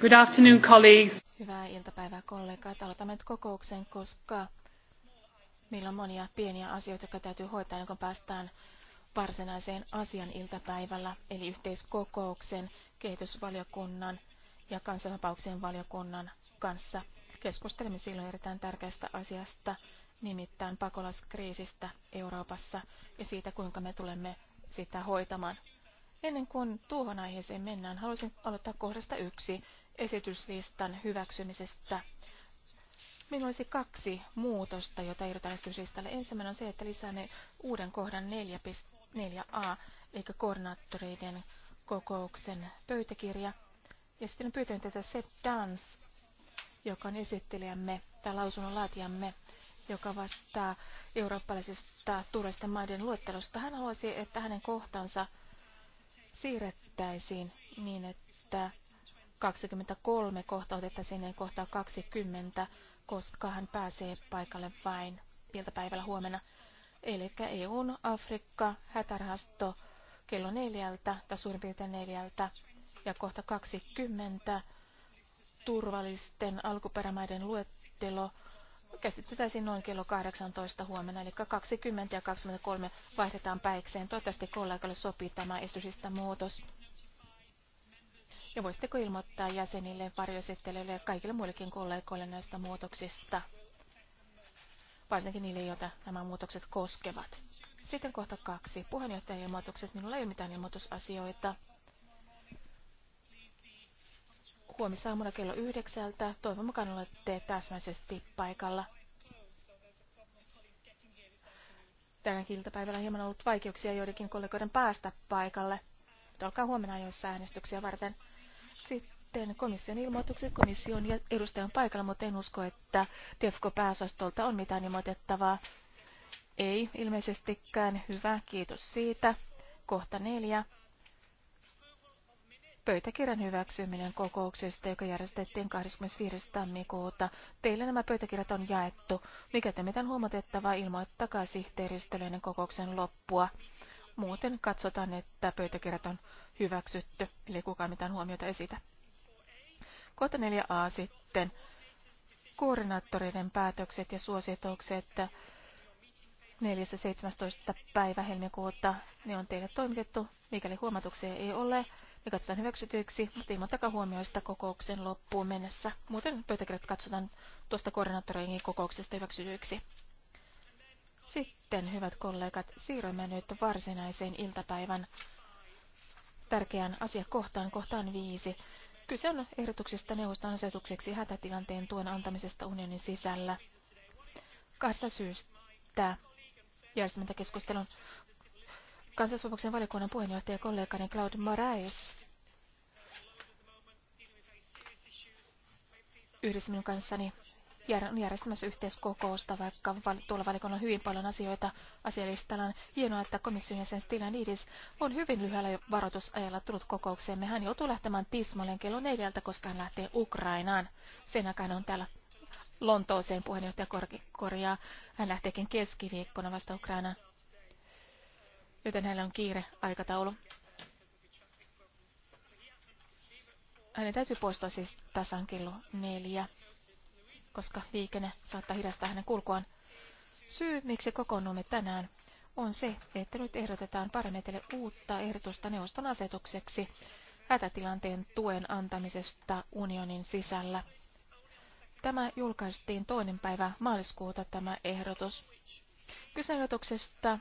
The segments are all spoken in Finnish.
Good afternoon, colleagues. Hyvää iltapäivää kollegat. Aloitamme nyt kokouksen, koska meillä on monia pieniä asioita, jotka täytyy hoitaa, kun päästään varsinaiseen asian iltapäivällä, eli yhteiskokouksen, kehitysvaliokunnan ja kansanvapauksien valiokunnan kanssa. Keskustelemme silloin erittäin tärkeästä asiasta, nimittäin pakolaiskriisistä Euroopassa ja siitä, kuinka me tulemme sitä hoitamaan. Ennen kuin tuohon aiheeseen mennään, haluaisin aloittaa kohdasta yksi, esityslistan hyväksymisestä. Minulla olisi kaksi muutosta, joita ehdotan esityslistalle. Ensimmäinen on se, että lisäämme uuden kohdan 4.4a, eli koordinaattoreiden kokouksen pöytäkirja. Ja sitten pyytän tätä Seth Dance, joka on esittelijämme tai lausunnonlaatijamme, joka vastaa eurooppalaisista turvallisten maiden luettelosta. Hän haluaisi, että hänen kohtansa siirrettäisiin niin, että 23 kohta otettaisiin ennen kohtaa 20, koska hän pääsee paikalle vain iltapäivällä huomenna. Eli EUn Afrikka hätärahasto kello neljältä tai suurin piirtein neljältä ja kohta 20 turvallisten alkuperämaiden luettelo käsiteltäisiin noin kello 18 huomenna, eli 20 ja 23 vaihdetaan päikseen. Toivottavasti kollegalle sopii tämä esitysistä muutos. Ja voisitteko ilmoittaa jäsenille, varjoesittelijöille ja kaikille muillekin kollegoille näistä muutoksista, varsinkin niille, joita nämä muutokset koskevat. Sitten kohta kaksi. Puheenjohtajan ilmoitukset. Minulla ei ole mitään ilmoitusasioita. Huomisaamuna kello yhdeksältä. Toivon mukaan olette täsmäisesti paikalla. Tänä iltapäivällä on hieman ollut vaikeuksia joidenkin kollegoiden päästä paikalle. Olkaa huomenna ajoissa äänestyksiä varten sitten komission ilmoitukset. Komission edustajan paikalla, mutta en usko, että TEFCO-pääosastolta on mitään ilmoitettavaa. Ei ilmeisestikään. Hyvä, kiitos siitä. Kohta neljä. Pöytäkirjan hyväksyminen kokouksesta, joka järjestettiin 25. tammikuuta. Teille nämä pöytäkirjat on jaettu. Mikä te mitään huomatettavaa, ilmoittakaa sihteeristöllinen kokouksen loppua. Muuten katsotaan, että pöytäkirjat on hyväksytty, eli kukaan mitään huomiota esitä. Kohta 4a sitten. Koordinaattoreiden päätökset ja suositukset 4.17. päivä helmikuuta. Ne on teille toimitettu. Mikäli huomatuksia ei ole, ne katsotaan hyväksytyiksi, mutta ilmoittakaa huomioista kokouksen loppuun mennessä. Muuten pöytäkirjat katsotaan tuosta koordinaattoreiden kokouksesta hyväksytyiksi. Sitten, hyvät kollegat, siirrymme nyt varsinaiseen iltapäivän tärkeään asiakohtaan, kohtaan viisi. Kyse on ehdotuksesta neuvoston asetukseksi hätätilanteen tuen antamisesta unionin sisällä. Kahdesta syystä järjestelmäntäkeskustelun keskustelun kansallisvapauksen valiokunnan puheenjohtaja kollegani Claude Moraes yhdessä minun kanssani järjestämässä yhteiskokousta, vaikka tuolla valikolla on hyvin paljon asioita asialistallaan. Hienoa, että komission jäsen Stilanidis on hyvin lyhyellä varoitusajalla tullut kokoukseemme. Hän joutuu lähtemään tismalleen kello neljältä, koska hän lähtee Ukrainaan. Sen aikaan on täällä Lontooseen puheenjohtaja korjaa. Hän lähteekin keskiviikkona vasta Ukrainaan. Joten hänellä on kiire aikataulu. Hänen täytyy poistua siis tasan kello neljä koska liikenne saattaa hidastaa hänen kulkuaan. Syy, miksi kokoonnumme tänään, on se, että nyt ehdotetaan parlamentille uutta ehdotusta neuvoston asetukseksi hätätilanteen tuen antamisesta unionin sisällä. Tämä julkaistiin toinen päivä maaliskuuta tämä ehdotus. Kyseenotuksesta,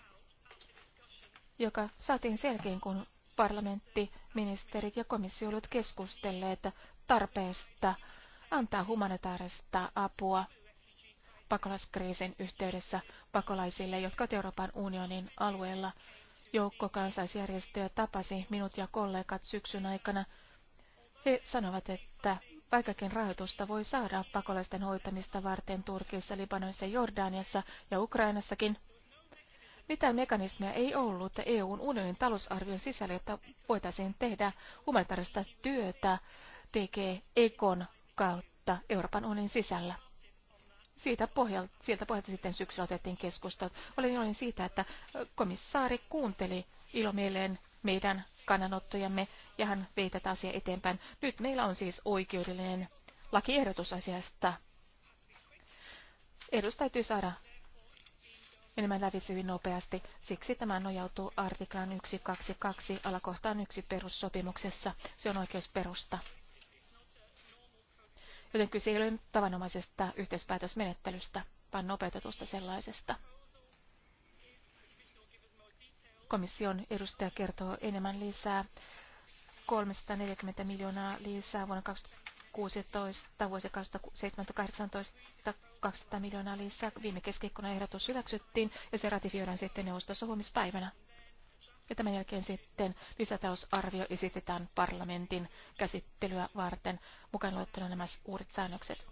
joka saatiin selkein, kun parlamentti, ministerit ja komissio olivat keskustelleet tarpeesta antaa humanitaarista apua pakolaiskriisin yhteydessä pakolaisille, jotka ovat Euroopan unionin alueella. Joukko kansaisjärjestöjä tapasi minut ja kollegat syksyn aikana. He sanovat, että vaikkakin rahoitusta voi saada pakolaisten hoitamista varten Turkissa, Libanonissa, Jordaniassa ja Ukrainassakin, mitään mekanismia ei ollut EUn unionin talousarvion sisällä, jotta voitaisiin tehdä humanitaarista työtä tekee Ekon kautta Euroopan unionin sisällä. Siitä pohjalta, sieltä pohjalta sitten syksyllä otettiin keskustelut. Olen iloinen siitä, että komissaari kuunteli ilomieleen meidän kannanottojamme ja hän vei tätä asiaa eteenpäin. Nyt meillä on siis oikeudellinen lakiehdotus asiasta. Ehdotus täytyy saada enemmän lävitse hyvin nopeasti. Siksi tämä nojautuu artiklaan 122 alakohtaan 1 perussopimuksessa. Se on oikeusperusta joten kyse ei ole tavanomaisesta yhteispäätösmenettelystä, vaan nopeutetusta sellaisesta. Komission edustaja kertoo enemmän lisää 340 miljoonaa lisää vuonna 2016, vuosi 2017 200 miljoonaa lisää. Viime keskiikkona ehdotus hyväksyttiin ja se ratifioidaan sitten neuvostossa huomispäivänä. Ja tämän jälkeen sitten lisätalousarvio esitetään parlamentin käsittelyä varten, mukaan luettuna nämä uudet säännökset.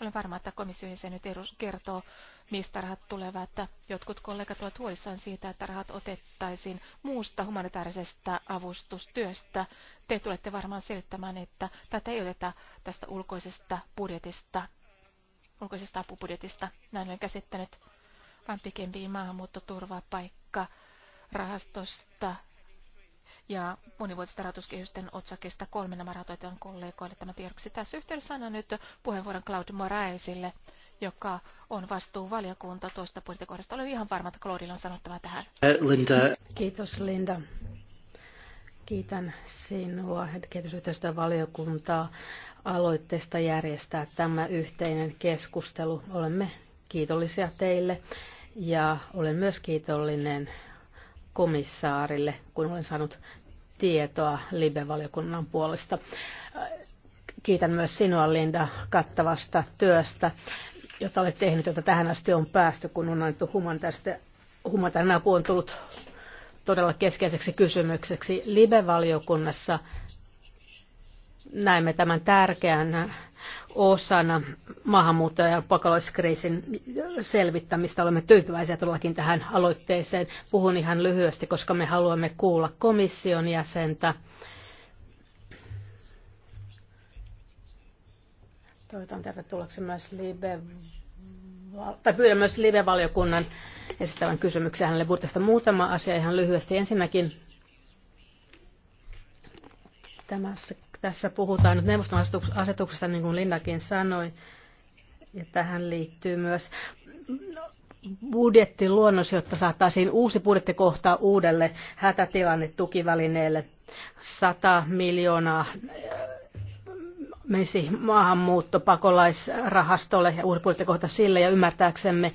Olen varma, että komissio nyt kertoo, mistä rahat tulevat. Jotkut kollegat ovat huolissaan siitä, että rahat otettaisiin muusta humanitaarisesta avustustyöstä. Te tulette varmaan selittämään, että tätä ei oteta tästä ulkoisesta budjetista, ulkoisesta apubudjetista. Näin olen käsittänyt vaan pikempi maahanmuuttoturvapaikka rahastosta ja monivuotisten rahoituskehysten otsakesta kolme nämä rahoitetaan kollegoille tämä tiedoksi. Tässä yhteydessä annan nyt puheenvuoron Claude Moraesille, joka on vastuuvaliokunta tuosta budjettikohdasta. Olen ihan varma, että Claudilla on sanottava tähän. Eh, Linda. Kiitos Linda. Kiitän sinua valiokuntaa, aloitteesta järjestää tämä yhteinen keskustelu. Olemme kiitollisia teille ja olen myös kiitollinen komissaarille, kun olen saanut tietoa Libe-valiokunnan puolesta. Kiitän myös sinua, Linda, kattavasta työstä, jota olet tehnyt, jota tähän asti on päästy, kun on annettu humanitaarinen apu on tullut todella keskeiseksi kysymykseksi. Libe-valiokunnassa näemme tämän tärkeänä osana maahanmuuttaja- ja pakolaiskriisin selvittämistä. Olemme tyytyväisiä todellakin tähän aloitteeseen. Puhun ihan lyhyesti, koska me haluamme kuulla komission jäsentä. Toivotan tervetulleeksi myös Libe, tai pyydän myös Live-valiokunnan esittävän kysymyksen hänelle, tästä muutama asia ihan lyhyesti. Ensinnäkin tämä tässä puhutaan nyt neuvoston asetuksesta, niin kuin Lindakin sanoi, ja tähän liittyy myös budjettiluonnos, jotta saataisiin uusi budjettikohta uudelle hätätilanne tukivälineelle 100 miljoonaa äh, menisi maahanmuuttopakolaisrahastolle ja uusi budjettikohta sille, ja ymmärtääksemme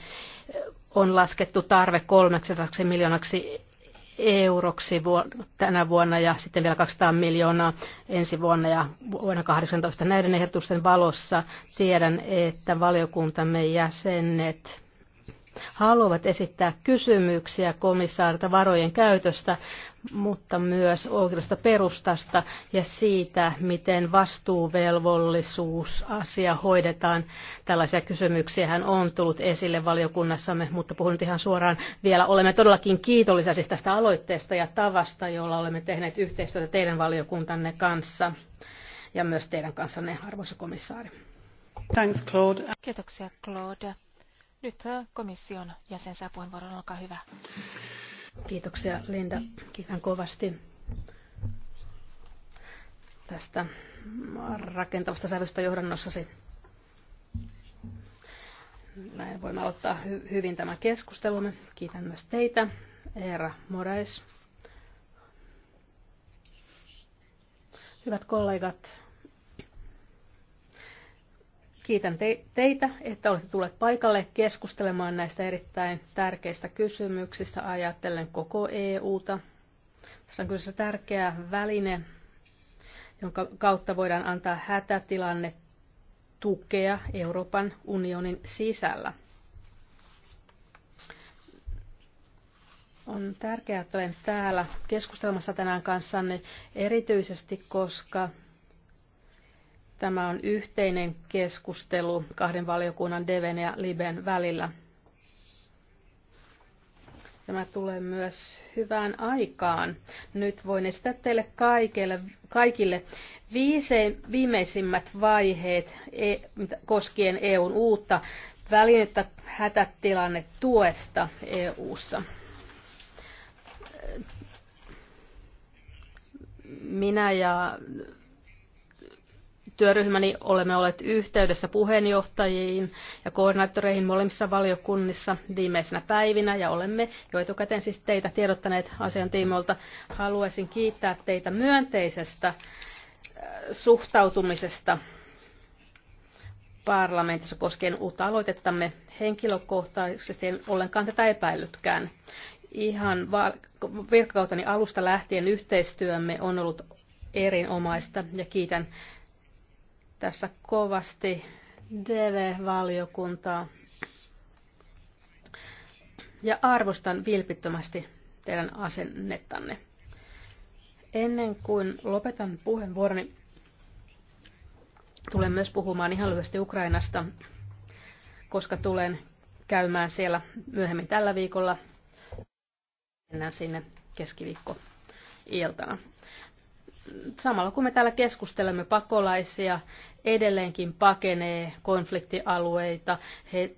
on laskettu tarve 300 miljoonaksi euroksi tänä vuonna ja sitten vielä 200 miljoonaa ensi vuonna ja vuonna 2018. Näiden ehdotusten valossa tiedän, että valiokuntamme jäsenet haluavat esittää kysymyksiä komissaarilta varojen käytöstä, mutta myös oikeudesta perustasta ja siitä, miten vastuuvelvollisuusasia hoidetaan. Tällaisia kysymyksiähän on tullut esille valiokunnassamme, mutta puhun nyt ihan suoraan vielä. Olemme todellakin kiitollisia siis tästä aloitteesta ja tavasta, jolla olemme tehneet yhteistyötä teidän valiokuntanne kanssa ja myös teidän kanssanne, arvoisa komissaari. Thanks, Claude. Kiitoksia, Claude. Nyt komission jäsen saa puheenvuoron, olkaa hyvä. Kiitoksia Linda, kiitän kovasti tästä rakentavasta sävystä johdannossasi. Näin voimme aloittaa hy- hyvin tämä keskustelumme. Kiitän myös teitä, Eera Morais. Hyvät kollegat, Kiitän teitä, että olette tulleet paikalle keskustelemaan näistä erittäin tärkeistä kysymyksistä ajatellen koko EUta. Tässä on kyseessä tärkeä väline, jonka kautta voidaan antaa hätätilanne tukea Euroopan unionin sisällä. On tärkeää, että olen täällä keskustelmassa tänään kanssanne erityisesti, koska Tämä on yhteinen keskustelu kahden valiokunnan Deven ja Liben välillä. Tämä tulee myös hyvään aikaan. Nyt voin esittää teille kaikille, kaikille viise, viimeisimmät vaiheet e, koskien EUn uutta välinettä hätätilanne tuesta EUssa. Minä ja työryhmäni olemme olleet yhteydessä puheenjohtajiin ja koordinaattoreihin molemmissa valiokunnissa viimeisinä päivinä ja olemme jo etukäteen siis teitä tiedottaneet asian tiimoilta. Haluaisin kiittää teitä myönteisestä äh, suhtautumisesta parlamentissa koskien uutta aloitettamme henkilökohtaisesti, en ollenkaan tätä epäillytkään. Ihan virkakautani alusta lähtien yhteistyömme on ollut erinomaista ja kiitän tässä kovasti DV-valiokuntaa. Ja arvostan vilpittömästi teidän asennettanne. Ennen kuin lopetan puheenvuoroni, tulen myös puhumaan ihan lyhyesti Ukrainasta, koska tulen käymään siellä myöhemmin tällä viikolla. Mennään sinne keskiviikko iltana samalla kun me täällä keskustelemme pakolaisia, edelleenkin pakenee konfliktialueita. He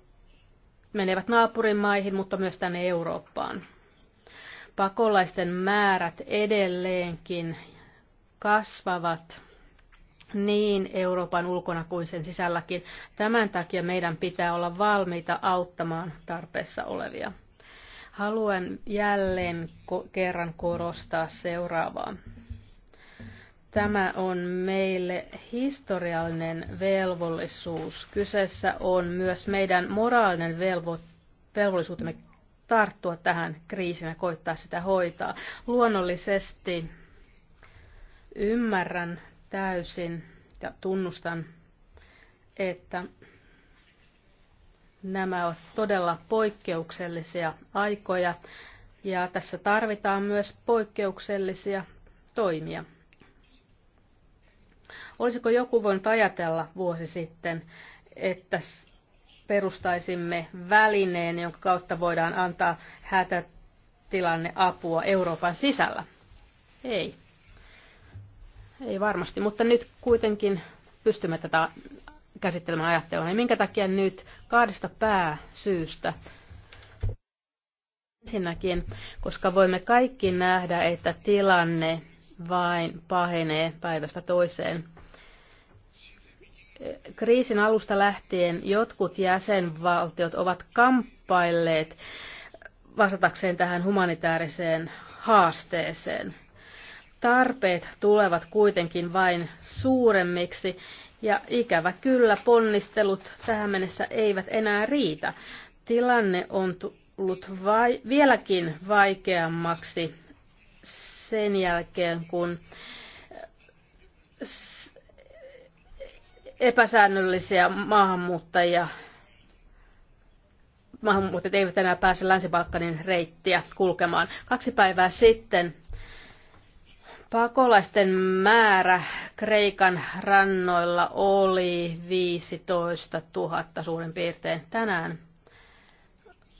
menevät naapurimaihin, mutta myös tänne Eurooppaan. Pakolaisten määrät edelleenkin kasvavat niin Euroopan ulkona kuin sen sisälläkin. Tämän takia meidän pitää olla valmiita auttamaan tarpeessa olevia. Haluan jälleen kerran korostaa seuraavaa. Tämä on meille historiallinen velvollisuus. Kyseessä on myös meidän moraalinen velvo, velvollisuutemme tarttua tähän kriisiin ja koittaa sitä hoitaa. Luonnollisesti ymmärrän täysin ja tunnustan, että nämä ovat todella poikkeuksellisia aikoja ja tässä tarvitaan myös poikkeuksellisia toimia. Olisiko joku voinut ajatella vuosi sitten, että perustaisimme välineen, jonka kautta voidaan antaa apua Euroopan sisällä? Ei. Ei varmasti, mutta nyt kuitenkin pystymme tätä käsittelemään ajattelua. Ja minkä takia nyt kahdesta pääsyystä? Ensinnäkin, koska voimme kaikki nähdä, että tilanne vain pahenee päivästä toiseen. Kriisin alusta lähtien jotkut jäsenvaltiot ovat kamppailleet vastatakseen tähän humanitaariseen haasteeseen. Tarpeet tulevat kuitenkin vain suuremmiksi ja ikävä kyllä ponnistelut tähän mennessä eivät enää riitä. Tilanne on tullut vai- vieläkin vaikeammaksi sen jälkeen, kun epäsäännöllisiä maahanmuuttajia. Maahanmuuttajat eivät enää pääse länsi reittiä kulkemaan. Kaksi päivää sitten pakolaisten määrä Kreikan rannoilla oli 15 000 suurin piirtein tänään.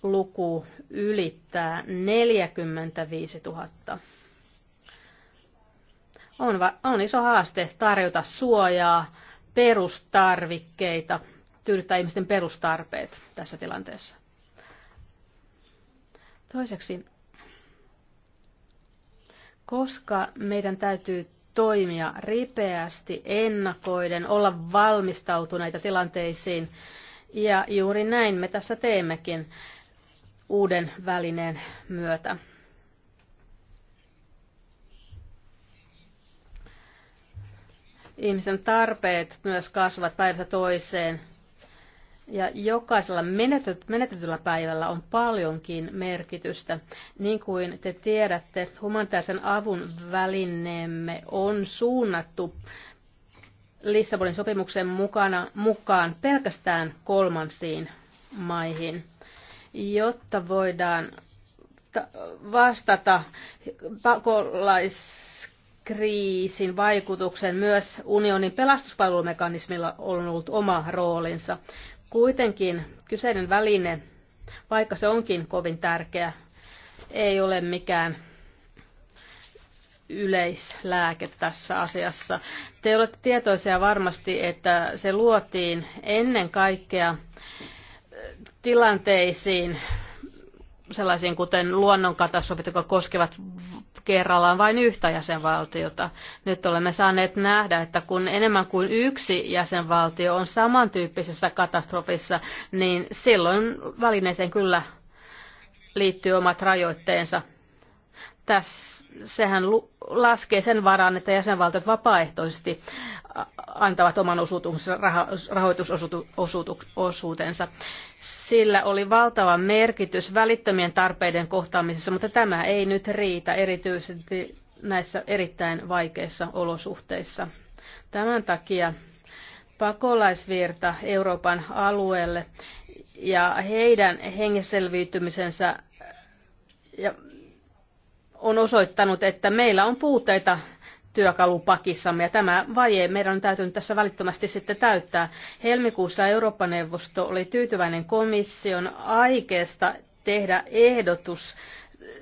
Luku ylittää 45 000 on, va- on iso haaste tarjota suojaa perustarvikkeita, tyydyttää ihmisten perustarpeet tässä tilanteessa. Toiseksi, koska meidän täytyy toimia ripeästi, ennakoiden, olla valmistautuneita tilanteisiin, ja juuri näin me tässä teemmekin uuden välineen myötä. Ihmisen tarpeet myös kasvavat päivästä toiseen. Ja jokaisella menetetyllä päivällä on paljonkin merkitystä. Niin kuin te tiedätte, humanitaarisen avun välineemme on suunnattu Lissabonin sopimuksen mukana, mukaan pelkästään kolmansiin maihin, jotta voidaan vastata pakolais kriisin vaikutuksen myös unionin pelastuspalvelumekanismilla on ollut oma roolinsa. Kuitenkin kyseinen väline, vaikka se onkin kovin tärkeä, ei ole mikään yleislääke tässä asiassa. Te olette tietoisia varmasti, että se luotiin ennen kaikkea tilanteisiin, sellaisiin kuten luonnonkatastrofit, jotka koskevat kerrallaan vain yhtä jäsenvaltiota. Nyt olemme saaneet nähdä, että kun enemmän kuin yksi jäsenvaltio on samantyyppisessä katastrofissa, niin silloin välineeseen kyllä liittyy omat rajoitteensa. Tässä, sehän laskee sen varaan, että jäsenvaltiot vapaaehtoisesti antavat oman osuutuksensa, rahoitusosuutensa. Sillä oli valtava merkitys välittömien tarpeiden kohtaamisessa, mutta tämä ei nyt riitä erityisesti näissä erittäin vaikeissa olosuhteissa. Tämän takia pakolaisvirta Euroopan alueelle ja heidän hengeselviytymisensä ja on osoittanut, että meillä on puutteita työkalupakissamme ja tämä vaje meidän on täytynyt tässä välittömästi sitten täyttää. Helmikuussa Eurooppa-neuvosto oli tyytyväinen komission aikeesta tehdä ehdotus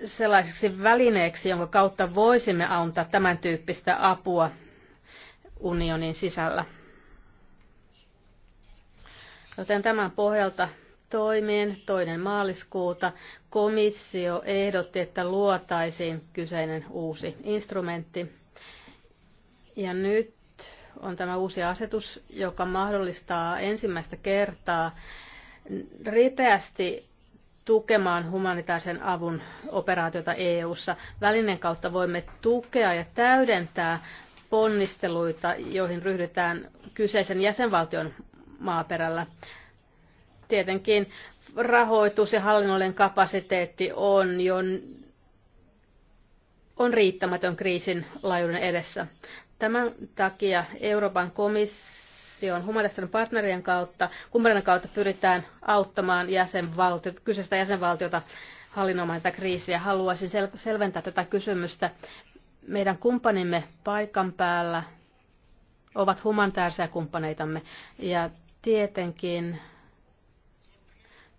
sellaiseksi välineeksi, jonka kautta voisimme antaa tämän tyyppistä apua unionin sisällä. Joten tämän pohjalta toimien toinen maaliskuuta komissio ehdotti, että luotaisiin kyseinen uusi instrumentti ja nyt on tämä uusi asetus, joka mahdollistaa ensimmäistä kertaa ripeästi tukemaan humanitaarisen avun operaatiota EU:ssa. Välinen kautta voimme tukea ja täydentää ponnisteluita, joihin ryhdytään kyseisen jäsenvaltion maaperällä. Tietenkin rahoitus ja hallinnollinen kapasiteetti on jo on riittämätön kriisin laajuuden edessä. Tämän takia Euroopan komission humanistisen partnerien kautta, kumppanien kautta pyritään auttamaan jäsenvaltio, kyseistä jäsenvaltiota hallinnoimaan tätä kriisiä. Haluaisin sel- selventää tätä kysymystä. Meidän kumppanimme paikan päällä ovat humanitaarisia kumppaneitamme ja tietenkin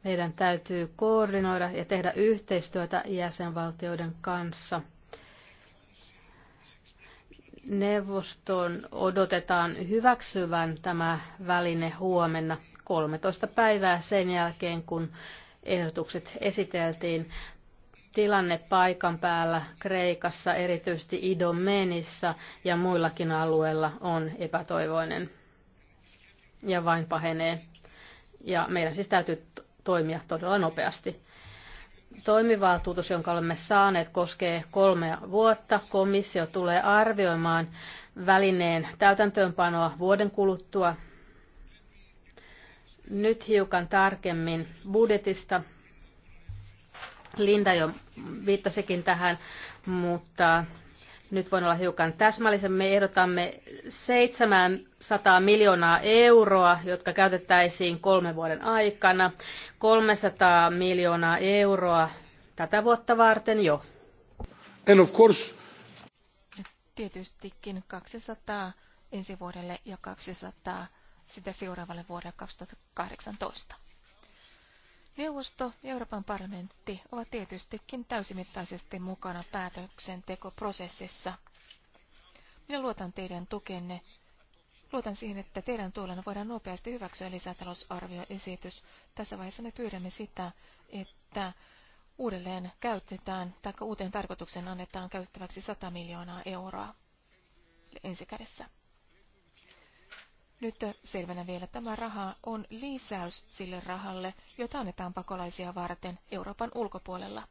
meidän täytyy koordinoida ja tehdä yhteistyötä jäsenvaltioiden kanssa – neuvoston odotetaan hyväksyvän tämä väline huomenna 13 päivää sen jälkeen, kun ehdotukset esiteltiin. Tilanne paikan päällä Kreikassa, erityisesti Idomenissa ja muillakin alueilla on epätoivoinen ja vain pahenee. Ja meidän siis täytyy toimia todella nopeasti. Toimivaltuutus, jonka olemme saaneet, koskee kolmea vuotta. Komissio tulee arvioimaan välineen täytäntöönpanoa vuoden kuluttua. Nyt hiukan tarkemmin budjetista. Linda jo viittasikin tähän, mutta nyt voin olla hiukan täsmällisen. Me ehdotamme 700 miljoonaa euroa, jotka käytettäisiin kolmen vuoden aikana. 300 miljoonaa euroa tätä vuotta varten jo. And of course... Tietystikin 200 ensi vuodelle ja 200 sitä seuraavalle vuodelle 2018. Neuvosto ja Euroopan parlamentti ovat tietystikin täysimittaisesti mukana päätöksentekoprosessissa. Minä luotan teidän tukenne. Luotan siihen, että teidän tuollanne voidaan nopeasti hyväksyä lisätalousarvioesitys. Tässä vaiheessa me pyydämme sitä, että uudelleen käytetään tai uuteen tarkoitukseen annetaan käytettäväksi 100 miljoonaa euroa kädessä. Nyt selvänä vielä tämä raha on lisäys sille rahalle, jota annetaan pakolaisia varten Euroopan ulkopuolella.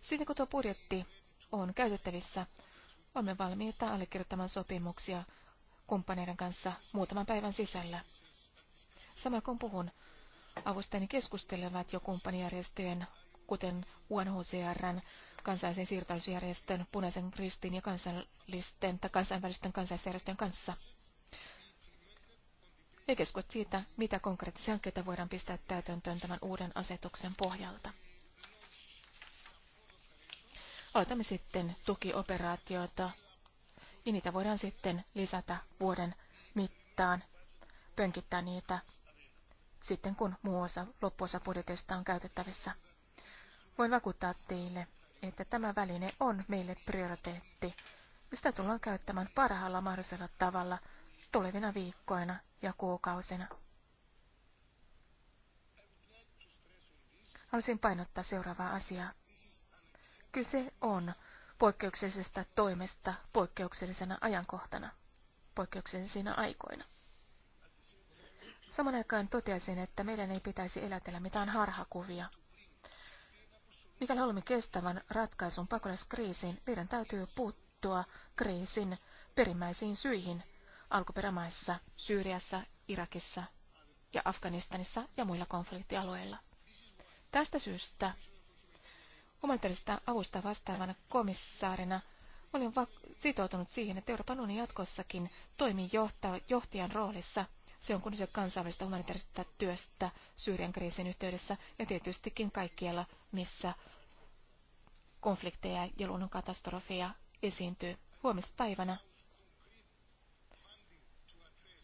Sitten kun tuo budjetti on käytettävissä, olemme valmiita allekirjoittamaan sopimuksia kumppaneiden kanssa muutaman päivän sisällä. Sama kun puhun, avustajani keskustelevat jo kumppanijärjestöjen, kuten UNHCRn kansainvälisen siirtausjärjestön, punaisen kristin ja kansallisten tai kansainvälisten kansallisjärjestön kanssa. Ja keskustelut siitä, mitä konkreettisia hankkeita voidaan pistää täytäntöön tämän uuden asetuksen pohjalta. Aloitamme sitten tukioperaatioita, ja niitä voidaan sitten lisätä vuoden mittaan, pönkittää niitä sitten kun muu osa, loppuosa budjetista on käytettävissä. Voin vakuuttaa teille, että tämä väline on meille prioriteetti. Sitä tullaan käyttämään parhaalla mahdollisella tavalla tulevina viikkoina ja kuukausina. Haluaisin painottaa seuraavaa asiaa. Kyse on poikkeuksellisesta toimesta poikkeuksellisena ajankohtana, poikkeuksellisina aikoina. Saman aikaan toteaisin, että meidän ei pitäisi elätellä mitään harhakuvia – Mikäli haluamme kestävän ratkaisun pakolaiskriisiin, meidän täytyy puuttua kriisin perimmäisiin syihin alkuperämaissa, Syyriassa, Irakissa ja Afganistanissa ja muilla konfliktialueilla. Tästä syystä humanitaarista avusta vastaavana komissaarina olin sitoutunut siihen, että Euroopan unioni jatkossakin toimii johtajan roolissa se on kun kyse kansainvälistä humanitaarista työstä Syyrian kriisin yhteydessä ja tietystikin kaikkialla, missä konflikteja ja luonnonkatastrofeja esiintyy huomispäivänä.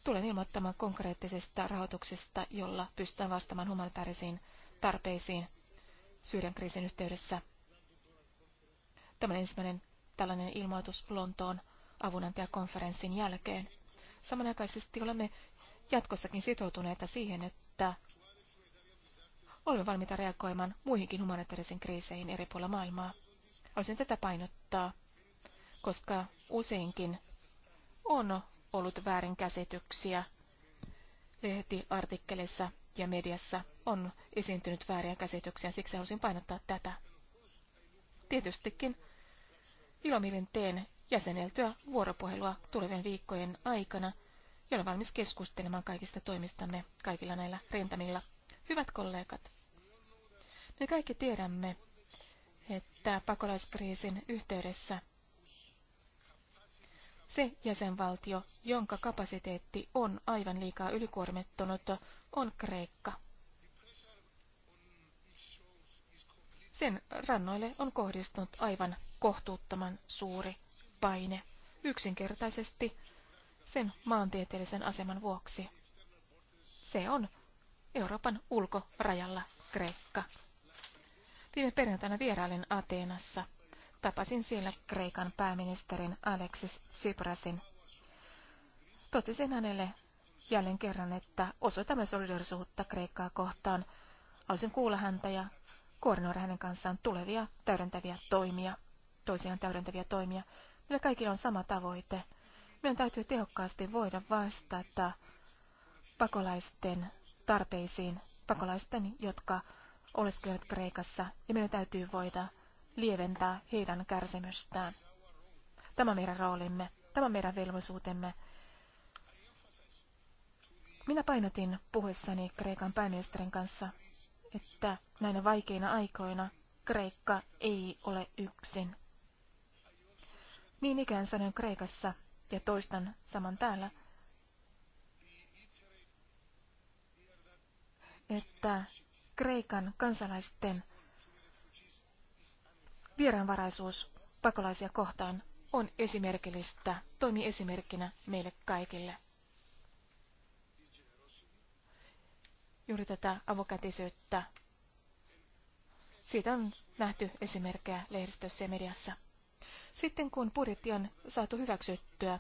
Tulen ilmoittamaan konkreettisesta rahoituksesta, jolla pystytään vastaamaan humanitaarisiin tarpeisiin Syyrian kriisin yhteydessä. Tämä ensimmäinen tällainen ilmoitus Lontoon avunantajakonferenssin jälkeen. Samanaikaisesti olemme jatkossakin sitoutuneita siihen, että olemme valmiita reagoimaan muihinkin humanitaarisiin kriiseihin eri puolilla maailmaa. Haluaisin tätä painottaa, koska useinkin on ollut väärinkäsityksiä lehtiartikkeleissa ja mediassa on esiintynyt vääriä käsityksiä, siksi halusin painottaa tätä. Tietystikin ilomielin teen jäseneltyä vuoropuhelua tulevien viikkojen aikana ja olen valmis keskustelemaan kaikista toimistamme kaikilla näillä rintamilla. Hyvät kollegat, me kaikki tiedämme, että pakolaiskriisin yhteydessä se jäsenvaltio, jonka kapasiteetti on aivan liikaa ylikuormittunut, on Kreikka. Sen rannoille on kohdistunut aivan kohtuuttoman suuri paine. Yksinkertaisesti sen maantieteellisen aseman vuoksi. Se on Euroopan ulkorajalla Kreikka. Viime perjantaina vierailin Ateenassa. Tapasin siellä Kreikan pääministerin Alexis Tsiprasin. Totesin hänelle jälleen kerran, että osoitamme solidarisuutta Kreikkaa kohtaan. Haluaisin kuulla häntä ja koordinoida hänen kanssaan tulevia täydentäviä toimia, toisiaan täydentäviä toimia. Meillä kaikilla on sama tavoite. Meidän täytyy tehokkaasti voida vastata pakolaisten tarpeisiin, pakolaisten, jotka oleskelevat Kreikassa, ja meidän täytyy voida lieventää heidän kärsimystään. Tämä on meidän roolimme, tämä on meidän velvollisuutemme. Minä painotin puhuessani Kreikan pääministerin kanssa, että näinä vaikeina aikoina Kreikka ei ole yksin. Niin ikään sanoin Kreikassa ja toistan saman täällä, että Kreikan kansalaisten vieraanvaraisuus pakolaisia kohtaan on esimerkillistä, toimi esimerkkinä meille kaikille. Juuri tätä avokätisyyttä. Siitä on nähty esimerkkejä lehdistössä ja mediassa. Sitten kun budjetti on saatu hyväksyttyä,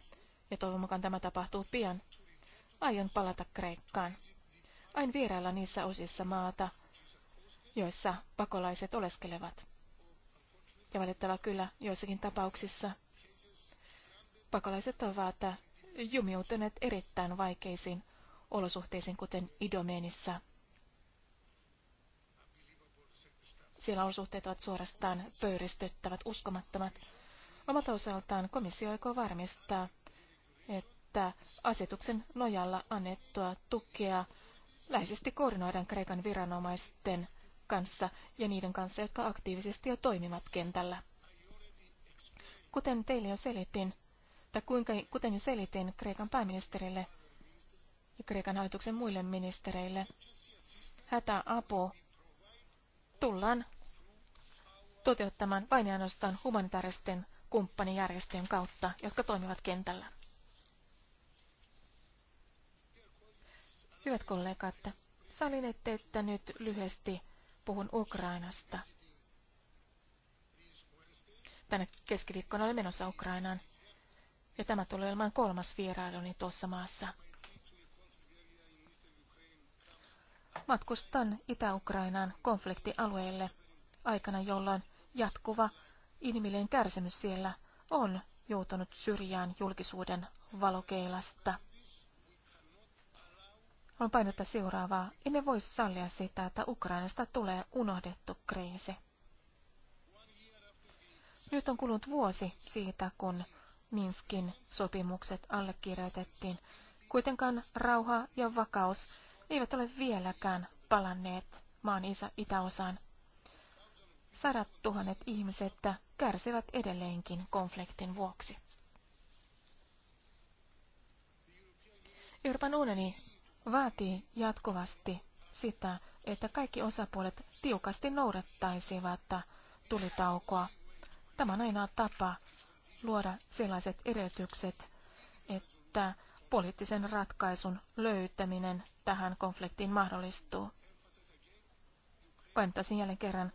ja toivon mukaan tämä tapahtuu pian, aion palata Kreikkaan. Ain vierailla niissä osissa maata, joissa pakolaiset oleskelevat. Ja valittava kyllä joissakin tapauksissa pakolaiset ovat jumiutuneet erittäin vaikeisiin olosuhteisiin, kuten Idomeenissa. Siellä olosuhteet ovat suorastaan pöyristyttävät, uskomattomat. Omalta osaltaan komissio aikoo varmistaa, että asetuksen nojalla annettua tukea läheisesti koordinoidaan Kreikan viranomaisten kanssa ja niiden kanssa, jotka aktiivisesti jo toimivat kentällä. Kuten teille jo selitin, tai kuinka, kuten jo selitin Kreikan pääministerille ja Kreikan hallituksen muille ministereille, hätäapu tullaan toteuttamaan vain ainoastaan humanitaaristen kumppanijärjestöjen kautta, jotka toimivat kentällä. Hyvät kollegat, salin ette, että nyt lyhyesti puhun Ukrainasta. Tänä keskiviikkona olen menossa Ukrainaan, ja tämä tulee olemaan kolmas vierailuni tuossa maassa. Matkustan Itä-Ukrainaan konfliktialueelle aikana, jolloin jatkuva inhimillinen kärsimys siellä on joutunut syrjään julkisuuden valokeilasta. On painottaa seuraavaa. Emme voi sallia sitä, että Ukrainasta tulee unohdettu kriisi. Nyt on kulunut vuosi siitä, kun Minskin sopimukset allekirjoitettiin. Kuitenkaan rauha ja vakaus eivät ole vieläkään palanneet maan isä itäosaan. Sadat tuhannet ihmiset kärsivät edelleenkin konfliktin vuoksi. Euroopan unioni vaatii jatkuvasti sitä, että kaikki osapuolet tiukasti noudattaisivat tulitaukoa. Tämä on ainoa tapa luoda sellaiset edellytykset, että poliittisen ratkaisun löytäminen tähän konfliktiin mahdollistuu. Painottaisin jälleen kerran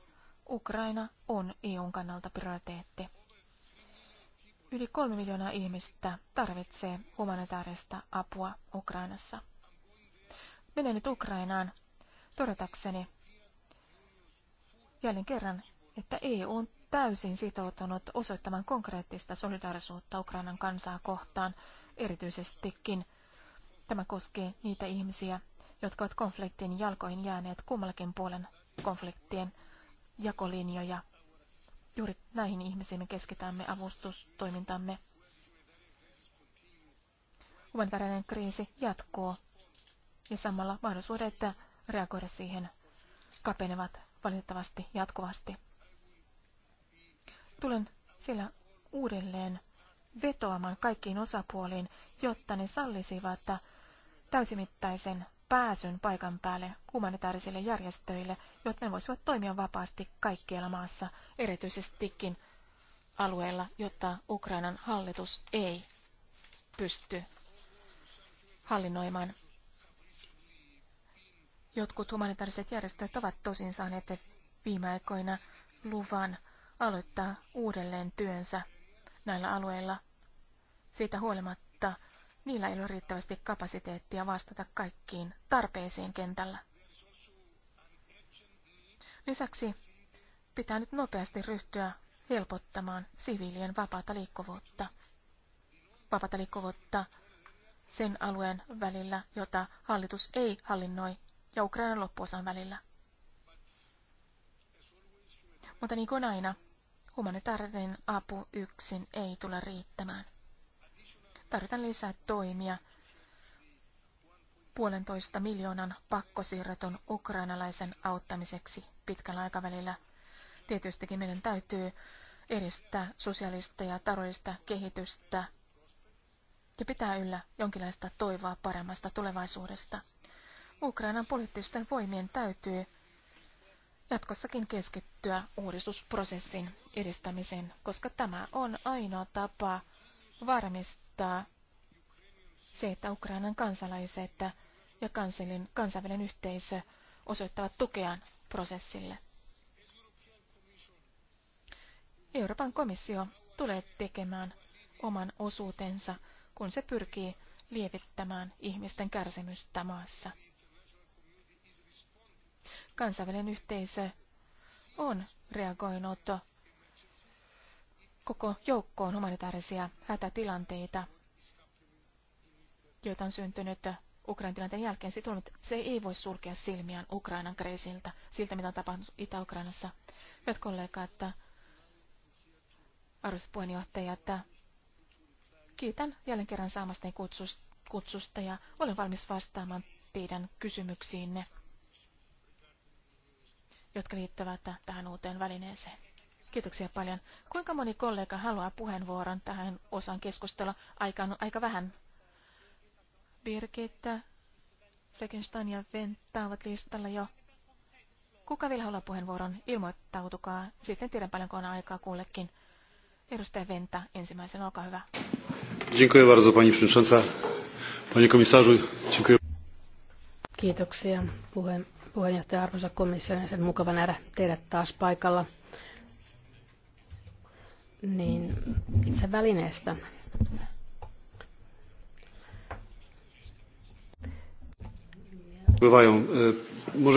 Ukraina on EUn kannalta prioriteetti. Yli kolme miljoonaa ihmistä tarvitsee humanitaarista apua Ukrainassa. Menen nyt Ukrainaan todetakseni jälleen kerran, että EU on täysin sitoutunut osoittamaan konkreettista solidaarisuutta Ukrainan kansaa kohtaan, erityisestikin tämä koskee niitä ihmisiä, jotka ovat konfliktin jalkoihin jääneet kummallakin puolen konfliktien jakolinjoja. Juuri näihin ihmisiin me keskitämme avustustoimintamme. Humanitaarinen kriisi jatkuu ja samalla mahdollisuudet reagoida siihen kapenevat valitettavasti jatkuvasti. Tulen siellä uudelleen vetoamaan kaikkiin osapuoliin, jotta ne sallisivat täysimittaisen pääsyn paikan päälle humanitaarisille järjestöille, jotta ne voisivat toimia vapaasti kaikkialla maassa, erityisestikin alueella, jotta Ukrainan hallitus ei pysty hallinnoimaan. Jotkut humanitaariset järjestöt ovat tosin saaneet viime aikoina luvan aloittaa uudelleen työnsä näillä alueilla. Siitä huolimatta Niillä ei ole riittävästi kapasiteettia vastata kaikkiin tarpeisiin kentällä. Lisäksi pitää nyt nopeasti ryhtyä helpottamaan siviilien vapaata liikkuvuutta. Vapaata liikkuvuutta sen alueen välillä, jota hallitus ei hallinnoi, ja Ukrainan loppuosan välillä. Mutta niin kuin aina, humanitaarinen apu yksin ei tule riittämään tarvitaan lisää toimia puolentoista miljoonan pakkosiirreton ukrainalaisen auttamiseksi pitkällä aikavälillä. Tietystikin meidän täytyy edistää sosiaalista ja taloudellista kehitystä ja pitää yllä jonkinlaista toivoa paremmasta tulevaisuudesta. Ukrainan poliittisten voimien täytyy jatkossakin keskittyä uudistusprosessin edistämiseen, koska tämä on ainoa tapa varmistaa, osoittaa se, että Ukrainan kansalaiset ja kansainvälinen yhteisö osoittavat tukeaan prosessille. Euroopan komissio tulee tekemään oman osuutensa, kun se pyrkii lievittämään ihmisten kärsimystä maassa. Kansainvälinen yhteisö on reagoinut koko joukkoon humanitaarisia hätätilanteita, joita on syntynyt Ukrainan tilanteen jälkeen. Se, se ei voi sulkea silmiään Ukrainan kriisiltä, siltä mitä on tapahtunut Itä-Ukrainassa. Hyvät kollegat, arvoisat puheenjohtajat, kiitän jälleen kerran saamastani kutsusta ja olen valmis vastaamaan teidän kysymyksiinne, jotka liittyvät tähän uuteen välineeseen. Kiitoksia paljon. Kuinka moni kollega haluaa puheenvuoron tähän osaan keskustella? Aika on aika vähän. Birgitta, Fleckenstein ja Venta ovat listalla jo. Kuka vielä haluaa puheenvuoron? Ilmoittautukaa. Sitten tiedän paljon on aikaa kullekin. Edustaja Venta ensimmäisenä, olkaa hyvä. Dziękuję bardzo, pani przewodnicząca. Panie komisarzu, dziękuję. Kiitoksia puheen, puheenjohtaja arvoisa komissio ja sen mukava nähdä teidät taas paikalla niin itse välineestä. E, On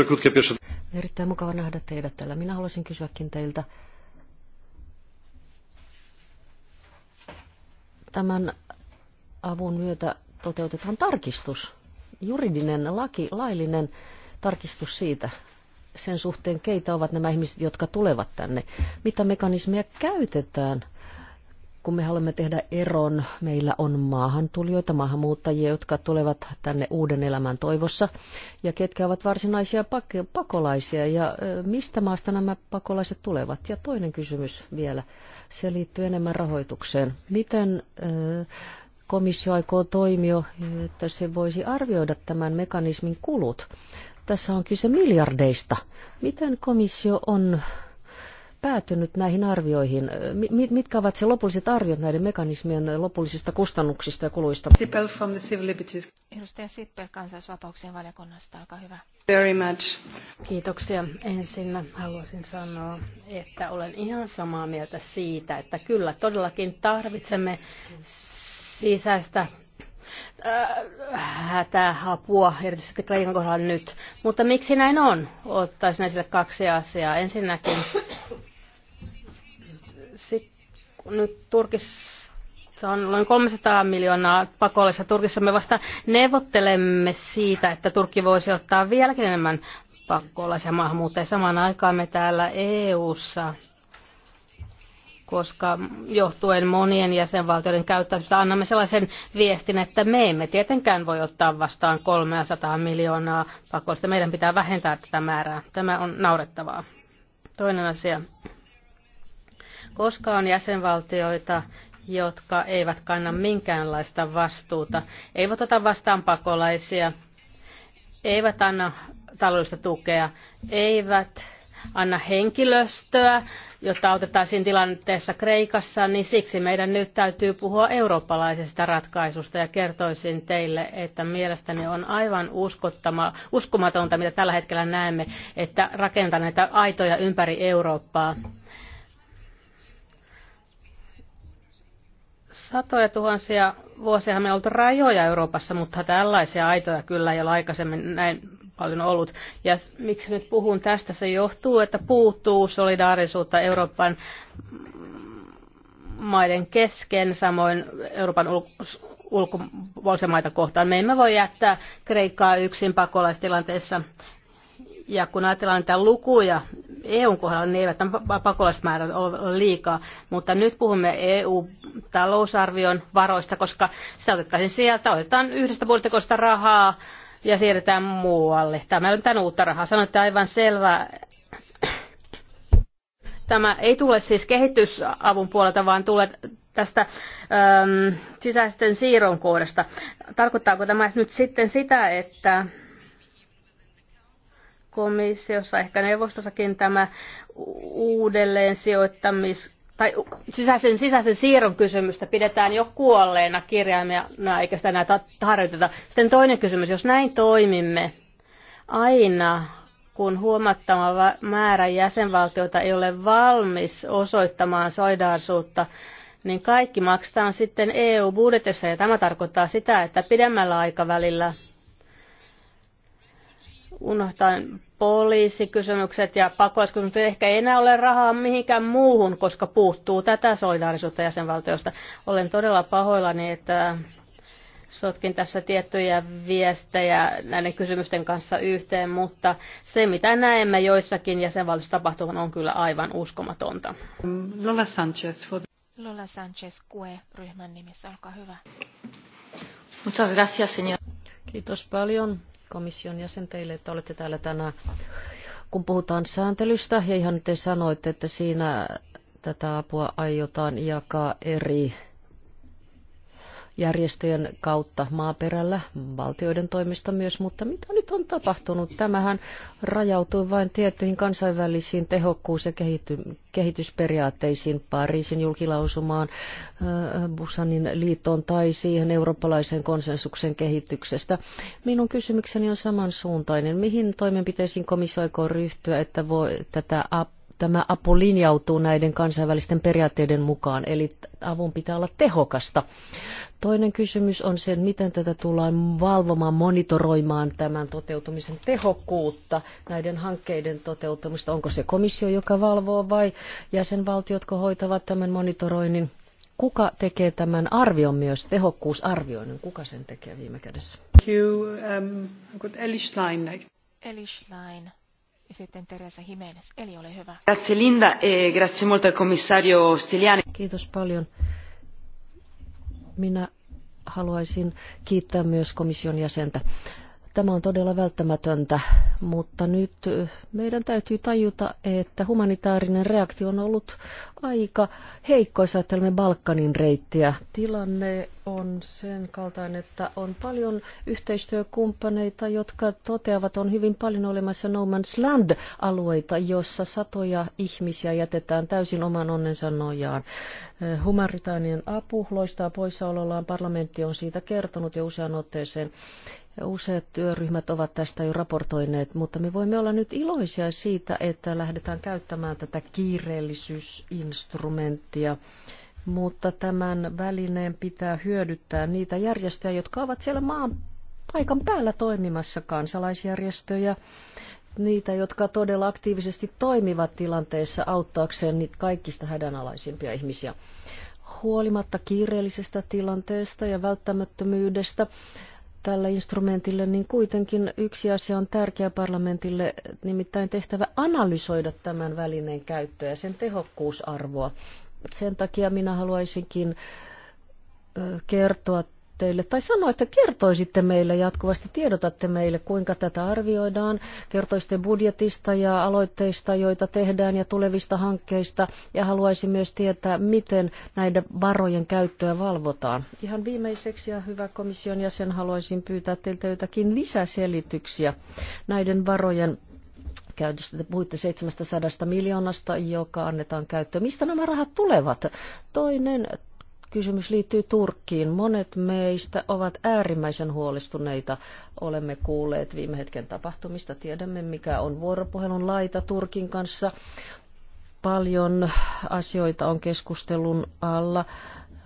erittäin mukava nähdä teidät täällä. Minä haluaisin kysyäkin teiltä tämän avun myötä toteutetaan tarkistus, juridinen, laki, laillinen tarkistus siitä, sen suhteen, keitä ovat nämä ihmiset, jotka tulevat tänne. Mitä mekanismeja käytetään, kun me haluamme tehdä eron? Meillä on maahantulijoita, maahanmuuttajia, jotka tulevat tänne uuden elämän toivossa, ja ketkä ovat varsinaisia pak- pakolaisia, ja mistä maasta nämä pakolaiset tulevat? Ja toinen kysymys vielä, se liittyy enemmän rahoitukseen. Miten... Äh, komissio aikoo toimia, että se voisi arvioida tämän mekanismin kulut. Tässä on kyse miljardeista. Miten komissio on päätynyt näihin arvioihin? Mitkä ovat se lopulliset arviot näiden mekanismien lopullisista kustannuksista ja kuluista? Sipel from the Civil Liberties. Edustaja Sippel kansallisvapauksien valiokunnasta, olkaa hyvä. Very much. Kiitoksia. Ensin haluaisin sanoa, että olen ihan samaa mieltä siitä, että kyllä todellakin tarvitsemme sisäistä Äh, hätää, apua, erityisesti Kreikan kohdalla nyt. Mutta miksi näin on? Ottaisin esille kaksi asiaa. Ensinnäkin sit, nyt Turkissa on noin 300 miljoonaa pakollista. Turkissa me vasta neuvottelemme siitä, että Turkki voisi ottaa vieläkin enemmän pakollisia, maahanmuuttajia. Samaan aikaan me täällä EU-ssa koska johtuen monien jäsenvaltioiden käyttäytymistä annamme sellaisen viestin, että me emme tietenkään voi ottaa vastaan 300 miljoonaa pakollista. Meidän pitää vähentää tätä määrää. Tämä on naurettavaa. Toinen asia. Koska on jäsenvaltioita, jotka eivät kanna minkäänlaista vastuuta, eivät ota vastaan pakolaisia, eivät anna taloudellista tukea, eivät anna henkilöstöä, jota siinä tilanteessa Kreikassa, niin siksi meidän nyt täytyy puhua eurooppalaisesta ratkaisusta ja kertoisin teille, että mielestäni on aivan uskomatonta, mitä tällä hetkellä näemme, että rakentaa näitä aitoja ympäri Eurooppaa. Satoja tuhansia vuosia me oltu rajoja Euroopassa, mutta tällaisia aitoja kyllä ei ole aikaisemmin näin paljon ollut. Ja miksi nyt puhun tästä, se johtuu, että puuttuu solidaarisuutta Euroopan maiden kesken, samoin Euroopan ulkopuolisen maita kohtaan. Me emme voi jättää Kreikkaa yksin pakolaistilanteessa. Ja kun ajatellaan niitä lukuja EUn kohdalla, niin eivät pakolaismäärät ole liikaa. Mutta nyt puhumme EU-talousarvion varoista, koska sitä otettaisiin sieltä. Otetaan yhdestä budjettikosta rahaa ja siirretään muualle. Tämä on tämän uutta rahaa. että aivan selvä Tämä ei tule siis kehitysavun puolelta, vaan tulee tästä äm, sisäisten siirron kohdasta. Tarkoittaako tämä nyt sitten sitä, että komissiossa, ehkä neuvostossakin tämä uudelleen sijoittamis tai sisäisen, sisäisen siirron kysymystä pidetään jo kuolleena kirjaimena, eikä sitä näitä harjoiteta. Sitten toinen kysymys, jos näin toimimme, aina kun huomattava määrä jäsenvaltioita ei ole valmis osoittamaan soidaisuutta, niin kaikki maksetaan sitten EU-budjetissa, ja tämä tarkoittaa sitä, että pidemmällä aikavälillä unohtaen poliisikysymykset ja pakolaiskysymykset ehkä ei enää ole rahaa mihinkään muuhun, koska puuttuu tätä solidaarisuutta jäsenvaltioista. Olen todella pahoillani, että sotkin tässä tiettyjä viestejä näiden kysymysten kanssa yhteen, mutta se mitä näemme joissakin jäsenvaltioissa tapahtuvan on kyllä aivan uskomatonta. Lola Sanchez. For... Lola Sanchez Kue ryhmän nimissä, olkaa hyvä. Muchas gracias, señor. Kiitos paljon komission jäsen teille, että olette täällä tänään. Kun puhutaan sääntelystä, ja ihan te sanoitte, että siinä tätä apua aiotaan jakaa eri järjestöjen kautta maaperällä, valtioiden toimista myös, mutta mitä nyt on tapahtunut? Tämähän rajautuu vain tiettyihin kansainvälisiin tehokkuus- ja kehity- kehitysperiaatteisiin, Pariisin julkilausumaan, äh, Busanin liittoon tai siihen eurooppalaisen konsensuksen kehityksestä. Minun kysymykseni on samansuuntainen. Mihin toimenpiteisiin komissio aikoo ryhtyä, että voi tätä app tämä apu linjautuu näiden kansainvälisten periaatteiden mukaan, eli avun pitää olla tehokasta. Toinen kysymys on se, miten tätä tullaan valvomaan, monitoroimaan tämän toteutumisen tehokkuutta, näiden hankkeiden toteutumista. Onko se komissio, joka valvoo vai jäsenvaltiot, jotka hoitavat tämän monitoroinnin? Kuka tekee tämän arvion myös, tehokkuusarvioinnin? Kuka sen tekee viime kädessä? Um, eli Schlein. Ja sitten Teresa Jimenez. Eli ole hyvä. Grazie Linda e grazie molto al commissario Stiliani. Kiitos paljon. Minä haluaisin kiittää myös komission jäsentä. Tämä on todella välttämätöntä, mutta nyt e, meidän täytyy tajuta, että humanitaarinen reaktio on ollut aika heikko, jos ajattelemme Balkanin reittiä. Tilanne on sen kaltainen, että on paljon yhteistyökumppaneita, jotka toteavat, on hyvin paljon olemassa No Man's Land-alueita, jossa satoja ihmisiä jätetään täysin oman onnensa nojaan. Eh, humanitaarinen apu loistaa poissaolollaan, parlamentti on siitä kertonut jo usean otteeseen. Useat työryhmät ovat tästä jo raportoineet, mutta me voimme olla nyt iloisia siitä, että lähdetään käyttämään tätä kiireellisyysin instrumenttia, mutta tämän välineen pitää hyödyttää niitä järjestöjä, jotka ovat siellä maan paikan päällä toimimassa, kansalaisjärjestöjä, niitä, jotka todella aktiivisesti toimivat tilanteessa auttaakseen niitä kaikista hädänalaisimpia ihmisiä. Huolimatta kiireellisestä tilanteesta ja välttämättömyydestä, tälle instrumentille, niin kuitenkin yksi asia on tärkeä parlamentille, nimittäin tehtävä analysoida tämän välineen käyttöä ja sen tehokkuusarvoa. Sen takia minä haluaisinkin kertoa teille tai sanoa, että kertoisitte meille jatkuvasti, tiedotatte meille, kuinka tätä arvioidaan, kertoisitte budjetista ja aloitteista, joita tehdään ja tulevista hankkeista ja haluaisin myös tietää, miten näiden varojen käyttöä valvotaan. Ihan viimeiseksi ja hyvä komission jäsen haluaisin pyytää teiltä jotakin lisäselityksiä näiden varojen käytöstä. Te puhuitte 700 miljoonasta, joka annetaan käyttöön. Mistä nämä rahat tulevat? Toinen Kysymys liittyy Turkkiin. Monet meistä ovat äärimmäisen huolestuneita. Olemme kuulleet viime hetken tapahtumista. Tiedämme, mikä on vuoropuhelun laita Turkin kanssa. Paljon asioita on keskustelun alla.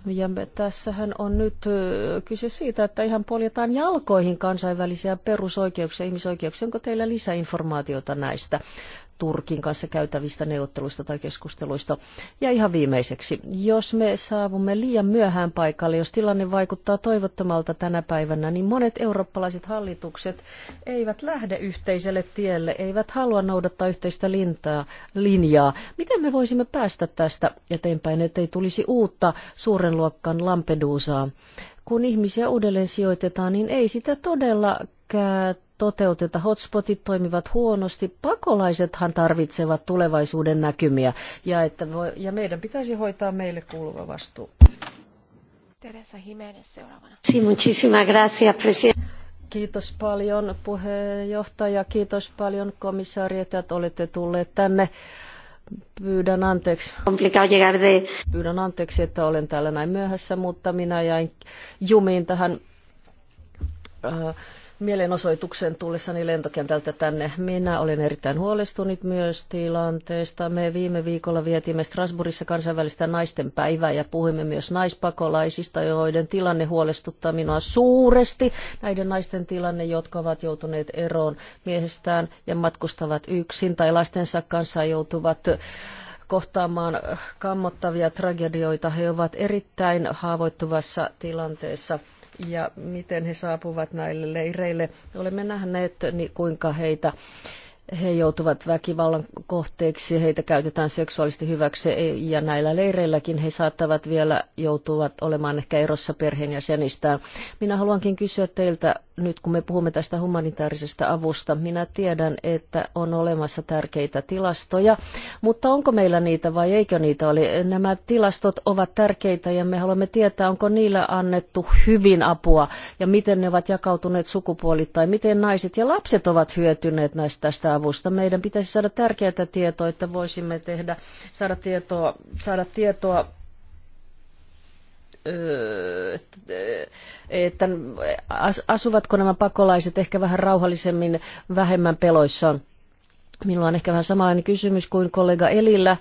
Ja tässähän on nyt kyse siitä, että ihan poljetaan jalkoihin kansainvälisiä perusoikeuksia ja ihmisoikeuksia. Onko teillä lisäinformaatiota näistä? Turkin kanssa käytävistä neuvotteluista tai keskusteluista. Ja ihan viimeiseksi, jos me saavumme liian myöhään paikalle, jos tilanne vaikuttaa toivottomalta tänä päivänä, niin monet eurooppalaiset hallitukset eivät lähde yhteiselle tielle, eivät halua noudattaa yhteistä lintaa, linjaa. Miten me voisimme päästä tästä eteenpäin, ettei tulisi uutta suuren luokkan Lampedusaa? kun ihmisiä uudelleen sijoitetaan, niin ei sitä todella toteuteta. Hotspotit toimivat huonosti. Pakolaisethan tarvitsevat tulevaisuuden näkymiä ja, että voi, ja meidän pitäisi hoitaa meille kuuluva vastuu. Teresa Jiménez seuraavana. Sí, muchísimas gracias, presidente. Kiitos paljon puheenjohtaja, kiitos paljon komissaari, että olette tulleet tänne. Pyydän anteeksi. Pyydän anteeksi, että olen täällä näin myöhässä, mutta minä jäin jumiin tähän äh, mielenosoituksen tullessani lentokentältä tänne. Minä olen erittäin huolestunut myös tilanteesta. Me viime viikolla vietimme Strasbourgissa kansainvälistä naisten päivää ja puhuimme myös naispakolaisista, joiden tilanne huolestuttaa minua suuresti. Näiden naisten tilanne, jotka ovat joutuneet eroon miehestään ja matkustavat yksin tai lastensa kanssa joutuvat kohtaamaan kammottavia tragedioita. He ovat erittäin haavoittuvassa tilanteessa ja miten he saapuvat näille leireille. Olemme nähneet, niin kuinka heitä he joutuvat väkivallan kohteeksi, heitä käytetään seksuaalisesti hyväksi ja näillä leireilläkin he saattavat vielä joutuvat olemaan ehkä erossa perheenjäsenistään. Minä haluankin kysyä teiltä, nyt kun me puhumme tästä humanitaarisesta avusta, minä tiedän, että on olemassa tärkeitä tilastoja, mutta onko meillä niitä vai eikö niitä ole? Nämä tilastot ovat tärkeitä ja me haluamme tietää, onko niillä annettu hyvin apua ja miten ne ovat jakautuneet sukupuolittain, miten naiset ja lapset ovat hyötyneet näistä tästä avusta. Meidän pitäisi saada tärkeää tietoa, että voisimme tehdä, saada tietoa, saada tietoa että asuvatko nämä pakolaiset ehkä vähän rauhallisemmin, vähemmän peloissaan. Minulla on ehkä vähän samanlainen kysymys kuin kollega Elillä.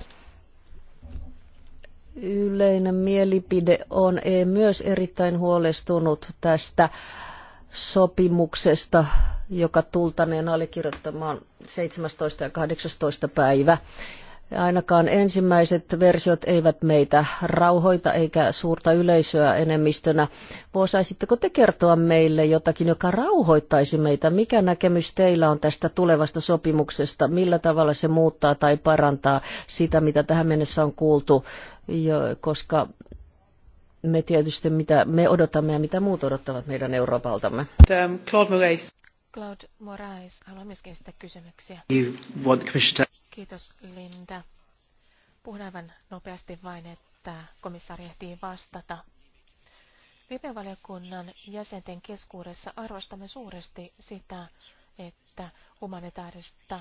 Yleinen mielipide on ei myös erittäin huolestunut tästä sopimuksesta, joka tultaneen allekirjoittamaan 17. ja 18. päivä. Ainakaan ensimmäiset versiot eivät meitä rauhoita eikä suurta yleisöä enemmistönä. Voisaisitteko te kertoa meille jotakin, joka rauhoittaisi meitä? Mikä näkemys teillä on tästä tulevasta sopimuksesta? Millä tavalla se muuttaa tai parantaa sitä, mitä tähän mennessä on kuultu? Koska me tietysti, mitä me odotamme ja mitä muut odottavat meidän Euroopaltamme. Um, Claude Moraes. Claude Moraes You myöskin the kysymyksiä. Kiitos Linda. Puhun aivan nopeasti vain, että komissaari ehtii vastata. live jäsenten keskuudessa arvostamme suuresti sitä, että humanitaarista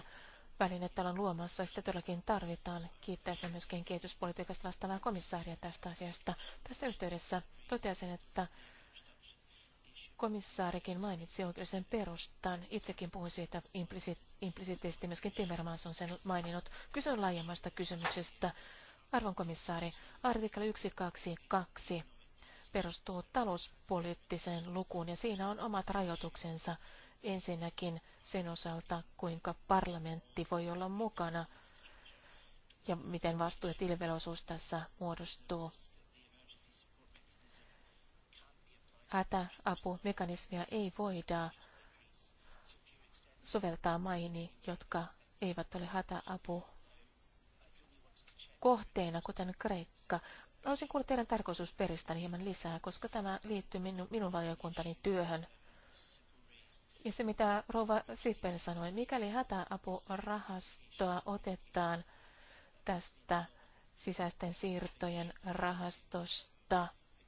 välinettä on luomassa, sitä todellakin tarvitaan. Kiittäisin myöskin kehityspolitiikasta vastaavaa komissaaria tästä asiasta. Tässä yhteydessä toteaisin, että komissaarikin mainitsi oikeuden perustan. Itsekin puhuin siitä implisiittisesti, myöskin Timmermans on sen maininnut. Kyse on laajemmasta kysymyksestä. Arvon komissaari, artikla 122 perustuu talouspoliittiseen lukuun ja siinä on omat rajoituksensa. Ensinnäkin sen osalta, kuinka parlamentti voi olla mukana ja miten vastuu ja tilvelosuus tässä muodostuu. hätäapumekanismia ei voida soveltaa maihin, jotka eivät ole hätäapu kohteena, kuten Kreikka. Haluaisin kuulla teidän tarkoitusperistäni hieman lisää, koska tämä liittyy minu, minun valiokuntani työhön. Ja se, mitä Rova Sippen sanoi, mikäli hätäapurahastoa otetaan tästä sisäisten siirtojen rahastosta,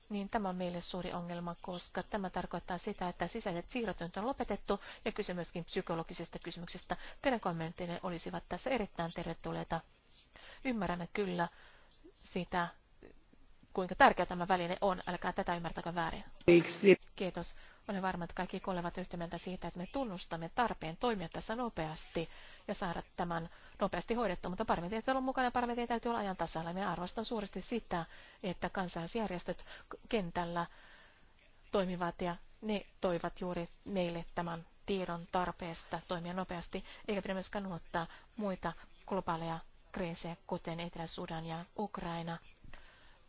niin tämä on meille suuri ongelma, koska tämä tarkoittaa sitä, että sisäiset siirrot on lopetettu ja kyse myöskin psykologisista kysymyksistä. Teidän kommenttinne olisivat tässä erittäin tervetulleita. Ymmärrämme kyllä sitä, kuinka tärkeä tämä väline on. Älkää tätä ymmärtäkö väärin. Kiitos. Olen varma, että kaikki olevat yhtä mieltä siitä, että me tunnustamme tarpeen toimia tässä nopeasti ja saada tämän nopeasti hoidettua, mutta parlamentin täytyy olla mukana, parlamentin täytyy olla ajan tasalla. Minä arvostan suuresti sitä, että kansalaisjärjestöt kentällä toimivat ja ne toivat juuri meille tämän tiedon tarpeesta toimia nopeasti, eikä pidä myöskään unohtaa muita globaaleja kriisejä, kuten Etelä-Sudan ja Ukraina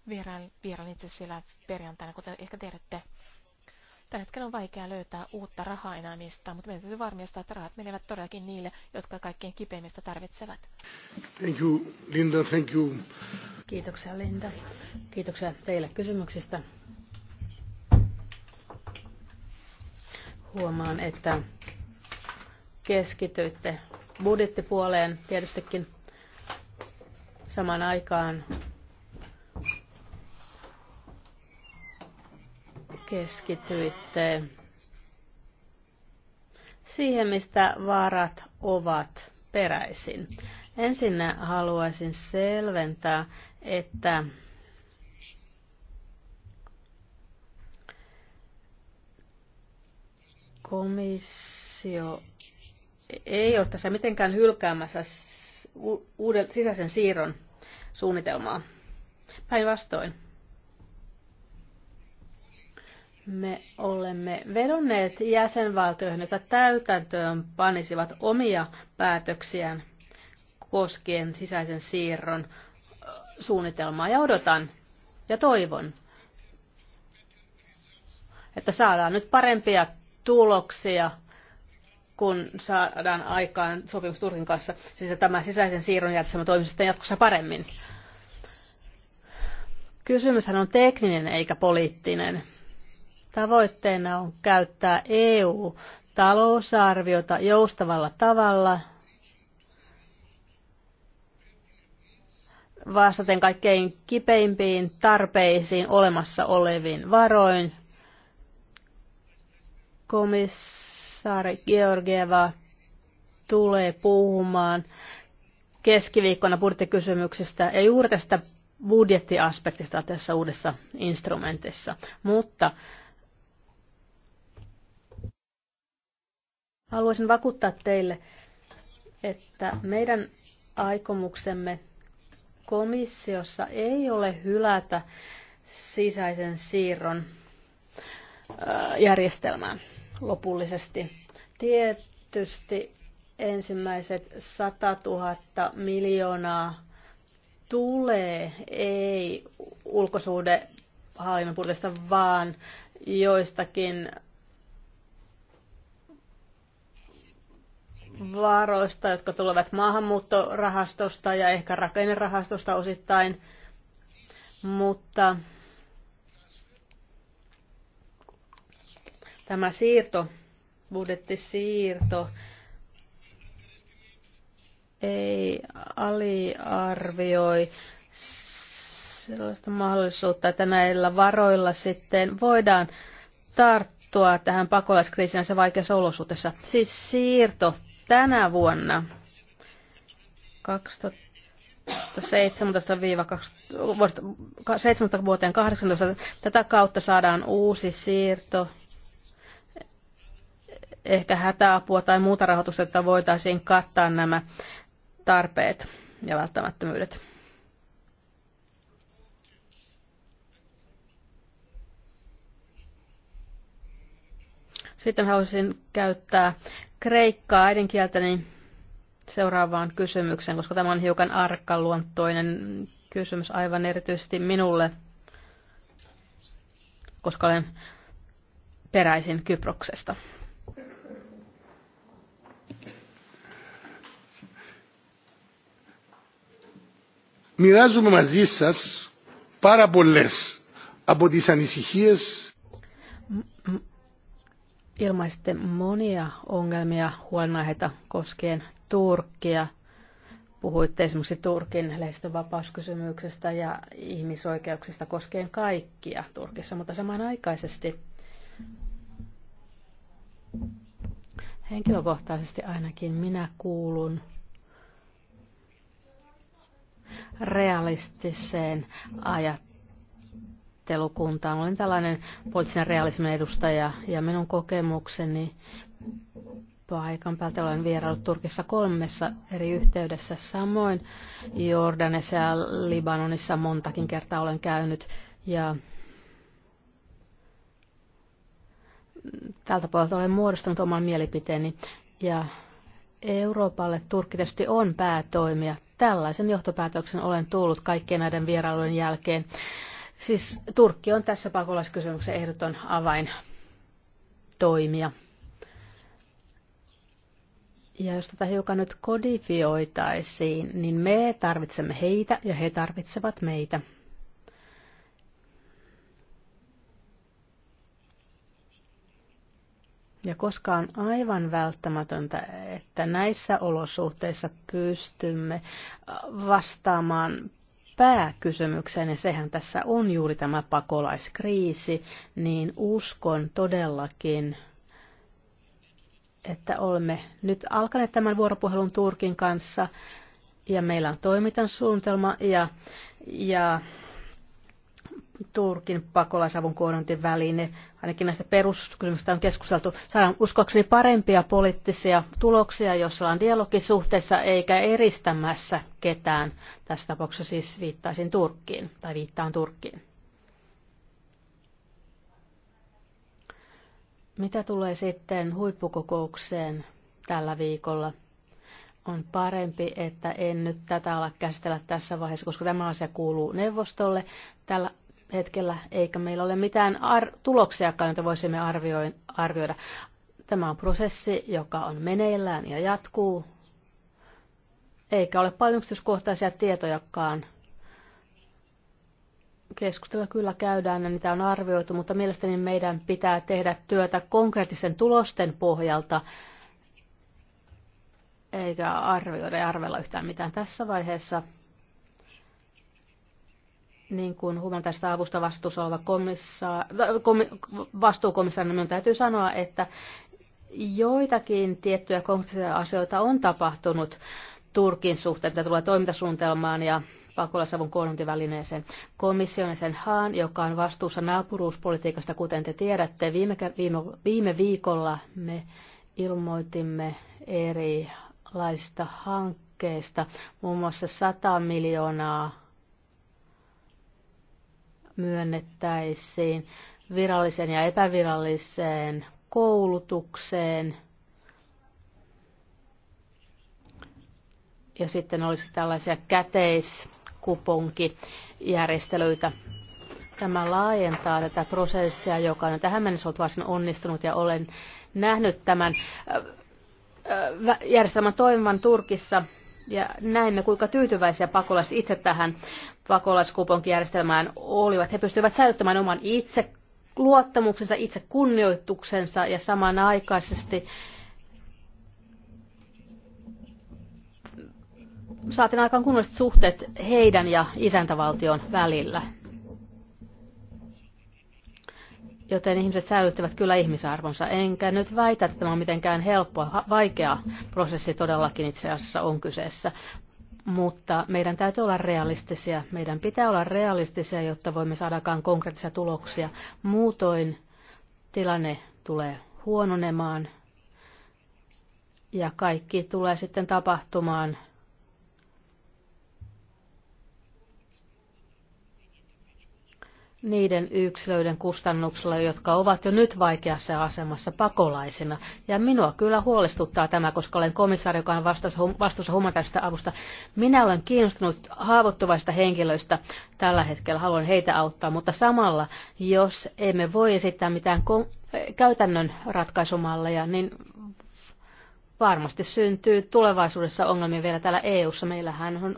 Vierailin, vierailin itse siellä perjantaina, kuten ehkä tiedätte. Tällä hetkellä on vaikea löytää uutta rahaa enää mistään, mutta meidän täytyy varmistaa, että rahat menevät todellakin niille, jotka kaikkein kipeimmistä tarvitsevat. Thank you, Linda. Thank you. Kiitoksia, Linda. Kiitoksia teille kysymyksistä. Huomaan, että keskityitte budjettipuoleen tietystikin samaan aikaan keskityitte siihen, mistä vaarat ovat peräisin. Ensin haluaisin selventää, että komissio ei ole tässä mitenkään hylkäämässä uuden sisäisen siirron suunnitelmaa. Päinvastoin me olemme vedonneet jäsenvaltioihin, että täytäntöön panisivat omia päätöksiään koskien sisäisen siirron suunnitelmaa ja odotan ja toivon, että saadaan nyt parempia tuloksia, kun saadaan aikaan sopimus Turkin kanssa, siis että tämä sisäisen siirron järjestelmä toimisi sitten jatkossa paremmin. Kysymyshän on tekninen eikä poliittinen. Tavoitteena on käyttää EU-talousarviota joustavalla tavalla vastaten kaikkein kipeimpiin tarpeisiin olemassa oleviin varoin. Komissaari Georgieva tulee puhumaan keskiviikkona budjettikysymyksistä ja juuri tästä budjettiaspektista tässä uudessa instrumentissa. Mutta Haluaisin vakuuttaa teille, että meidän aikomuksemme komissiossa ei ole hylätä sisäisen siirron järjestelmää lopullisesti. Tietysti ensimmäiset 100 000 miljoonaa tulee ei ulkosuhdehallinnon puolesta, vaan joistakin varoista, jotka tulevat maahanmuuttorahastosta ja ehkä rakennerahastosta osittain, mutta tämä siirto, budjettisiirto, ei aliarvioi sellaista mahdollisuutta, että näillä varoilla sitten voidaan tarttua tähän pakolaiskriisiin se vaikeassa olosuhteessa. Siis siirto tänä vuonna 2017 vuoteen 18. Tätä kautta saadaan uusi siirto, ehkä hätäapua tai muuta rahoitusta, että voitaisiin kattaa nämä tarpeet ja välttämättömyydet. Sitten haluaisin käyttää kreikkaa äidinkieltäni seuraavaan kysymykseen, koska tämä on hiukan arkkaluontoinen kysymys aivan erityisesti minulle, koska olen peräisin Kyproksesta. Μοιράζομαι μαζί σας πάρα πολλές από τις ανησυχίες ilmaisitte monia ongelmia, huolenaiheita koskien Turkkia. Puhuitte esimerkiksi Turkin lehdistönvapauskysymyksestä ja ihmisoikeuksista koskien kaikkia Turkissa, mutta samanaikaisesti henkilökohtaisesti ainakin minä kuulun realistiseen ajatteluun ajattelukuntaan. Olen tällainen poliittisen realismin edustaja ja minun kokemukseni paikan päältä olen vieraillut Turkissa kolmessa eri yhteydessä. Samoin Jordanissa ja Libanonissa montakin kertaa olen käynyt ja tältä puolelta olen muodostanut oman mielipiteeni. Ja Euroopalle Turkki tietysti on päätoimija. Tällaisen johtopäätöksen olen tullut kaikkien näiden vierailujen jälkeen. Siis Turkki on tässä pakolaiskysymyksen ehdoton avain toimia. Ja jos tätä hiukan nyt kodifioitaisiin, niin me tarvitsemme heitä ja he tarvitsevat meitä. Ja koska on aivan välttämätöntä, että näissä olosuhteissa pystymme vastaamaan pääkysymykseen, ja sehän tässä on juuri tämä pakolaiskriisi, niin uskon todellakin, että olemme nyt alkaneet tämän vuoropuhelun Turkin kanssa, ja meillä on toimintasuunnitelma ja, ja Turkin pakolaisavun koordinointin väline. Ainakin näistä peruskysymyksistä on keskusteltu. Saadaan uskoakseni parempia poliittisia tuloksia, jos ollaan dialogisuhteessa eikä eristämässä ketään. Tässä tapauksessa siis viittaisin Turkkiin tai viittaan Turkkiin. Mitä tulee sitten huippukokoukseen tällä viikolla? On parempi, että en nyt tätä ala käsitellä tässä vaiheessa, koska tämä asia kuuluu neuvostolle. Tällä hetkellä, eikä meillä ole mitään ar- tuloksiakaan, joita voisimme arvioida. Tämä on prosessi, joka on meneillään ja jatkuu, eikä ole paljon yksityiskohtaisia tietojakaan. Keskustella kyllä käydään ja niitä on arvioitu, mutta mielestäni meidän pitää tehdä työtä konkreettisen tulosten pohjalta, eikä arvioida ja arvella yhtään mitään tässä vaiheessa niin kuin humanitaarista avusta vastuussa oleva komissa äh, komi, vastuukomissaari, minun täytyy sanoa, että joitakin tiettyjä konkreettisia asioita on tapahtunut Turkin suhteen, mitä tulee toimintasuunnitelmaan ja pakolaisavun koordinointivälineeseen. Komission sen Haan, joka on vastuussa naapuruuspolitiikasta, kuten te tiedätte, viime, viime, viime viikolla me ilmoitimme erilaista hankkeista, muun muassa 100 miljoonaa myönnettäisiin viralliseen ja epäviralliseen koulutukseen. Ja sitten olisi tällaisia käteiskuponkijärjestelyitä. Tämä laajentaa tätä prosessia, joka on tähän mennessä ollut varsin onnistunut ja olen nähnyt tämän äh, äh, järjestelmän toimivan Turkissa ja näimme, kuinka tyytyväisiä pakolaiset itse tähän pakolaiskuponkijärjestelmään olivat. He pystyivät säilyttämään oman itse luottamuksensa, itse kunnioituksensa ja samanaikaisesti saatiin aikaan kunnolliset suhteet heidän ja isäntävaltion välillä joten ihmiset säilyttävät kyllä ihmisarvonsa. Enkä nyt väitä, että tämä on mitenkään helppoa, vaikea prosessi todellakin itse asiassa on kyseessä. Mutta meidän täytyy olla realistisia. Meidän pitää olla realistisia, jotta voimme saadakaan konkreettisia tuloksia. Muutoin tilanne tulee huononemaan ja kaikki tulee sitten tapahtumaan niiden yksilöiden kustannuksella, jotka ovat jo nyt vaikeassa asemassa pakolaisina. Ja minua kyllä huolestuttaa tämä, koska olen komissaari, joka on vastuussa humanitaarista avusta. Minä olen kiinnostunut haavoittuvaista henkilöistä tällä hetkellä, haluan heitä auttaa, mutta samalla, jos emme voi esittää mitään käytännön ratkaisumalleja, niin varmasti syntyy tulevaisuudessa ongelmia vielä täällä EU-ssa. Meillähän on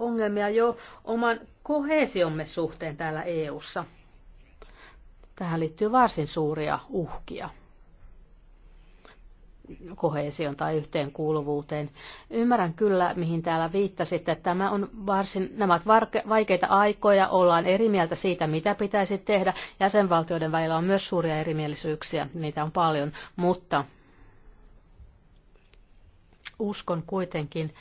ongelmia jo oman kohesiomme suhteen täällä EU:ssa. Tähän liittyy varsin suuria uhkia kohesion tai yhteenkuuluvuuteen. Ymmärrän kyllä, mihin täällä viittasit, että tämä on varsin, nämä ovat vaikeita aikoja, ollaan eri mieltä siitä, mitä pitäisi tehdä. Jäsenvaltioiden välillä on myös suuria erimielisyyksiä, niitä on paljon, mutta uskon kuitenkin,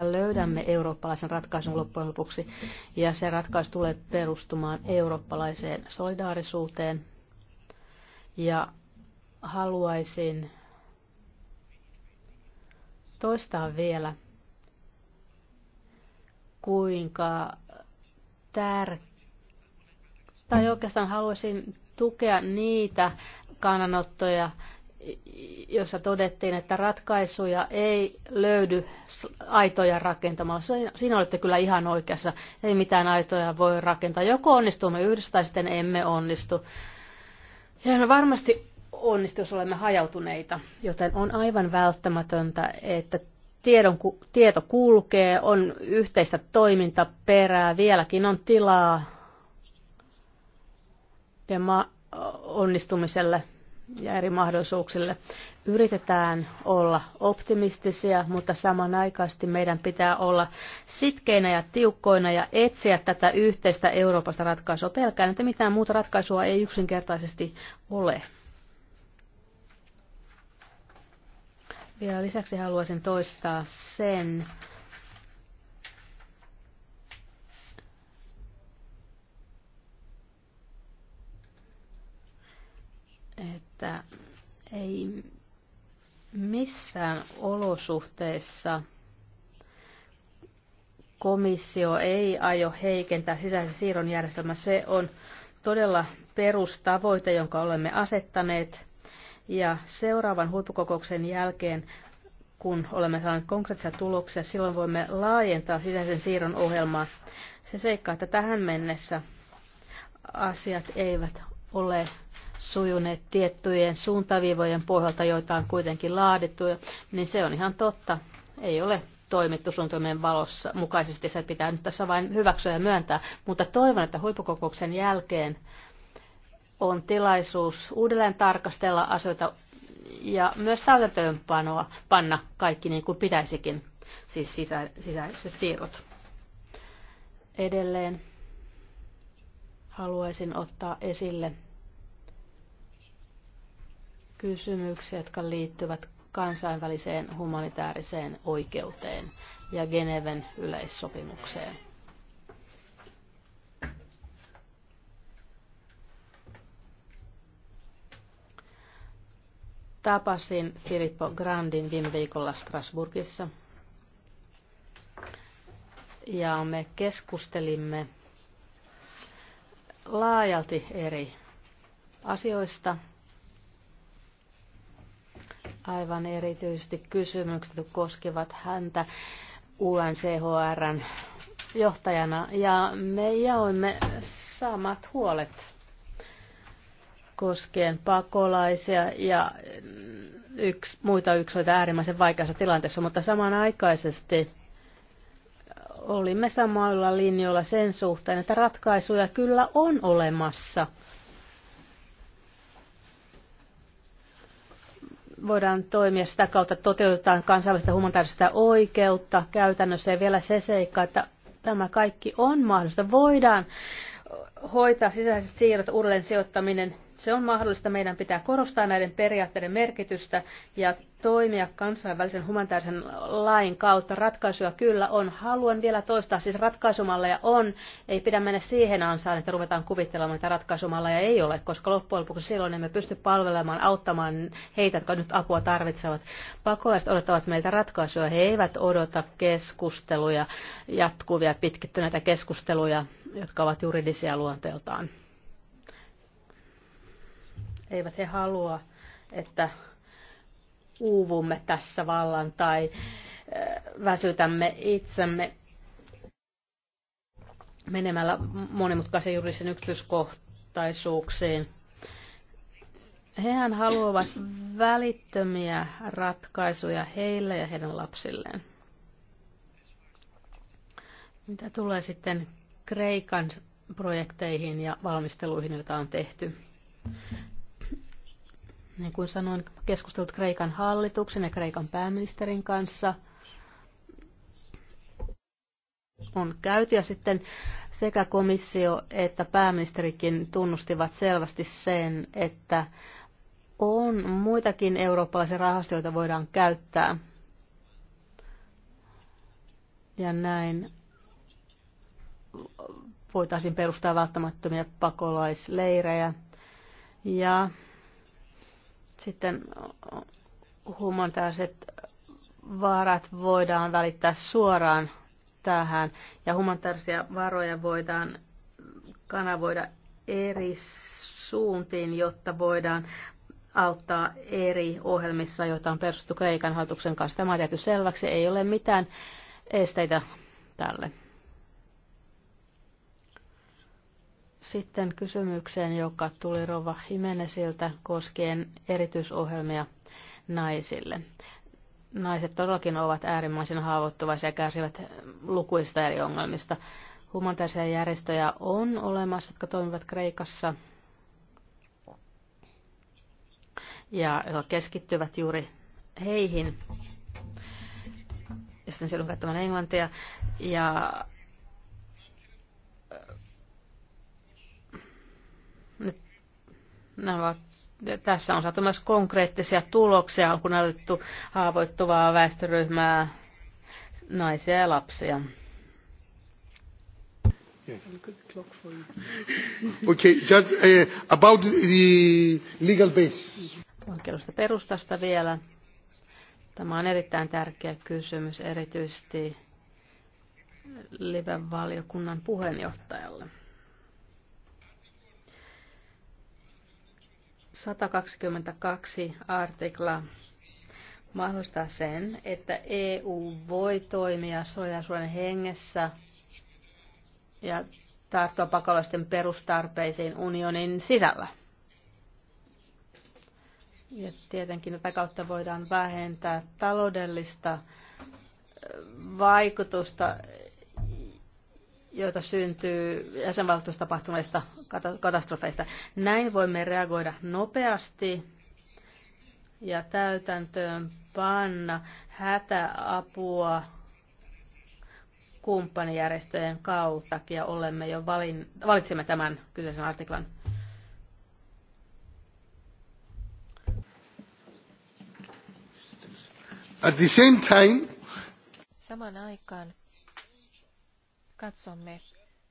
löydämme eurooppalaisen ratkaisun loppujen lopuksi. Ja se ratkaisu tulee perustumaan eurooppalaiseen solidaarisuuteen. Ja haluaisin toistaa vielä, kuinka tär... tai oikeastaan haluaisin tukea niitä kannanottoja, jossa todettiin, että ratkaisuja ei löydy aitoja rakentamalla. Siinä olette kyllä ihan oikeassa. Ei mitään aitoja voi rakentaa. Joko onnistumme yhdessä tai sitten emme onnistu. Ja me varmasti onnistu, jos olemme hajautuneita, joten on aivan välttämätöntä, että tiedon, tieto kulkee, on yhteistä toimintaperää, vieläkin on tilaa ja onnistumiselle ja eri mahdollisuuksille. Yritetään olla optimistisia, mutta samanaikaisesti meidän pitää olla sitkeinä ja tiukkoina ja etsiä tätä yhteistä Euroopasta ratkaisua. Pelkään, että mitään muuta ratkaisua ei yksinkertaisesti ole. Vielä lisäksi haluaisin toistaa sen, että ei missään olosuhteissa komissio ei aio heikentää sisäisen siirron järjestelmää. Se on todella perustavoite, jonka olemme asettaneet. Ja seuraavan huippukokouksen jälkeen, kun olemme saaneet konkreettisia tuloksia, silloin voimme laajentaa sisäisen siirron ohjelmaa. Se seikkaa, että tähän mennessä asiat eivät ole sujuneet tiettyjen suuntaviivojen pohjalta, joita on kuitenkin laadittu, niin se on ihan totta. Ei ole toimittu suunnitelmien valossa mukaisesti, se pitää nyt tässä vain hyväksyä ja myöntää. Mutta toivon, että huippukokouksen jälkeen on tilaisuus uudelleen tarkastella asioita ja myös täytäntöönpanoa panna kaikki niin kuin pitäisikin, siis sisä, sisäiset siirrot. Edelleen haluaisin ottaa esille kysymyksiä, jotka liittyvät kansainväliseen humanitaariseen oikeuteen ja Geneven yleissopimukseen. Tapasin Filippo Grandin viime viikolla Strasburgissa ja me keskustelimme laajalti eri asioista – aivan erityisesti kysymykset koskevat häntä UNCHRn johtajana. Ja me jaoimme samat huolet koskien pakolaisia ja yks, muita yksilöitä äärimmäisen vaikeassa tilanteessa, mutta samanaikaisesti olimme samoilla linjoilla sen suhteen, että ratkaisuja kyllä on olemassa – voidaan toimia sitä kautta, toteutetaan kansainvälistä humanitaarista oikeutta käytännössä ja vielä se seikka, että tämä kaikki on mahdollista. Voidaan hoitaa sisäiset siirrot, uudelleen sijoittaminen se on mahdollista. Meidän pitää korostaa näiden periaatteiden merkitystä ja toimia kansainvälisen humanitaarisen lain kautta. Ratkaisuja kyllä on. Haluan vielä toistaa, siis ratkaisumalleja on. Ei pidä mennä siihen ansaan, että ruvetaan kuvittelemaan, että ratkaisumalleja ei ole, koska loppujen lopuksi silloin emme pysty palvelemaan, auttamaan heitä, jotka nyt apua tarvitsevat. Pakolaiset odottavat meiltä ratkaisuja. He eivät odota keskusteluja, jatkuvia pitkittyneitä keskusteluja, jotka ovat juridisia luonteeltaan. Eivät he halua, että uuvumme tässä vallan tai äh, väsytämme itsemme menemällä monimutkaisen juridisen yksityiskohtaisuuksiin. Hehän haluavat välittömiä ratkaisuja heille ja heidän lapsilleen. Mitä tulee sitten Kreikan projekteihin ja valmisteluihin, joita on tehty? Niin kuin sanoin, keskustelut Kreikan hallituksen ja Kreikan pääministerin kanssa on käyty ja sitten sekä komissio että pääministerikin tunnustivat selvästi sen, että on muitakin eurooppalaisia rahastoja, joita voidaan käyttää. Ja näin voitaisiin perustaa välttämättömiä pakolaisleirejä. Ja sitten humanitaariset vaarat voidaan välittää suoraan tähän ja humanitaarisia varoja voidaan kanavoida eri suuntiin, jotta voidaan auttaa eri ohjelmissa, joita on perustettu Kreikan hallituksen kanssa. Tämä on tehty selväksi, ei ole mitään esteitä tälle. Sitten kysymykseen, joka tuli Rova Himenesiltä koskien erityisohjelmia naisille. Naiset todellakin ovat äärimmäisen haavoittuvaisia ja kärsivät lukuista eri ongelmista. Humanitaarisia järjestöjä on olemassa, jotka toimivat Kreikassa ja jotka keskittyvät juuri heihin. Ja sitten silloin käyttämään englantia. Ja Nämä tässä on saatu myös konkreettisia tuloksia, kun on haavoittuvaa väestöryhmää, naisia ja lapsia. Okay, just uh, about the legal base. Oikeudesta perustasta vielä. Tämä on erittäin tärkeä kysymys, erityisesti live-valiokunnan puheenjohtajalle. 122 artikla mahdollistaa sen, että EU voi toimia solidaisuuden hengessä ja tarttua pakolaisten perustarpeisiin unionin sisällä. Ja tietenkin tätä kautta voidaan vähentää taloudellista vaikutusta, joita syntyy jäsenvaltiossa tapahtuneista katastrofeista. Näin voimme reagoida nopeasti ja täytäntöön panna hätäapua kumppanijärjestöjen kautta ja olemme jo valin, valitsemme tämän kyseisen artiklan. At the same time, Samaan aikaan katsomme,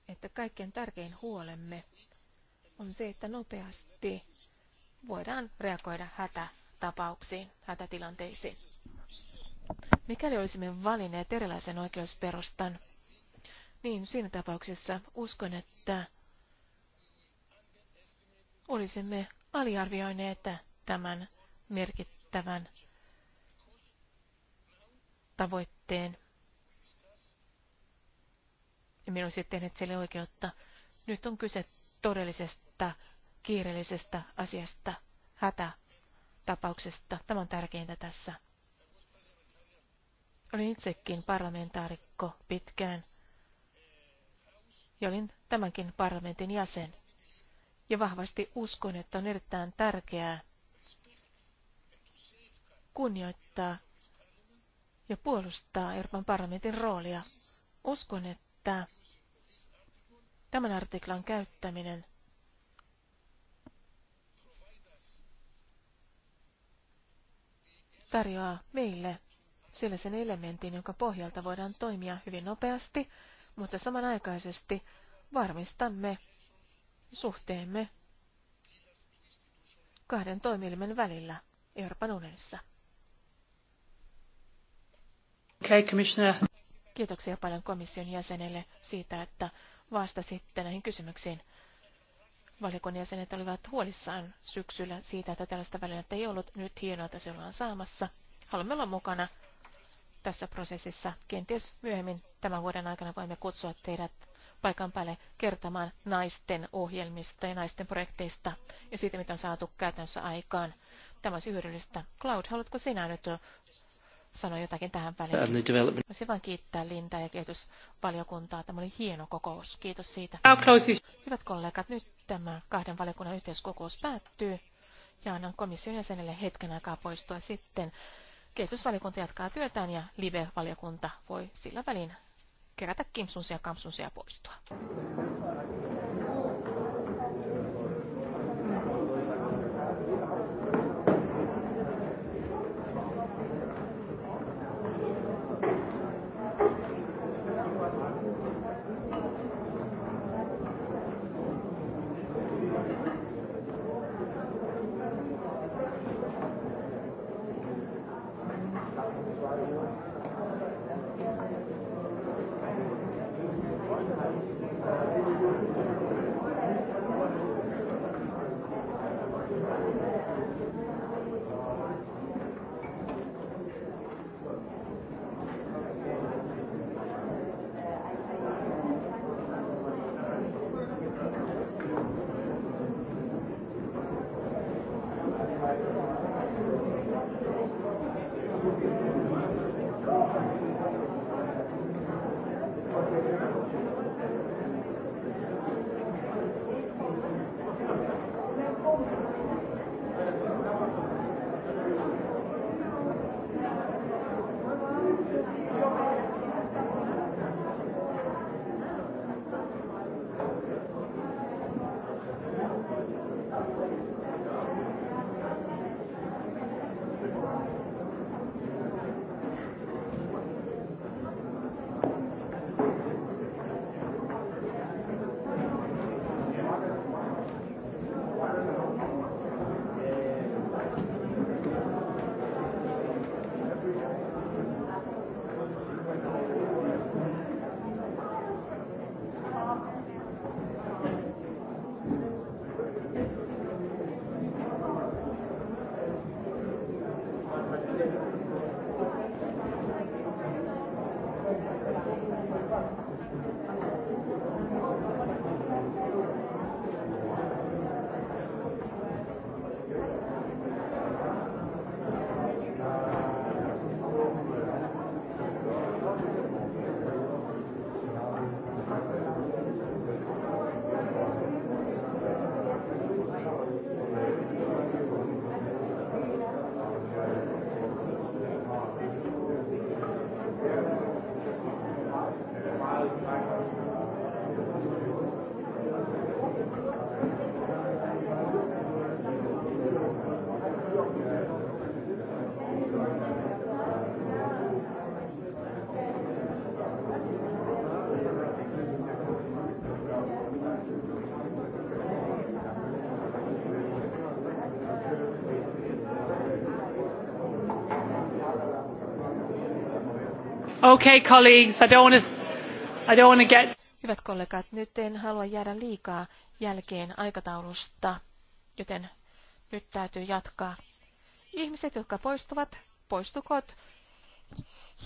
että kaikkein tärkein huolemme on se, että nopeasti voidaan reagoida hätätapauksiin, hätätilanteisiin. Mikäli olisimme valinneet erilaisen oikeusperustan, niin siinä tapauksessa uskon, että olisimme aliarvioineet tämän merkittävän tavoitteen ja minä olisin tehnyt sille oikeutta. Nyt on kyse todellisesta, kiireellisestä asiasta, hätätapauksesta. tapauksesta. Tämä on tärkeintä tässä. Olin itsekin parlamentaarikko pitkään ja olin tämänkin parlamentin jäsen. Ja vahvasti uskon, että on erittäin tärkeää kunnioittaa ja puolustaa Euroopan parlamentin roolia. Uskon, että Tämän artiklan käyttäminen tarjoaa meille sellaisen elementin, jonka pohjalta voidaan toimia hyvin nopeasti, mutta samanaikaisesti varmistamme suhteemme kahden toimielimen välillä Euroopan unionissa. Okay, Kiitoksia paljon komission jäsenelle siitä, että vastasi näihin kysymyksiin. Valiokunnan jäsenet olivat huolissaan syksyllä siitä, että tällaista välinettä ei ollut. Nyt hienoa, että se ollaan saamassa. Haluamme olla mukana tässä prosessissa. Kenties myöhemmin tämän vuoden aikana voimme kutsua teidät paikan päälle kertomaan naisten ohjelmista ja naisten projekteista ja siitä, mitä on saatu käytännössä aikaan. Tämä olisi hyödyllistä. Cloud, haluatko sinä nyt sanoa jotakin tähän väliin. Voisin vain kiittää Linda ja kehitysvaliokuntaa. Tämä oli hieno kokous. Kiitos siitä. Hyvät kollegat, nyt tämä kahden valiokunnan yhteiskokous päättyy ja annan komission jäsenelle hetken aikaa poistua sitten. Kehitysvaliokunta jatkaa työtään ja live-valiokunta voi sillä välin kerätä kimpsunsia ja kampsunsia poistua. Okay, colleagues, I don't want to, I don't want to get... Hyvät kollegat, nyt en halua jäädä liikaa jälkeen aikataulusta, joten nyt täytyy jatkaa. Ihmiset, jotka poistuvat, poistukot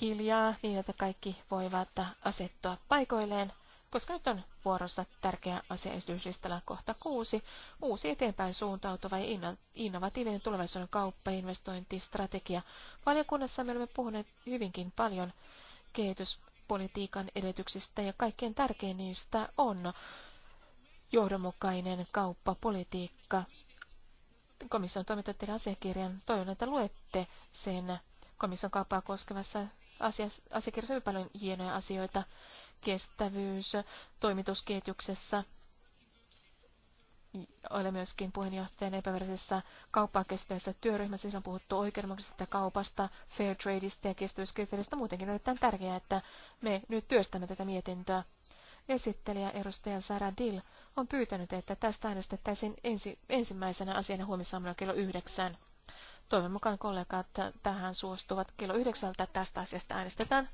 hiljaa niin, että kaikki voivat asettua paikoilleen, koska nyt on vuorossa tärkeä asia esityslistalla kohta kuusi, uusi eteenpäin suuntautuva ja innovatiivinen tulevaisuuden kauppa- ja investointistrategia. Valiokunnassa me olemme puhuneet hyvinkin paljon kehityspolitiikan edellytyksistä ja kaikkein tärkein niistä on johdonmukainen kauppapolitiikka. Komission toimittajat asiakirjan. Toivon, että luette sen komission kauppaa koskevassa asiakirjassa on paljon hienoja asioita. Kestävyys toimitusketjuksessa olen myöskin puheenjohtajan epävirallisessa kauppaa kestävässä työryhmässä. Siinä on puhuttu oikeudenmukaisesta kaupasta, fair tradeista ja kestävyyskriteereistä. Muutenkin on erittäin tärkeää, että me nyt työstämme tätä mietintöä. Esittelijä edustaja Sara Dill on pyytänyt, että tästä äänestettäisiin ensi, ensimmäisenä asiana huomisaamuna kello yhdeksän. Toivon mukaan kollegat tähän suostuvat. Kello yhdeksältä tästä asiasta äänestetään.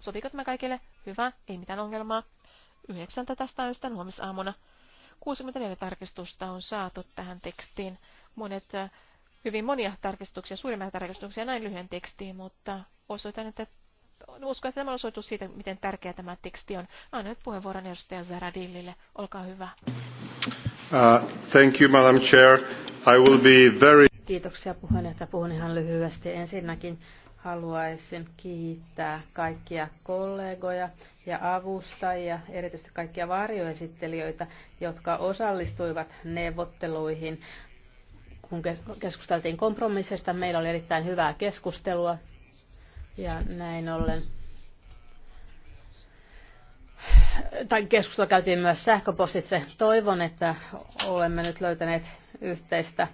Sopiiko tämä kaikille? Hyvä, ei mitään ongelmaa. Yhdeksältä tästä äänestetään huomisaamuna. 64 tarkistusta on saatu tähän tekstiin. Monet, äh, hyvin monia tarkistuksia, suurimmat tarkistuksia näin lyhyen tekstiin, mutta osoitan, että uskon, että tämä on osoitus siitä, miten tärkeä tämä teksti on. Annan nyt puheenvuoron edustaja Zaradillille. Olkaa hyvä. Uh, thank you, Madam Chair. I will be very... Kiitoksia puheenjohtaja. Puhun ihan lyhyesti. Ensinnäkin haluaisin kiittää kaikkia kollegoja ja avustajia, erityisesti kaikkia varjoesittelijöitä, jotka osallistuivat neuvotteluihin. Kun keskusteltiin kompromissista, meillä oli erittäin hyvää keskustelua ja näin ollen tai keskustelua käytiin myös sähköpostitse. Toivon, että olemme nyt löytäneet yhteistä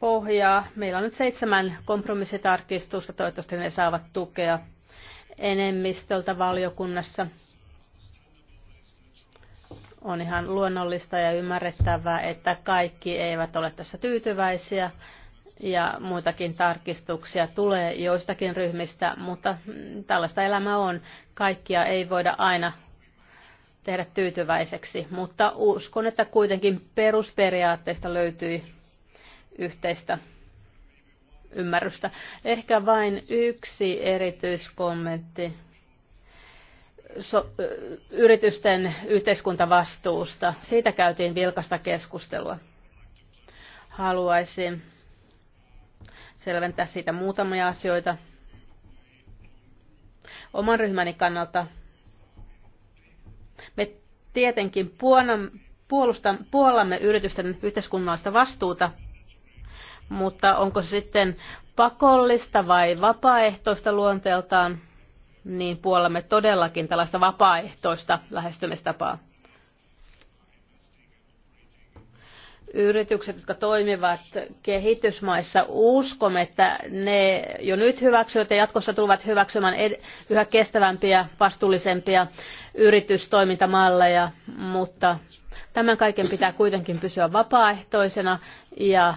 pohjaa. Meillä on nyt seitsemän kompromissitarkistusta, toivottavasti ne saavat tukea enemmistöltä valiokunnassa. On ihan luonnollista ja ymmärrettävää, että kaikki eivät ole tässä tyytyväisiä ja muitakin tarkistuksia tulee joistakin ryhmistä, mutta tällaista elämää on. Kaikkia ei voida aina tehdä tyytyväiseksi, mutta uskon, että kuitenkin perusperiaatteista löytyi yhteistä ymmärrystä. Ehkä vain yksi erityiskommentti so, yritysten yhteiskuntavastuusta. Siitä käytiin vilkasta keskustelua. Haluaisin selventää siitä muutamia asioita. Oman ryhmäni kannalta me tietenkin puolamme yritysten yhteiskunnallista vastuuta, mutta onko se sitten pakollista vai vapaaehtoista luonteeltaan, niin puolemme todellakin tällaista vapaaehtoista lähestymistapaa. Yritykset, jotka toimivat kehitysmaissa, uskomme, että ne jo nyt hyväksyvät ja jatkossa tulevat hyväksymään yhä kestävämpiä, vastuullisempia yritystoimintamalleja, mutta tämän kaiken pitää kuitenkin pysyä vapaaehtoisena ja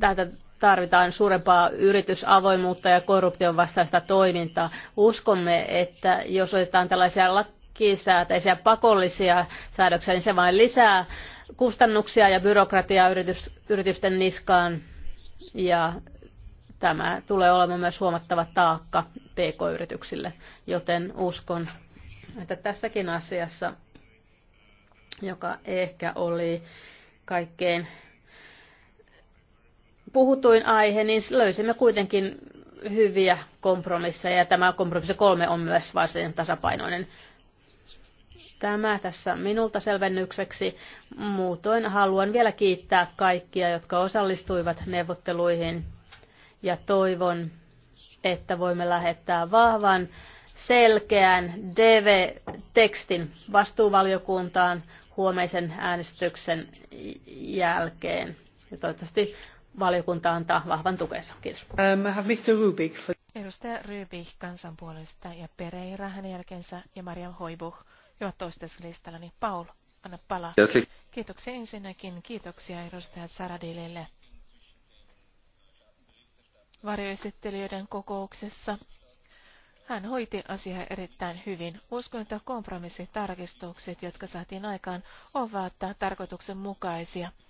Tätä tarvitaan suurempaa yritysavoimuutta ja korruption vastaista toimintaa. Uskomme, että jos otetaan tällaisia lakisääteisiä pakollisia säädöksiä, niin se vain lisää kustannuksia ja byrokratiaa yritys, yritysten niskaan ja tämä tulee olemaan myös huomattava taakka pk-yrityksille, joten uskon, että tässäkin asiassa, joka ehkä oli kaikkein puhutuin aihe, niin löysimme kuitenkin hyviä kompromisseja ja tämä kompromissi kolme on myös varsin tasapainoinen. Tämä tässä minulta selvennykseksi. Muutoin haluan vielä kiittää kaikkia, jotka osallistuivat neuvotteluihin ja toivon, että voimme lähettää vahvan, selkeän DV-tekstin vastuuvaliokuntaan huomeisen äänestyksen jälkeen. Ja toivottavasti valiokunta antaa vahvan tukensa. Kiitos. Um, Rubik for... Edustaja Rubik kansanpuolesta ja Pereira hänen jälkeensä ja Maria Hoibuh jo toistaiseksi listalla, niin Paul, anna palaa. Kiitoksia ensinnäkin. Kiitoksia edustaja Saradilille. Varjoesittelijöiden kokouksessa hän hoiti asiaa erittäin hyvin. Uskon, että kompromissitarkistukset, jotka saatiin aikaan, ovat tarkoituksenmukaisia. mukaisia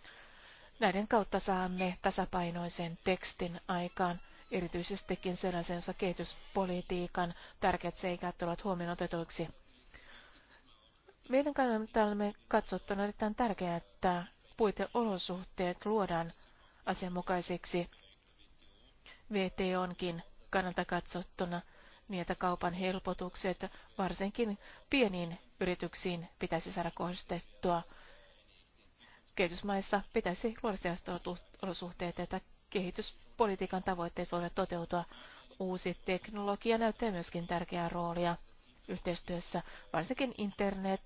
Näiden kautta saamme tasapainoisen tekstin aikaan, erityisestikin sellaisensa kehityspolitiikan tärkeät seikat ovat huomioon otetuiksi. Meidän kannaltamme katsottuna on erittäin tärkeää, että puiteolosuhteet luodaan asianmukaiseksi VTOnkin kannalta katsottuna niin, että kaupan helpotukset varsinkin pieniin yrityksiin pitäisi saada kohdistettua kehitysmaissa pitäisi luoda sellaiset olosuhteet, että kehityspolitiikan tavoitteet voivat toteutua. Uusi teknologia näyttää myöskin tärkeää roolia yhteistyössä. Varsinkin internet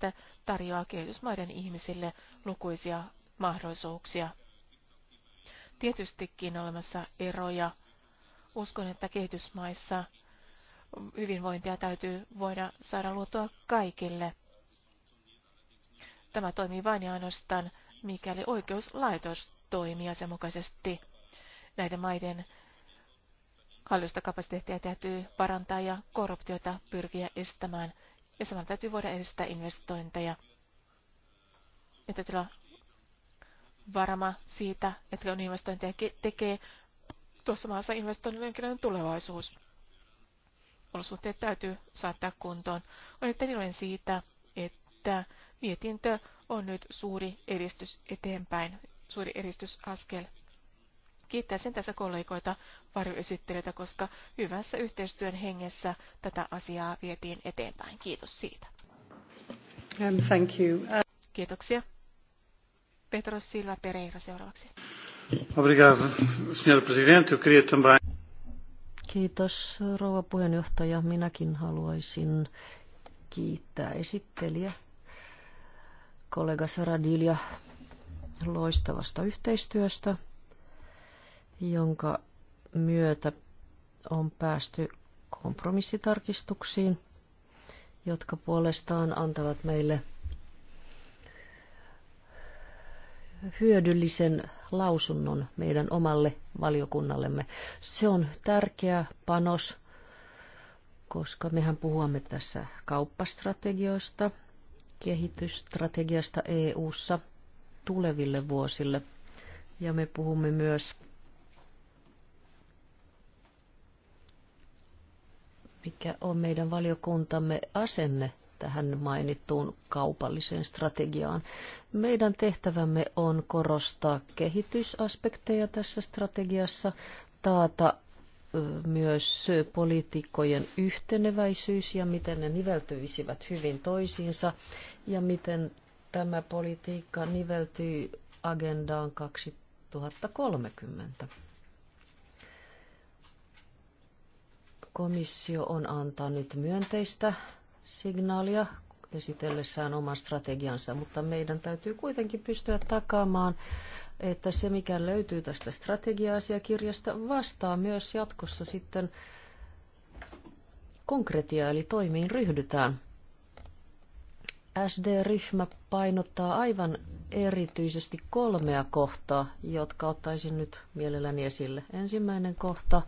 tarjoaa kehitysmaiden ihmisille lukuisia mahdollisuuksia. Tietystikin olemassa eroja. Uskon, että kehitysmaissa hyvinvointia täytyy voida saada luotua kaikille. Tämä toimii vain ja ainoastaan mikäli oikeuslaitos toimii asianmukaisesti. Näiden maiden hallinnosta kapasiteettia täytyy parantaa ja korruptiota pyrkiä estämään. Ja samalla täytyy voida edistää investointeja. Ja täytyy olla varma siitä, että on investointeja tekee, tuossa maassa investoinnin tulevaisuus. Olosuhteet täytyy saattaa kuntoon. Olen iloinen siitä, että Mietintö on nyt suuri edistys eteenpäin, suuri edistysaskel. Kiittäisin tässä kollegoita varjoesittelijöitä, koska hyvässä yhteistyön hengessä tätä asiaa vietiin eteenpäin. Kiitos siitä. Um, thank you. Uh... Kiitoksia. Petros Silva Pereira seuraavaksi. Obrigado, senhor presidente. Eu queria também... Kiitos, rouva puheenjohtaja. Minäkin haluaisin kiittää esittelijä kollega Saradilja loistavasta yhteistyöstä, jonka myötä on päästy kompromissitarkistuksiin, jotka puolestaan antavat meille hyödyllisen lausunnon meidän omalle valiokunnallemme. Se on tärkeä panos, koska mehän puhumme tässä kauppastrategioista, kehitysstrategiasta EU:ssa tuleville vuosille. Ja me puhumme myös mikä on meidän valiokuntamme asenne tähän mainittuun kaupalliseen strategiaan. Meidän tehtävämme on korostaa kehitysaspekteja tässä strategiassa, taata myös poliitikkojen yhteneväisyys ja miten ne niveltyisivät hyvin toisiinsa ja miten tämä politiikka niveltyy agendaan 2030. Komissio on antanut myönteistä signaalia esitellessään oman strategiansa, mutta meidän täytyy kuitenkin pystyä takaamaan, että se mikä löytyy tästä strategia-asiakirjasta vastaa myös jatkossa sitten konkretiaa, eli toimiin ryhdytään. SD-ryhmä painottaa aivan erityisesti kolmea kohtaa, jotka ottaisin nyt mielelläni esille. Ensimmäinen kohta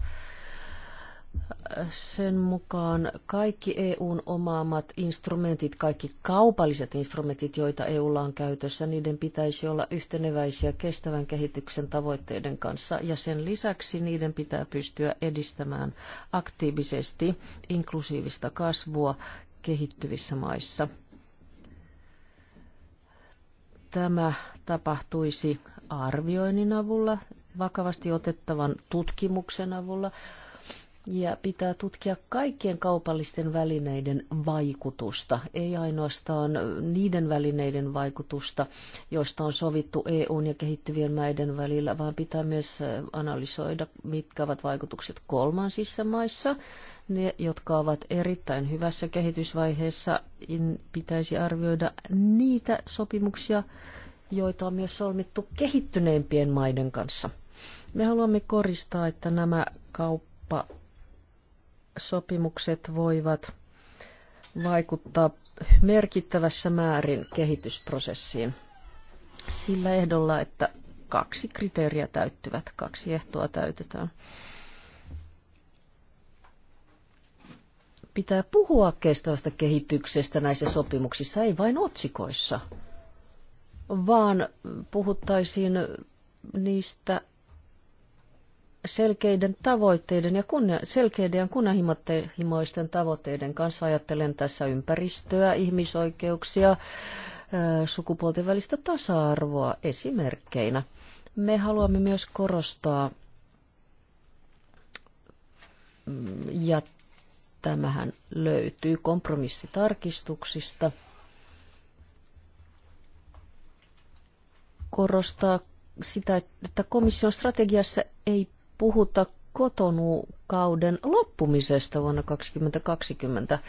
sen mukaan kaikki EUn omaamat instrumentit, kaikki kaupalliset instrumentit, joita EUlla on käytössä, niiden pitäisi olla yhteneväisiä kestävän kehityksen tavoitteiden kanssa ja sen lisäksi niiden pitää pystyä edistämään aktiivisesti inklusiivista kasvua kehittyvissä maissa – tämä tapahtuisi arvioinnin avulla, vakavasti otettavan tutkimuksen avulla, ja pitää tutkia kaikkien kaupallisten välineiden vaikutusta, ei ainoastaan niiden välineiden vaikutusta, joista on sovittu EUn ja kehittyvien maiden välillä, vaan pitää myös analysoida, mitkä ovat vaikutukset kolmansissa maissa ne, jotka ovat erittäin hyvässä kehitysvaiheessa, pitäisi arvioida niitä sopimuksia, joita on myös solmittu kehittyneempien maiden kanssa. Me haluamme koristaa, että nämä kauppasopimukset voivat vaikuttaa merkittävässä määrin kehitysprosessiin sillä ehdolla, että kaksi kriteeriä täyttyvät, kaksi ehtoa täytetään. Pitää puhua kestävästä kehityksestä näissä sopimuksissa, ei vain otsikoissa, vaan puhuttaisiin niistä selkeiden tavoitteiden ja kunnia, selkeiden ja kunnianhimoisten tavoitteiden kanssa. Ajattelen tässä ympäristöä, ihmisoikeuksia, sukupuolten välistä tasa-arvoa esimerkkeinä. Me haluamme myös korostaa mm, ja Tämähän löytyy kompromissitarkistuksista. Korostaa sitä, että komission strategiassa ei puhuta kotonuukauden loppumisesta vuonna 2020.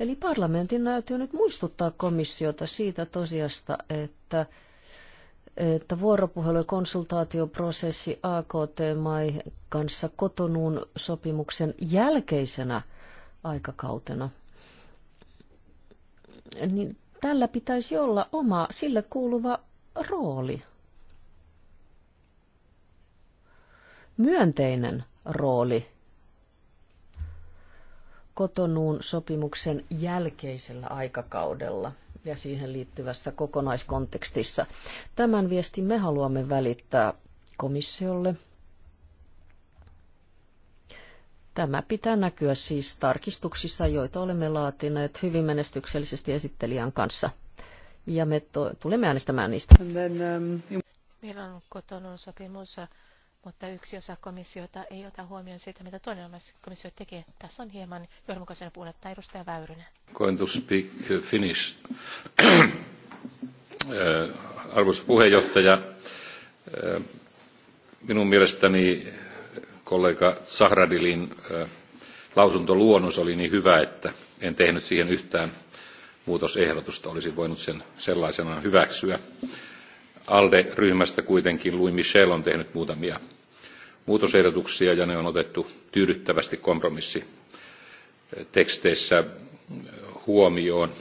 Eli parlamentin näytyy nyt muistuttaa komissiota siitä tosiasta, että että vuoropuhelu- ja konsultaatioprosessi AKT-mai kanssa kotonuun sopimuksen jälkeisenä aikakautena. Niin tällä pitäisi olla oma sille kuuluva rooli. Myönteinen rooli kotonuun sopimuksen jälkeisellä aikakaudella ja siihen liittyvässä kokonaiskontekstissa. Tämän viestin me haluamme välittää komissiolle – Tämä pitää näkyä siis tarkistuksissa, joita olemme laatineet hyvin menestyksellisesti esittelijän kanssa. Ja me to- tulemme äänestämään niistä. Um, Meillä on kotonon sopimus, mutta yksi osa komissiota ei ota huomioon siitä, mitä toinen komissio tekee. Tässä on hieman johdonmukaisena puoletta edustaja Väyrynen. Going to speak Finnish. Äh, arvoisa puheenjohtaja, äh, minun mielestäni kollega Sahradilin lausuntoluonnos oli niin hyvä, että en tehnyt siihen yhtään muutosehdotusta. Olisin voinut sen sellaisenaan hyväksyä. ALDE-ryhmästä kuitenkin Louis Michel on tehnyt muutamia muutosehdotuksia ja ne on otettu tyydyttävästi kompromissi teksteissä huomioon.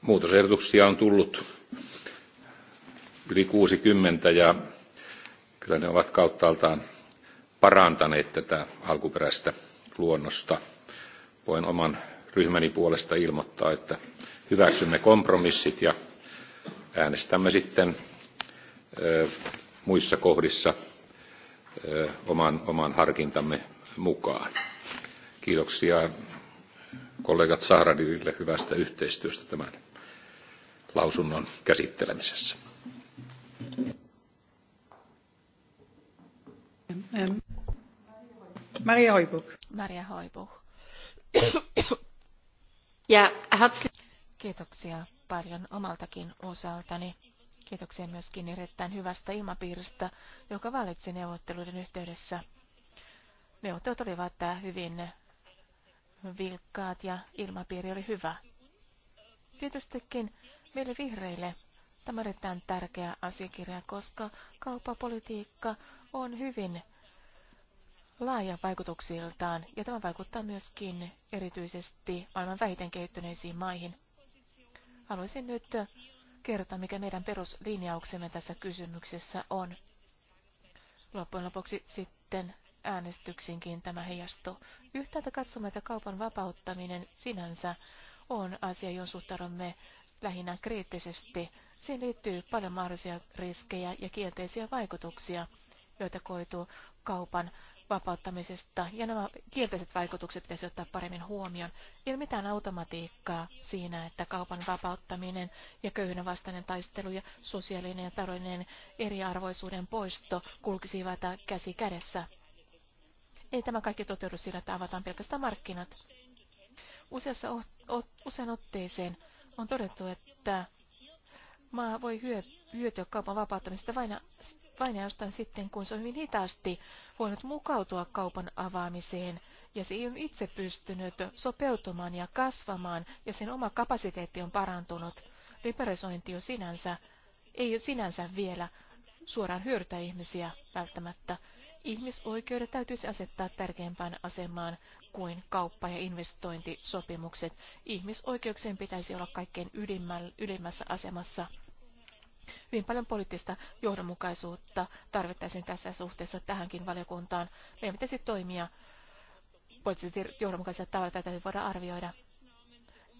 Muutosehdotuksia on tullut yli 60 ja Kyllä ne ovat kauttaaltaan parantaneet tätä alkuperäistä luonnosta. Voin oman ryhmäni puolesta ilmoittaa, että hyväksymme kompromissit ja äänestämme sitten muissa kohdissa oman, oman harkintamme mukaan. Kiitoksia kollegat Sahradille hyvästä yhteistyöstä tämän lausunnon käsittelemisessä. Maria Hoibuk. Maria Hoibuk. ja, herzlich. Kiitoksia paljon omaltakin osaltani. Kiitoksia myöskin erittäin hyvästä ilmapiiristä, joka valitsi neuvotteluiden yhteydessä. Neuvottelut olivat äh, hyvin vilkkaat ja ilmapiiri oli hyvä. Tietystikin meille vihreille tämä on erittäin tärkeä asiakirja, koska kaupapolitiikka on hyvin laaja vaikutuksiltaan, ja tämä vaikuttaa myöskin erityisesti maailman vähiten kehittyneisiin maihin. Haluaisin nyt kertoa, mikä meidän peruslinjauksemme tässä kysymyksessä on. Loppujen lopuksi sitten äänestyksinkin tämä heijastuu. Yhtäältä katsomme, että kaupan vapauttaminen sinänsä on asia, johon suhtaudumme lähinnä kriittisesti. Siihen liittyy paljon mahdollisia riskejä ja kielteisiä vaikutuksia, joita koituu kaupan vapauttamisesta, ja nämä kielteiset vaikutukset pitäisi ottaa paremmin huomioon. Ei ole mitään automatiikkaa siinä, että kaupan vapauttaminen ja köyhyyden vastainen taistelu ja sosiaalinen ja taloudellinen eriarvoisuuden poisto kulkisivat käsi kädessä. Ei tämä kaikki toteudu sillä, että avataan pelkästään markkinat. Useassa ot, usean otteeseen on todettu, että maa voi hyötyä kaupan vapauttamisesta vain vain ainoastaan sitten, kun se on hyvin hitaasti voinut mukautua kaupan avaamiseen ja se ole itse pystynyt sopeutumaan ja kasvamaan ja sen oma kapasiteetti on parantunut. Liberisointi jo sinänsä ei ole sinänsä vielä suoraan hyödytä ihmisiä välttämättä. Ihmisoikeudet täytyisi asettaa tärkeämpään asemaan kuin kauppa- ja investointisopimukset. Ihmisoikeuksien pitäisi olla kaikkein ylimmässä asemassa Hyvin paljon poliittista johdonmukaisuutta tarvittaisiin tässä suhteessa tähänkin valiokuntaan. Meidän pitäisi toimia poliittisesti johdonmukaisella tavalla. Tätä voidaan arvioida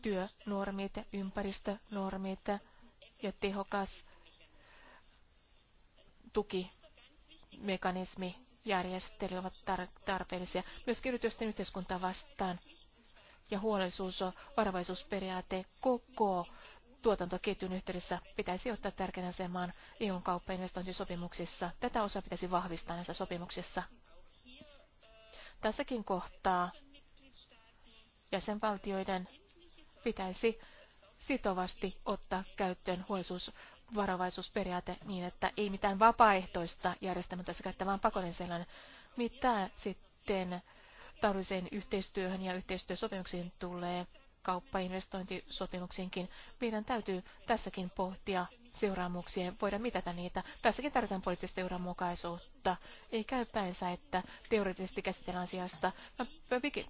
työnormit, ympäristönormit ja tehokas tukimekanismi järjestely ovat tar- tarpeellisia. Myös yritysten yhteiskuntaa vastaan ja huolellisuus on varovaisuusperiaate koko tuotantoketjun yhteydessä pitäisi ottaa tärkeän asemaan EUn kauppainvestointisopimuksissa. Tätä osa pitäisi vahvistaa näissä sopimuksissa. Tässäkin kohtaa jäsenvaltioiden pitäisi sitovasti ottaa käyttöön huolisuusvarovaisuusperiaate niin, että ei mitään vapaaehtoista järjestelmää käyttää, vaan pakollinen sellainen. Mitä sitten taudelliseen yhteistyöhön ja yhteistyösopimuksiin tulee, kauppainvestointisopimuksiinkin. Meidän täytyy tässäkin pohtia seuraamuksia ja voida mitata niitä. Tässäkin tarvitaan poliittista seuraamukaisuutta. Ei käy päinsä, että teoreettisesti käsitellään asiasta.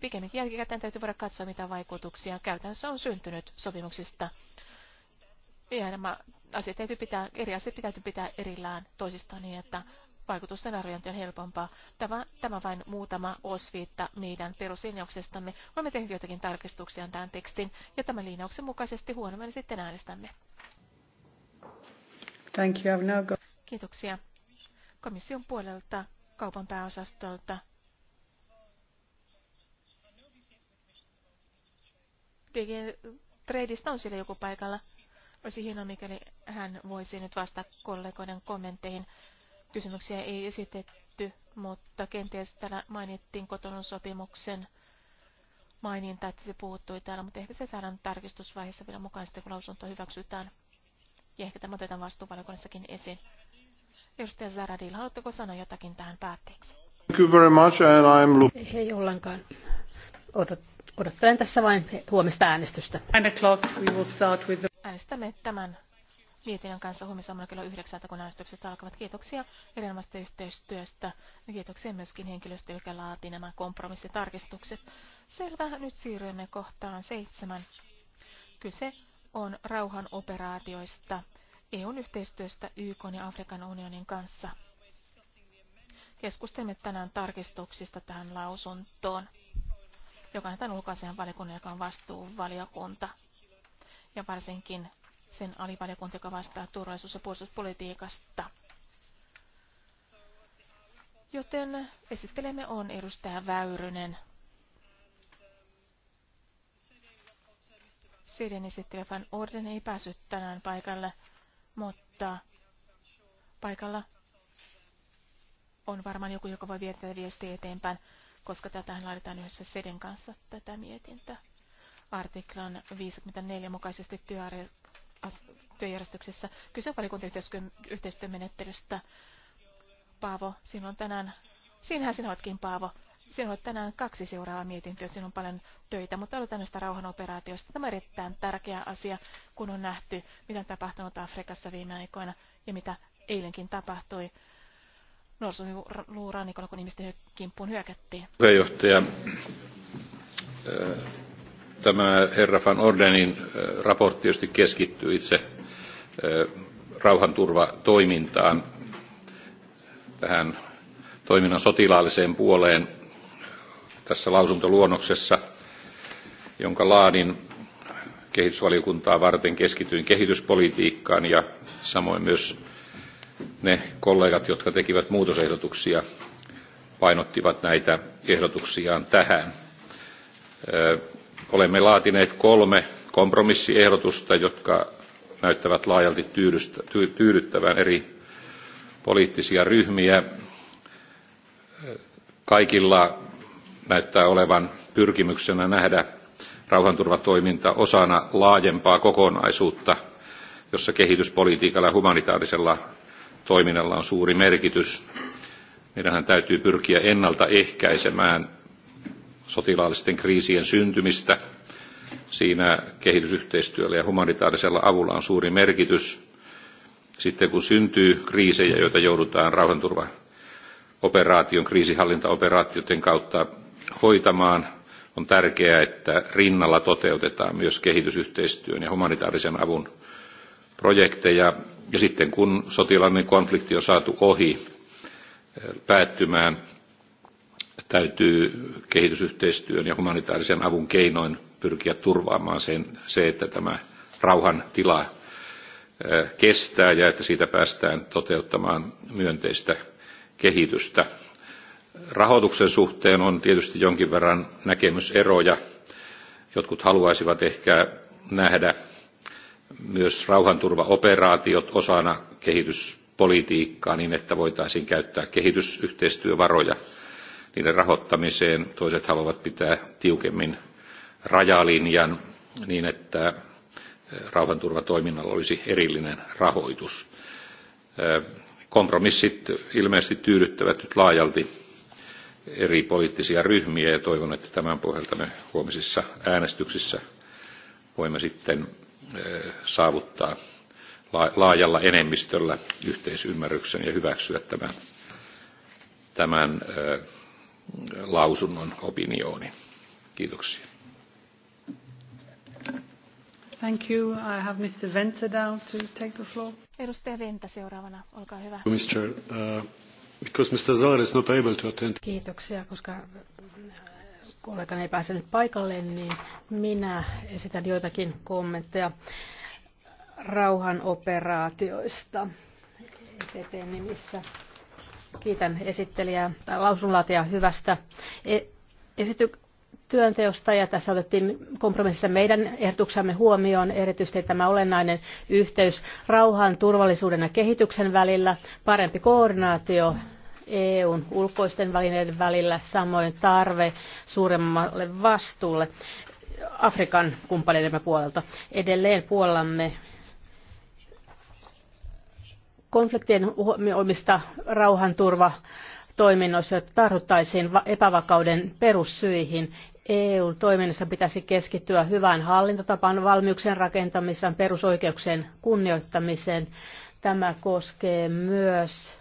Pikemminkin jälkikäteen täytyy voida katsoa, mitä vaikutuksia käytännössä on syntynyt sopimuksista. Ja nämä asiat täytyy pitää, eri asiat täytyy pitää erillään toisistaan niin, että vaikutusten arviointi on helpompaa. Tämä, tämä vain muutama osviitta meidän peruslinjauksestamme. Olemme tehneet joitakin tarkistuksia tähän tekstin ja tämän linjauksen mukaisesti huomenna sitten äänestämme. Thank you. Now go- Kiitoksia. Komission puolelta, kaupan pääosastolta. Tradeista on siellä joku paikalla. Olisi hienoa, mikäli hän voisi nyt vastata kollegoiden kommentteihin kysymyksiä ei esitetty, mutta kenties täällä mainittiin kotonun sopimuksen maininta, että se puuttui täällä, mutta ehkä se saadaan tarkistusvaiheessa vielä mukaan sitten, kun lausunto hyväksytään. Ja ehkä tämä otetaan vastuuvaliokunnassakin esiin. Edustaja Zaradil, haluatteko sanoa jotakin tähän päätteeksi? Thank you very much and I'm Hei Ei ollenkaan. Odot, odottelen tässä vain huomista äänestystä. Äänestämme tämän mietinnön kanssa huomisaamuna kello yhdeksältä, kun äänestykset alkavat. Kiitoksia erinomaisesta yhteistyöstä ja kiitoksia myöskin henkilöstö, joka laati nämä kompromissitarkistukset. Selvä, nyt siirrymme kohtaan seitsemän. Kyse on rauhan operaatioista, EUn yhteistyöstä YK ja Afrikan unionin kanssa. Keskustelemme tänään tarkistuksista tähän lausuntoon, joka on tämän ulkoasian valikunnan, joka on vastuuvaliokunta. Ja varsinkin sen alivaliokunta, joka vastaa turvallisuus- ja puolustuspolitiikasta. Joten esittelemme on edustaja Väyrynen. Siden esittelijä Van Orden ei päässyt tänään paikalle, mutta paikalla on varmaan joku, joka voi viettää viestiä eteenpäin, koska tätähän laaditaan yhdessä Seden kanssa tätä mietintä. Artiklan 54 mukaisesti työjärjestyksessä. Kyse on valikuntayhteistyömenettelystä. Paavo, sinun tänään, sinähän sinä oletkin Paavo. Sinulla on tänään kaksi seuraavaa mietintöä, sinun on paljon töitä, mutta aloitan näistä rauhanoperaatioista. Tämä on erittäin tärkeä asia, kun on nähty, mitä on tapahtunut Afrikassa viime aikoina ja mitä eilenkin tapahtui. Norsunluurannikolla, kun ihmisten kimppuun hyökättiin. Puheenjohtaja, Tämä herra van Ordenin äh, raportti tietysti keskittyy itse äh, rauhanturvatoimintaan, tähän toiminnan sotilaalliseen puoleen tässä lausuntoluonnoksessa, jonka laadin kehitysvaliokuntaa varten keskityin kehityspolitiikkaan ja samoin myös ne kollegat, jotka tekivät muutosehdotuksia, painottivat näitä ehdotuksiaan tähän. Äh, olemme laatineet kolme kompromissiehdotusta jotka näyttävät laajalti tyydyttävän eri poliittisia ryhmiä. kaikilla näyttää olevan pyrkimyksenä nähdä rauhanturvatoiminta osana laajempaa kokonaisuutta jossa kehityspolitiikalla ja humanitaarisella toiminnalla on suuri merkitys. Meidän täytyy pyrkiä ennaltaehkäisemään sotilaallisten kriisien syntymistä. Siinä kehitysyhteistyöllä ja humanitaarisella avulla on suuri merkitys. Sitten kun syntyy kriisejä, joita joudutaan operaation, kriisihallintaoperaatioiden kautta hoitamaan, on tärkeää, että rinnalla toteutetaan myös kehitysyhteistyön ja humanitaarisen avun projekteja. Ja sitten kun sotilaallinen konflikti on saatu ohi eh, päättymään, täytyy kehitysyhteistyön ja humanitaarisen avun keinoin pyrkiä turvaamaan sen, se, että tämä rauhan tila kestää ja että siitä päästään toteuttamaan myönteistä kehitystä. Rahoituksen suhteen on tietysti jonkin verran näkemyseroja. Jotkut haluaisivat ehkä nähdä myös rauhanturvaoperaatiot osana kehityspolitiikkaa niin, että voitaisiin käyttää kehitysyhteistyövaroja – niiden rahoittamiseen. Toiset haluavat pitää tiukemmin rajalinjan niin, että eh, rauhanturvatoiminnalla olisi erillinen rahoitus. Eh, kompromissit ilmeisesti tyydyttävät nyt laajalti eri poliittisia ryhmiä ja toivon, että tämän pohjalta me huomisissa äänestyksissä voimme sitten eh, saavuttaa laajalla enemmistöllä yhteisymmärryksen ja hyväksyä tämän, tämän lausunnon opiniooni. Kiitoksia. Thank you. I have Mr. Venta down to take the floor. Edustaja Venta seuraavana, olkaa hyvä. Mr. Uh, because Mr. Zeller is not able to attend. Kiitoksia, koska äh, kollegani ei pääse nyt paikalle, niin minä esitän joitakin kommentteja operaatioista. EPP nimissä. Kiitän esittelijää tai lausunlaatia hyvästä e- esity- työnteosta ja tässä otettiin kompromississa meidän ehdotuksemme huomioon erityisesti tämä olennainen yhteys rauhan, turvallisuuden ja kehityksen välillä, parempi koordinaatio EUn ulkoisten välineiden välillä, samoin tarve suuremmalle vastuulle Afrikan kumppaneidemme puolelta. Edelleen puolellamme konfliktien huomioimista rauhanturvatoiminnoissa, toiminnoissa, että tartuttaisiin epävakauden perussyihin. eu toiminnassa pitäisi keskittyä hyvään hallintotapaan, valmiuksien rakentamiseen, perusoikeuksien kunnioittamiseen. Tämä koskee myös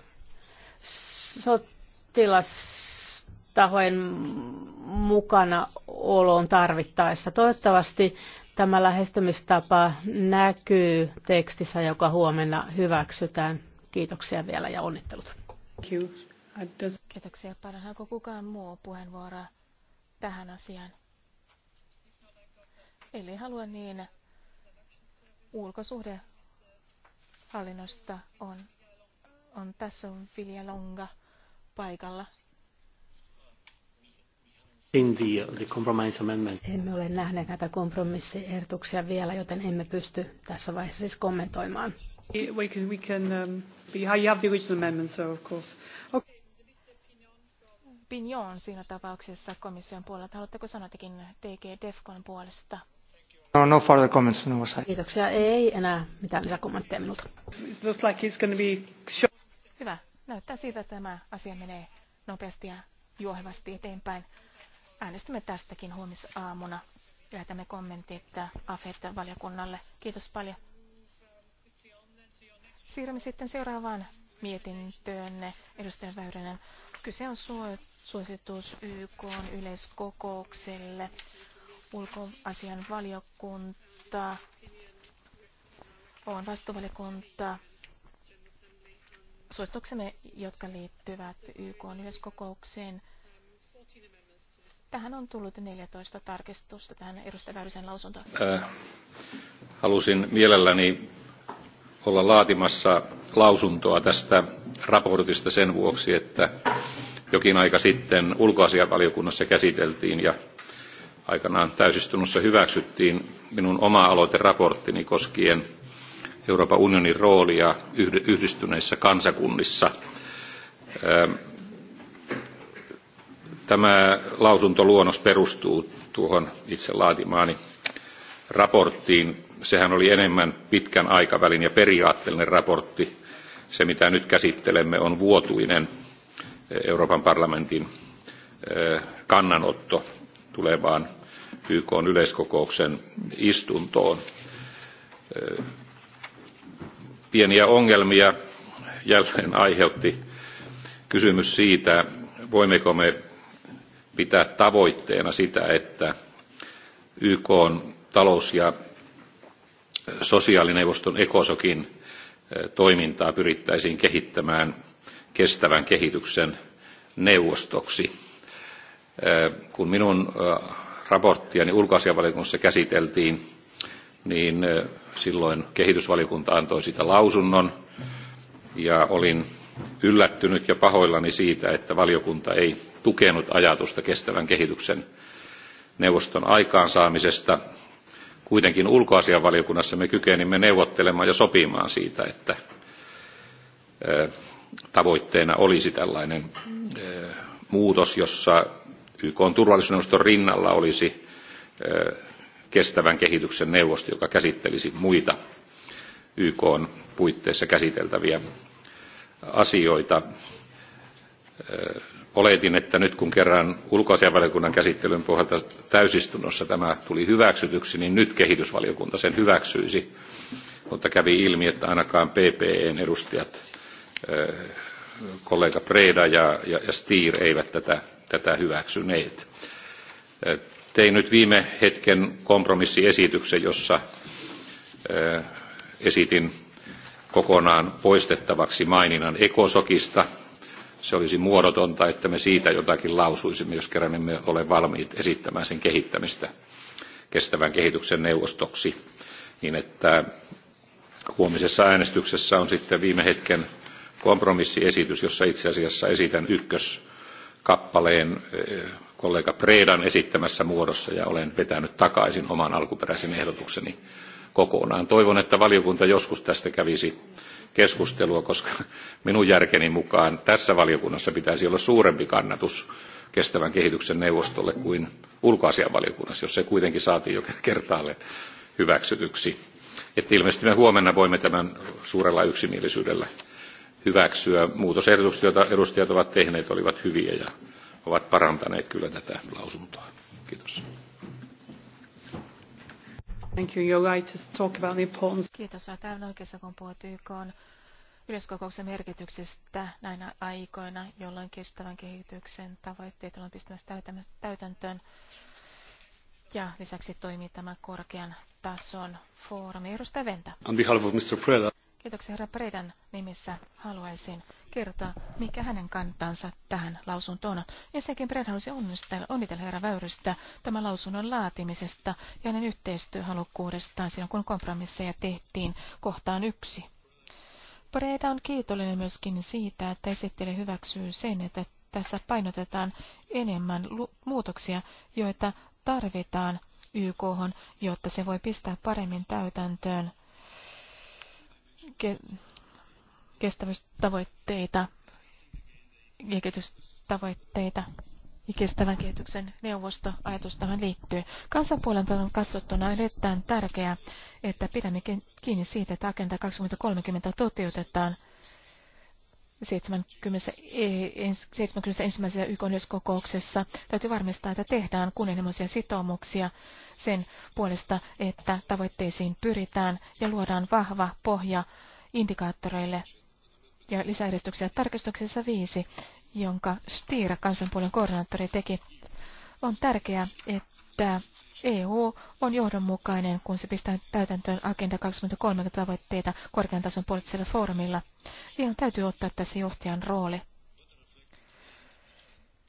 sotilastahojen mukana oloon tarvittaessa. Toivottavasti Tämä lähestymistapa näkyy tekstissä, joka huomenna hyväksytään. Kiitoksia vielä ja onnittelut. Kiitoksia paljon. kukaan muu puheenvuoroa tähän asiaan? Eli haluan niin ulkosuhdehallinnosta on, on tässä on Vilja Longa paikalla the, the compromise amendment. Emme ole nähneet näitä kompromissiehdotuksia vielä, joten emme pysty tässä vaiheessa siis kommentoimaan. We can, we can, um, you have the original amendment, so of course. Okay. Pignon siinä tapauksessa komission puolelta. Haluatteko sanoa tekin DG Defcon puolesta? No, no further comments from our side. Kiitoksia. Ei enää mitään lisäkommentteja minulta. It looks like it's going to be... Hyvä. Näyttää siltä, että tämä asia menee nopeasti ja juohevasti eteenpäin. Äänestämme tästäkin huomisaamuna. Lähetämme kommentit AFET-valiokunnalle. Kiitos paljon. Siirrymme sitten seuraavaan mietintöönne, edustaja Väyrynen. Kyse on suositus YK yleiskokoukselle. Ulkoasian valiokunta on vastuvaliokunta suosituksemme, jotka liittyvät YK yleiskokoukseen – Tähän on tullut 14 tarkistusta tähän edustaja Väyrysen lausuntoon. Äh, halusin mielelläni olla laatimassa lausuntoa tästä raportista sen vuoksi, että jokin aika sitten ulkoasiavaliokunnassa käsiteltiin ja aikanaan täysistunnossa hyväksyttiin minun oma aloiteraporttini koskien Euroopan unionin roolia yhdistyneissä kansakunnissa. Tämä lausuntoluonnos perustuu tuohon itse laatimaani raporttiin. Sehän oli enemmän pitkän aikavälin ja periaatteellinen raportti. Se, mitä nyt käsittelemme, on vuotuinen eh, Euroopan parlamentin eh, kannanotto tulevaan YK yleiskokouksen istuntoon. Eh, pieniä ongelmia jälleen aiheutti kysymys siitä, voimmeko me pitää tavoitteena sitä, että YK on talous- ja sosiaalineuvoston ekosokin eh, toimintaa pyrittäisiin kehittämään kestävän kehityksen neuvostoksi. Eh, kun minun eh, raporttiani ulkoasianvaliokunnassa käsiteltiin, niin silloin kehitysvaliokunta antoi siitä lausunnon ja olin yllättynyt ja pahoillani siitä, että valiokunta ei tukenut ajatusta kestävän kehityksen neuvoston aikaansaamisesta. Kuitenkin ulkoasianvaliokunnassa me kykenimme neuvottelemaan ja sopimaan siitä, että tavoitteena olisi tällainen muutos, jossa YK on turvallisuusneuvoston rinnalla olisi kestävän kehityksen neuvosto, joka käsittelisi muita YK on puitteissa käsiteltäviä asioita. Oletin, että nyt kun kerran ulkoasianvaliokunnan käsittelyn pohjalta täysistunnossa tämä tuli hyväksytyksi, niin nyt kehitysvaliokunta sen hyväksyisi. Mutta kävi ilmi, että ainakaan PPEn edustajat, kollega Preda ja, ja, ja Stier eivät tätä, tätä hyväksyneet. Tein nyt viime hetken kompromissiesityksen, jossa esitin kokonaan poistettavaksi maininnan ekosokista. Se olisi muodotonta, että me siitä jotakin lausuisimme, jos kerran emme ole valmiit esittämään sen kehittämistä kestävän kehityksen neuvostoksi, niin että huomisessa äänestyksessä on sitten viime hetken kompromissiesitys, jossa itse asiassa esitän ykköskappaleen eh, kollega Preedan esittämässä muodossa ja olen vetänyt takaisin oman alkuperäisen ehdotukseni kokonaan. Toivon, että valiokunta joskus tästä kävisi keskustelua, koska minun järkeni mukaan tässä valiokunnassa pitäisi olla suurempi kannatus kestävän kehityksen neuvostolle kuin ulkoasianvaliokunnassa, jos se kuitenkin saatiin jo kertaalleen hyväksytyksi. Että ilmeisesti me huomenna voimme tämän suurella yksimielisyydellä hyväksyä. Muutosehdotukset, joita edustajat ovat tehneet, olivat hyviä ja ovat parantaneet kyllä tätä lausuntoa. Kiitos. Thank you. You're right to talk about the importance. Kiitos. Olet aivan oikeassa, kun puhut YK on yleiskokouksen merkityksestä näinä aikoina, jolloin kestävän kehityksen tavoitteet ollaan pistämässä täytäntöön. Ja lisäksi toimii tämä korkean tason foorumi. Edustaja Venta. On behalf of Mr. Kiitoksia herra Predan nimissä. Haluaisin kertoa, mikä hänen kantansa tähän lausuntoon on. sekin Preda halusi onnitella herra Väyrystä tämän lausunnon laatimisesta ja hänen yhteistyöhalukkuudestaan silloin, kun kompromisseja tehtiin kohtaan yksi. Preda on kiitollinen myöskin siitä, että esittely hyväksyy sen, että tässä painotetaan enemmän muutoksia, joita tarvitaan YK, jotta se voi pistää paremmin täytäntöön ke- kestävyystavoitteita ja kehitystavoitteita ja kestävän kehityksen ajatus tähän liittyy. Kansanpuolelta on katsottuna on erittäin tärkeää, että pidämme kiinni siitä, että Agenda 2030 toteutetaan 71. YK yleiskokouksessa täytyy varmistaa, että tehdään kunnianhimoisia sitoumuksia sen puolesta, että tavoitteisiin pyritään ja luodaan vahva pohja indikaattoreille ja lisäedistyksiä tarkistuksessa viisi, jonka Stiira kansanpuolen koordinaattori teki. On tärkeää, että EU on johdonmukainen, kun se pistää täytäntöön Agenda 23 tavoitteita korkean tason poliittisella foorumilla. Siihen täytyy ottaa tässä johtajan rooli.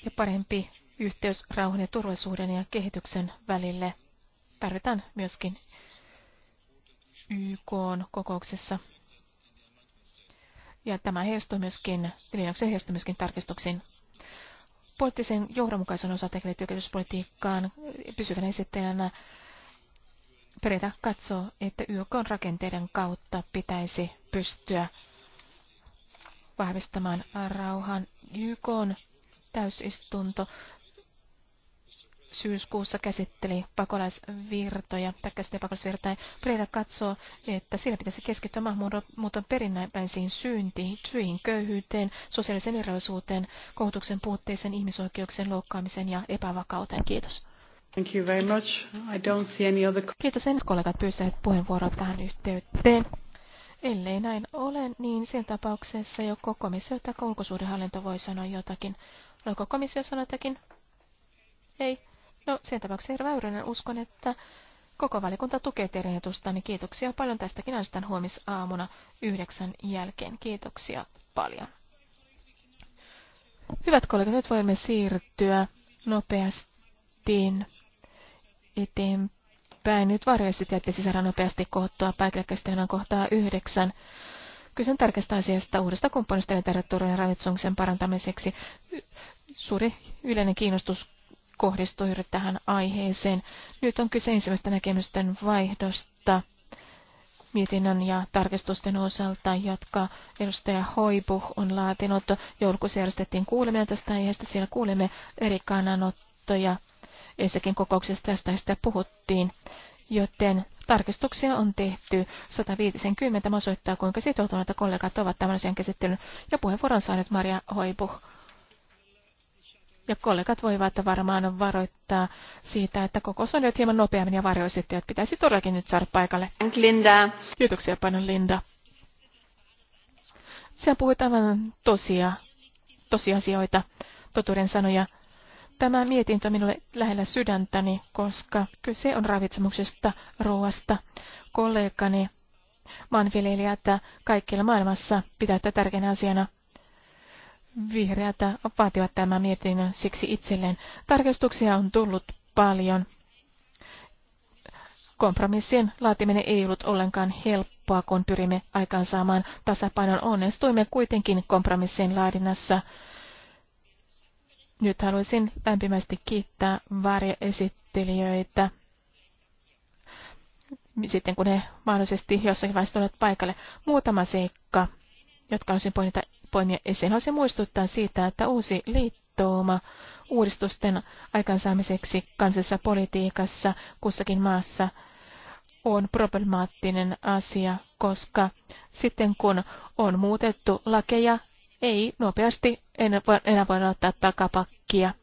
Ja parempi yhteys rauhan ja turvallisuuden ja kehityksen välille tarvitaan myöskin YK kokouksessa. Ja tämä heijastuu myöskin, heijastuu myöskin tarkistuksiin poliittisen johdonmukaisen osalta kehityspolitiikkaan pysyvänä esittäjänä Peritä katsoo, että YK rakenteiden kautta pitäisi pystyä vahvistamaan rauhan. YK täysistunto syyskuussa käsitteli pakolaisvirtoja, tai käsitteli pakolaisvirtoja. Preda katsoo, että sillä pitäisi keskittyä maahanmuuton perinnäisiin syyntiin, syihin, köyhyyteen, sosiaaliseen erilaisuuteen, koulutuksen puutteeseen, ihmisoikeuksien loukkaamiseen ja epävakauteen. Kiitos. Thank you very much. I don't see any other... Kiitos, en kollegat pyytäneet puheenvuoroa tähän yhteyteen. Ellei näin ole, niin sen tapauksessa joko komissio tai ulkosuudenhallinto voi sanoa jotakin. Oliko komissio sanoa jotakin? Ei. No, sen tapauksessa Herra Väyrynen uskon, että koko valikunta tukee teidän niin Kiitoksia paljon tästäkin äänestän huomisaamuna yhdeksän jälkeen. Kiitoksia paljon. Hyvät kollegat, nyt voimme siirtyä nopeasti eteenpäin. Nyt varjoisit jätti sisällä nopeasti kohottua päätelkästelmän kohtaa yhdeksän. Kysyn tärkeästä asiasta uudesta kumppanista ja terveyturvallisuuden parantamiseksi. Suuri yleinen kiinnostus kohdistuu juuri tähän aiheeseen. Nyt on kyse ensimmäistä näkemysten vaihdosta mietinnön ja tarkistusten osalta, jotka edustaja Hoibuh on laatinut. Joulukuussa järjestettiin kuuleminen tästä aiheesta. Siellä kuulemme eri kannanottoja. Ensinnäkin kokouksessa tästä sitä puhuttiin, joten tarkistuksia on tehty 150. Mä osoittaa, kuinka sitoutuneita kollegat ovat tämän asian käsittelyn. Ja puheenvuoron saa Maria Hoibuh. Ja kollegat voivat varmaan varoittaa siitä, että koko on nyt hieman nopeammin ja varjoesittäjät pitäisi todellakin nyt saada paikalle. Linda. Kiitoksia paljon Linda. Siellä puhuit aivan tosia, tosiasioita, totuuden sanoja. Tämä mietintö minulle lähellä sydäntäni, koska kyse on ravitsemuksesta, ruoasta. Kollegani maanviljelijät kaikkialla maailmassa pitää tätä tärkeänä asiana. Vihreät vaativat tämän mietinnön siksi itselleen. Tarkastuksia on tullut paljon. Kompromissien laatiminen ei ollut ollenkaan helppoa, kun pyrimme aikaansaamaan tasapainon. Onnistuimme kuitenkin kompromissien laadinnassa. Nyt haluaisin lämpimästi kiittää varjoesittelijöitä sitten kun he mahdollisesti jossakin vaiheessa tulevat paikalle. Muutama seikka, jotka olisin poinnita poimia esiin. Haluaisin muistuttaa siitä, että uusi liittouma uudistusten aikansaamiseksi kansallisessa politiikassa kussakin maassa on problemaattinen asia, koska sitten kun on muutettu lakeja, ei nopeasti enää voida ottaa takapakkia.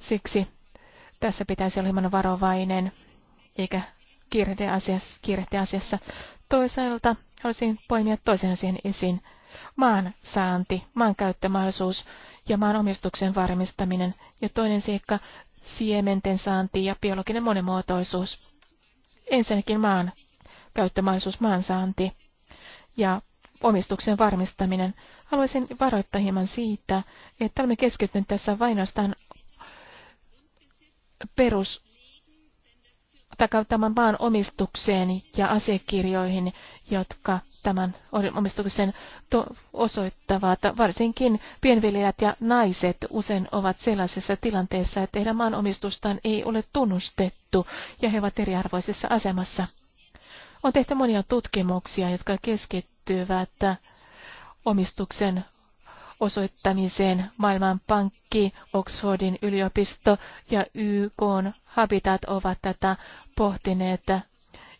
Siksi tässä pitäisi olla hieman varovainen, eikä kiirehtiä kiirehtiä asiassa. Toisaalta haluaisin poimia toisen asian esiin maan saanti, maan käyttömahdollisuus ja maan omistuksen varmistaminen ja toinen seikka siementen saanti ja biologinen monimuotoisuus. Ensinnäkin maan käyttömahdollisuus, maan saanti ja omistuksen varmistaminen. Haluaisin varoittaa hieman siitä, että olemme keskittyneet tässä vain perus tämän maan omistukseen ja asiakirjoihin, jotka tämän omistuksen osoittavat. Varsinkin pienviljelijät ja naiset usein ovat sellaisessa tilanteessa, että heidän maanomistustaan ei ole tunnustettu ja he ovat eriarvoisessa asemassa. On tehty monia tutkimuksia, jotka keskittyvät omistuksen osoittamiseen Maailmanpankki, Oxfordin yliopisto ja YK Habitat ovat tätä pohtineet.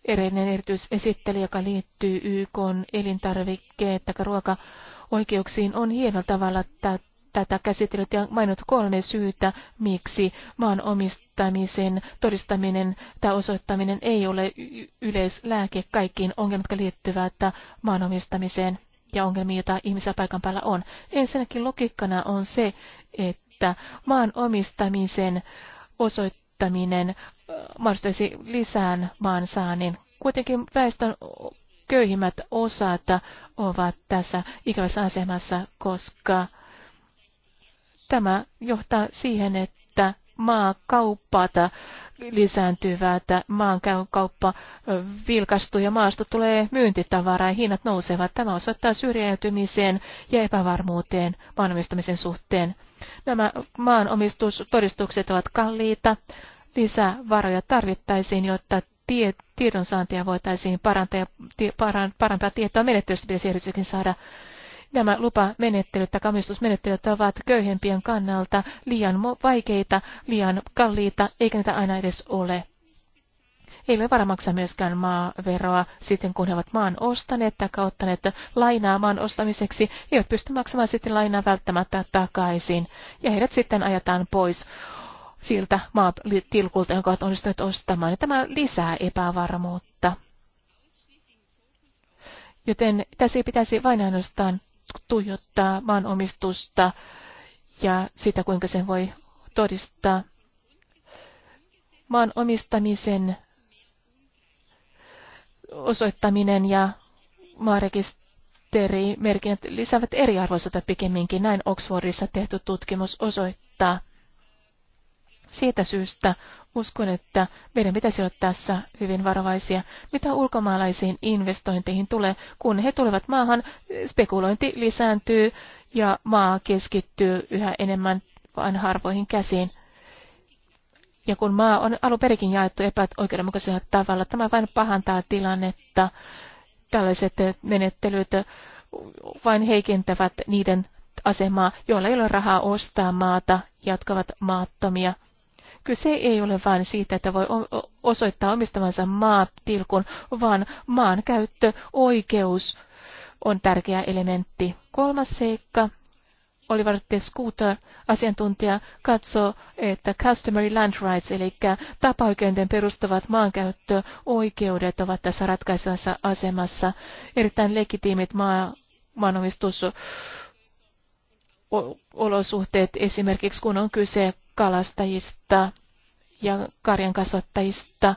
Erinen erityisesittely, joka liittyy YK elintarvikkeet tai ruokaoikeuksiin, on hienolla tavalla tätä käsitellyt ja mainittu kolme syytä, miksi maan omistamisen todistaminen tai osoittaminen ei ole yleislääke kaikkiin ongelmat, jotka liittyvät maanomistamiseen ja ongelmia, joita ihmisiä paikan päällä on. Ensinnäkin logiikkana on se, että maan omistamisen osoittaminen äh, mahdollistaisi lisään maan saannin. Kuitenkin väestön köyhimmät osat ovat tässä ikävässä asemassa, koska tämä johtaa siihen, että lisääntyvää, maan maankauppa vilkastuu ja maasta tulee myyntitavaraa ja hinnat nousevat. Tämä osoittaa syrjäytymiseen ja epävarmuuteen maanomistamisen suhteen. Nämä maanomistustodistukset ovat kalliita. lisää varoja tarvittaisiin, jotta tie, tiedonsaantia voitaisiin parantaa ja parantaa tietoa menettelystä pitäisi saada Nämä lupamenettelyt tai kamistusmenettelyt ovat köyhempien kannalta liian vaikeita, liian kalliita, eikä niitä aina edes ole. Ei ole varaa maksaa myöskään maaveroa sitten, kun he ovat maan ostaneet tai ottaneet lainaa maan ostamiseksi. He eivät pysty maksamaan sitten lainaa välttämättä takaisin. Ja heidät sitten ajetaan pois siltä maatilkulta, jonka ovat onnistuneet ostamaan. Ja tämä lisää epävarmuutta. Joten tässä ei pitäisi vain ainoastaan tuijottaa maanomistusta ja sitä, kuinka sen voi todistaa. Maan omistamisen osoittaminen ja maarekisterimerkinnät lisäävät eriarvoisuutta pikemminkin. Näin Oxfordissa tehty tutkimus osoittaa. Siitä syystä uskon, että meidän pitäisi olla tässä hyvin varovaisia, mitä ulkomaalaisiin investointeihin tulee. Kun he tulevat maahan, spekulointi lisääntyy ja maa keskittyy yhä enemmän vain harvoihin käsiin. Ja kun maa on alun perikin jaettu epäoikeudenmukaisella tavalla, tämä vain pahantaa tilannetta. Tällaiset menettelyt vain heikentävät niiden asemaa, joilla ei ole rahaa ostaa maata, jatkavat maattomia. Kyse ei ole vain siitä, että voi osoittaa omistavansa maatilkun, vaan oikeus on tärkeä elementti. Kolmas seikka, Oliver de Scooter, asiantuntija, katsoo, että customary land rights, eli tapaoikeuden perustuvat maankäyttöoikeudet ovat tässä ratkaisevassa asemassa. Erittäin legitiimit maa, maanomistusolosuhteet esimerkiksi, kun on kyse kalastajista ja karjan kasvattajista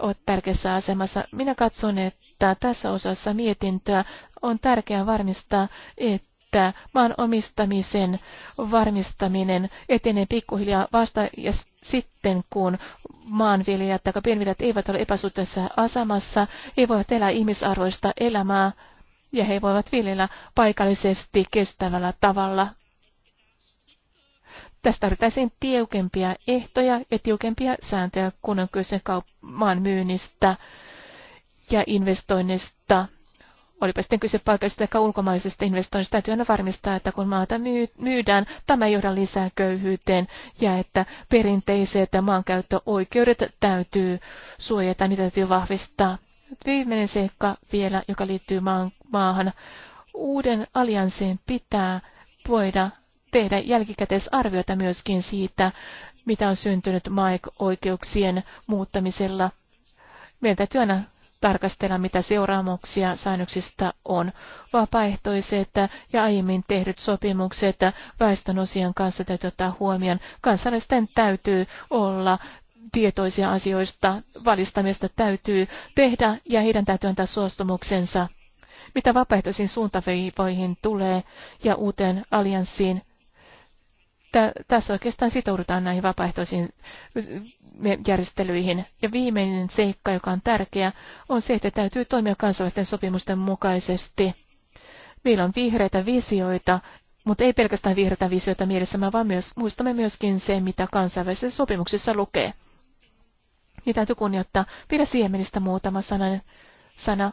ovat tärkeässä asemassa. Minä katson, että tässä osassa mietintöä on tärkeää varmistaa, että että maan omistamisen varmistaminen etenee pikkuhiljaa vasta ja sitten, kun maanviljelijät tai pienviljelijät eivät ole epäsuhteessa asemassa, he voivat elää ihmisarvoista elämää ja he voivat viljellä paikallisesti kestävällä tavalla Tästä tarvittaisiin tiukempia ehtoja ja tiukempia sääntöjä, kun on kyse maan myynnistä ja investoinnista. Olipa sitten kyse paikallisesta tai ulkomaisesta investoinnista, täytyy aina varmistaa, että kun maata myydään, tämä ei johda lisää köyhyyteen ja että perinteiset maankäyttöoikeudet täytyy suojata, niitä täytyy vahvistaa. Viimeinen seikka vielä, joka liittyy maahan. Uuden allianssien pitää voida tehdä jälkikäteisarviota myöskin siitä, mitä on syntynyt MAEK-oikeuksien muuttamisella. Meidän täytyy aina tarkastella, mitä seuraamuksia säännöksistä on. Vapaaehtoiset ja aiemmin tehdyt sopimukset väestön osien kanssa täytyy ottaa huomioon. Kansalaisten täytyy olla tietoisia asioista, valistamista täytyy tehdä ja heidän täytyy antaa suostumuksensa. Mitä vapaaehtoisiin suuntaveivoihin tulee ja uuteen allianssiin, tässä oikeastaan sitoudutaan näihin vapaaehtoisiin järjestelyihin. Ja viimeinen seikka, joka on tärkeä, on se, että täytyy toimia kansainvälisten sopimusten mukaisesti. Meillä on vihreitä visioita, mutta ei pelkästään vihreitä visioita mielessämme, vaan myös, muistamme myöskin se, mitä kansainvälisissä sopimuksissa lukee. Ja niin täytyy kunnioittaa vielä siemenistä muutama sana. sana.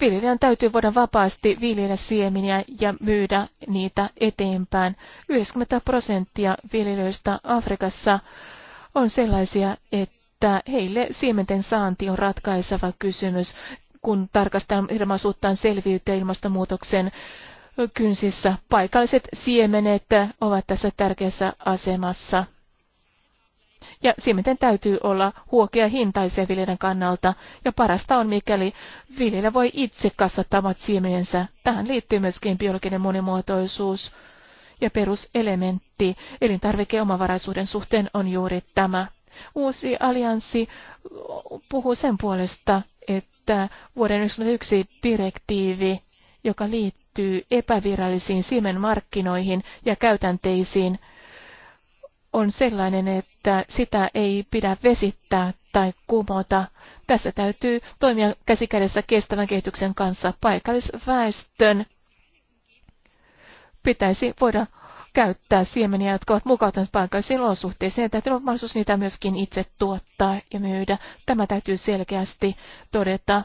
Viljelijän täytyy voida vapaasti viljellä siemeniä ja myydä niitä eteenpäin. 90 prosenttia viljelijöistä Afrikassa on sellaisia, että heille siementen saanti on ratkaiseva kysymys, kun tarkastellaan ilmaisuuttaan selviytyä ilmastonmuutoksen kynsissä. Paikalliset siemenet ovat tässä tärkeässä asemassa. Ja siementen täytyy olla huokea hintaisia viljelijän kannalta, ja parasta on mikäli viljelijä voi itse kasvattaa omat siemenensä. Tähän liittyy myöskin biologinen monimuotoisuus ja peruselementti elintarvikeomavaraisuuden suhteen on juuri tämä. Uusi allianssi puhuu sen puolesta, että vuoden 1991 direktiivi, joka liittyy epävirallisiin siemenmarkkinoihin ja käytänteisiin, on sellainen, että sitä ei pidä vesittää tai kumota. Tässä täytyy toimia käsikädessä kestävän kehityksen kanssa. Paikallisväestön pitäisi voida käyttää siemeniä, jotka ovat mukautuneet paikallisiin olosuhteisiin. Ja täytyy olla mahdollisuus niitä myöskin itse tuottaa ja myydä. Tämä täytyy selkeästi todeta.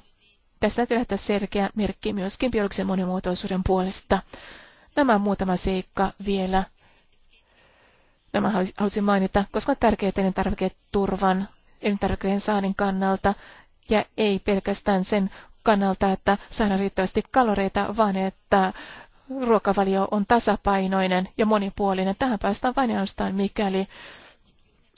Tässä täytyy lähteä selkeä merkki myöskin biologisen monimuotoisuuden puolesta. Nämä muutama seikka vielä Nämä halusin mainita, koska on tärkeää elintarviketurvan, elintarvikkeiden saannin kannalta ja ei pelkästään sen kannalta, että saadaan riittävästi kaloreita, vaan että ruokavalio on tasapainoinen ja monipuolinen. Tähän päästään vain ainoastaan mikäli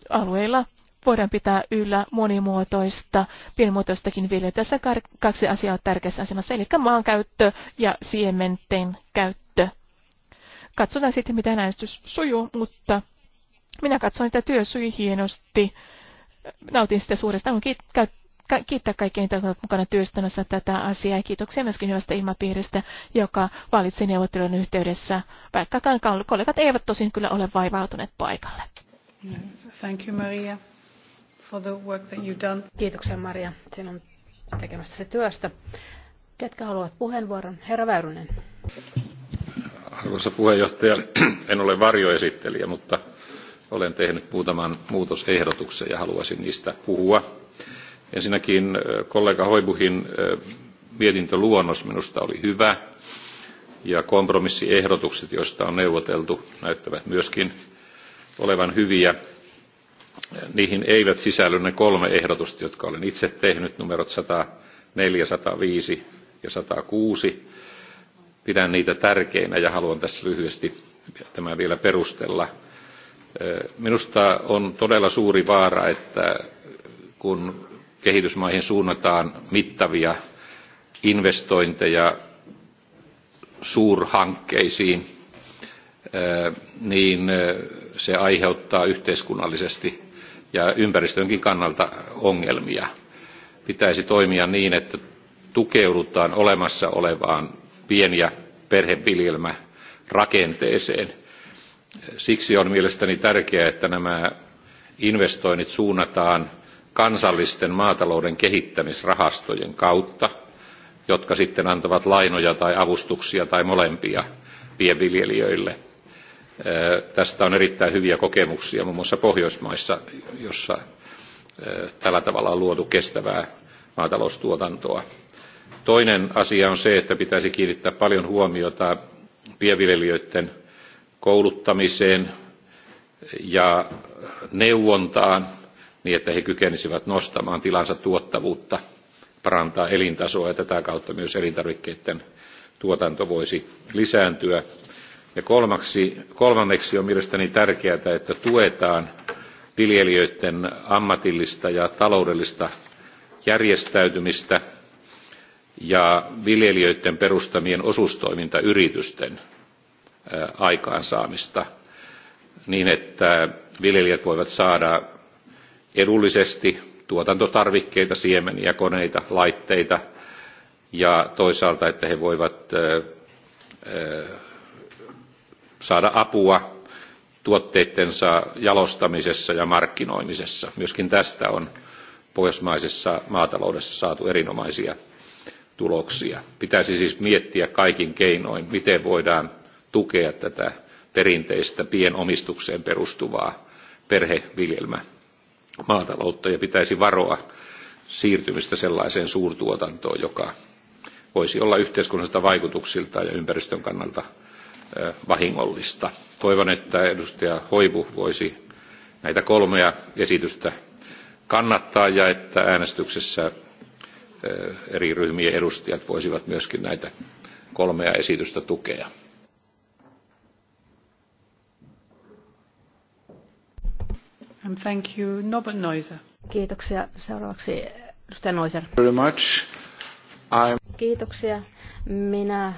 alueilla voidaan pitää yllä monimuotoista, pienimuotoistakin viljelyä. Tässä kaksi asiaa on tärkeässä asemassa, eli maankäyttö ja siementen käyttö. Katsotaan sitten, miten äänestys sujuu, mutta minä katsoin, että työ sui hienosti. Nautin sitä suuresta. Haluan kiittää, kaikkia niitä, jotka ovat mukana työstämässä tätä asiaa. Ja kiitoksia myöskin hyvästä ilmapiiristä, joka valitsi neuvottelun yhteydessä, vaikkakaan kollegat eivät tosin kyllä ole vaivautuneet paikalle. Thank you, Maria, for the work that you've done. Kiitoksia, Maria, sinun tekemästä se työstä. Ketkä haluavat puheenvuoron? Herra Väyrynen. Arvoisa puheenjohtaja, en ole varjoesittelijä, mutta olen tehnyt muutaman muutosehdotuksen ja haluaisin niistä puhua. Ensinnäkin kollega Hoibuhin mietintöluonnos minusta oli hyvä ja kompromissiehdotukset, joista on neuvoteltu, näyttävät myöskin olevan hyviä. Niihin eivät sisälly ne kolme ehdotusta, jotka olen itse tehnyt, numerot 104, 105 ja 106. Pidän niitä tärkeinä ja haluan tässä lyhyesti tämä vielä perustella minusta on todella suuri vaara että kun kehitysmaihin suunnataan mittavia investointeja suurhankkeisiin eh, niin eh, se aiheuttaa yhteiskunnallisesti ja ympäristönkin kannalta ongelmia. Pitäisi toimia niin, että tukeudutaan olemassa olevaan pien- ja perheviljelmärakenteeseen Siksi on mielestäni tärkeää, että nämä investoinnit suunnataan kansallisten maatalouden kehittämisrahastojen kautta, jotka sitten antavat lainoja tai avustuksia tai molempia pienviljelijöille. Tästä on erittäin hyviä kokemuksia muun muassa Pohjoismaissa, jossa tällä tavalla on luotu kestävää maataloustuotantoa. Toinen asia on se, että pitäisi kiinnittää paljon huomiota pienviljelijöiden kouluttamiseen ja neuvontaan niin, että he kykenisivät nostamaan tilansa tuottavuutta, parantaa elintasoa ja tätä kautta myös elintarvikkeiden tuotanto voisi lisääntyä. Ja kolmaksi, kolmanneksi on mielestäni tärkeää, että tuetaan viljelijöiden ammatillista ja taloudellista järjestäytymistä ja viljelijöiden perustamien osuustoimintayritysten aikaansaamista niin, että viljelijät voivat saada edullisesti tuotantotarvikkeita, siemeniä, koneita, laitteita ja toisaalta, että he voivat saada apua tuotteittensa jalostamisessa ja markkinoimisessa. Myöskin tästä on pohjoismaisessa maataloudessa saatu erinomaisia tuloksia. Pitäisi siis miettiä kaikin keinoin, miten voidaan tukea tätä perinteistä pienomistukseen perustuvaa perheviljelmämaataloutta ja pitäisi varoa siirtymistä sellaiseen suurtuotantoon, joka voisi olla yhteiskunnallisilta vaikutuksiltaan ja ympäristön kannalta vahingollista. Toivon, että edustaja Hoivu voisi näitä kolmea esitystä kannattaa ja että äänestyksessä eri ryhmien edustajat voisivat myöskin näitä kolmea esitystä tukea. And thank you, Norbert Neuser. Kiitoksia. Seuraavaksi edustaja Noiser. Very much. I'm... Kiitoksia. Minä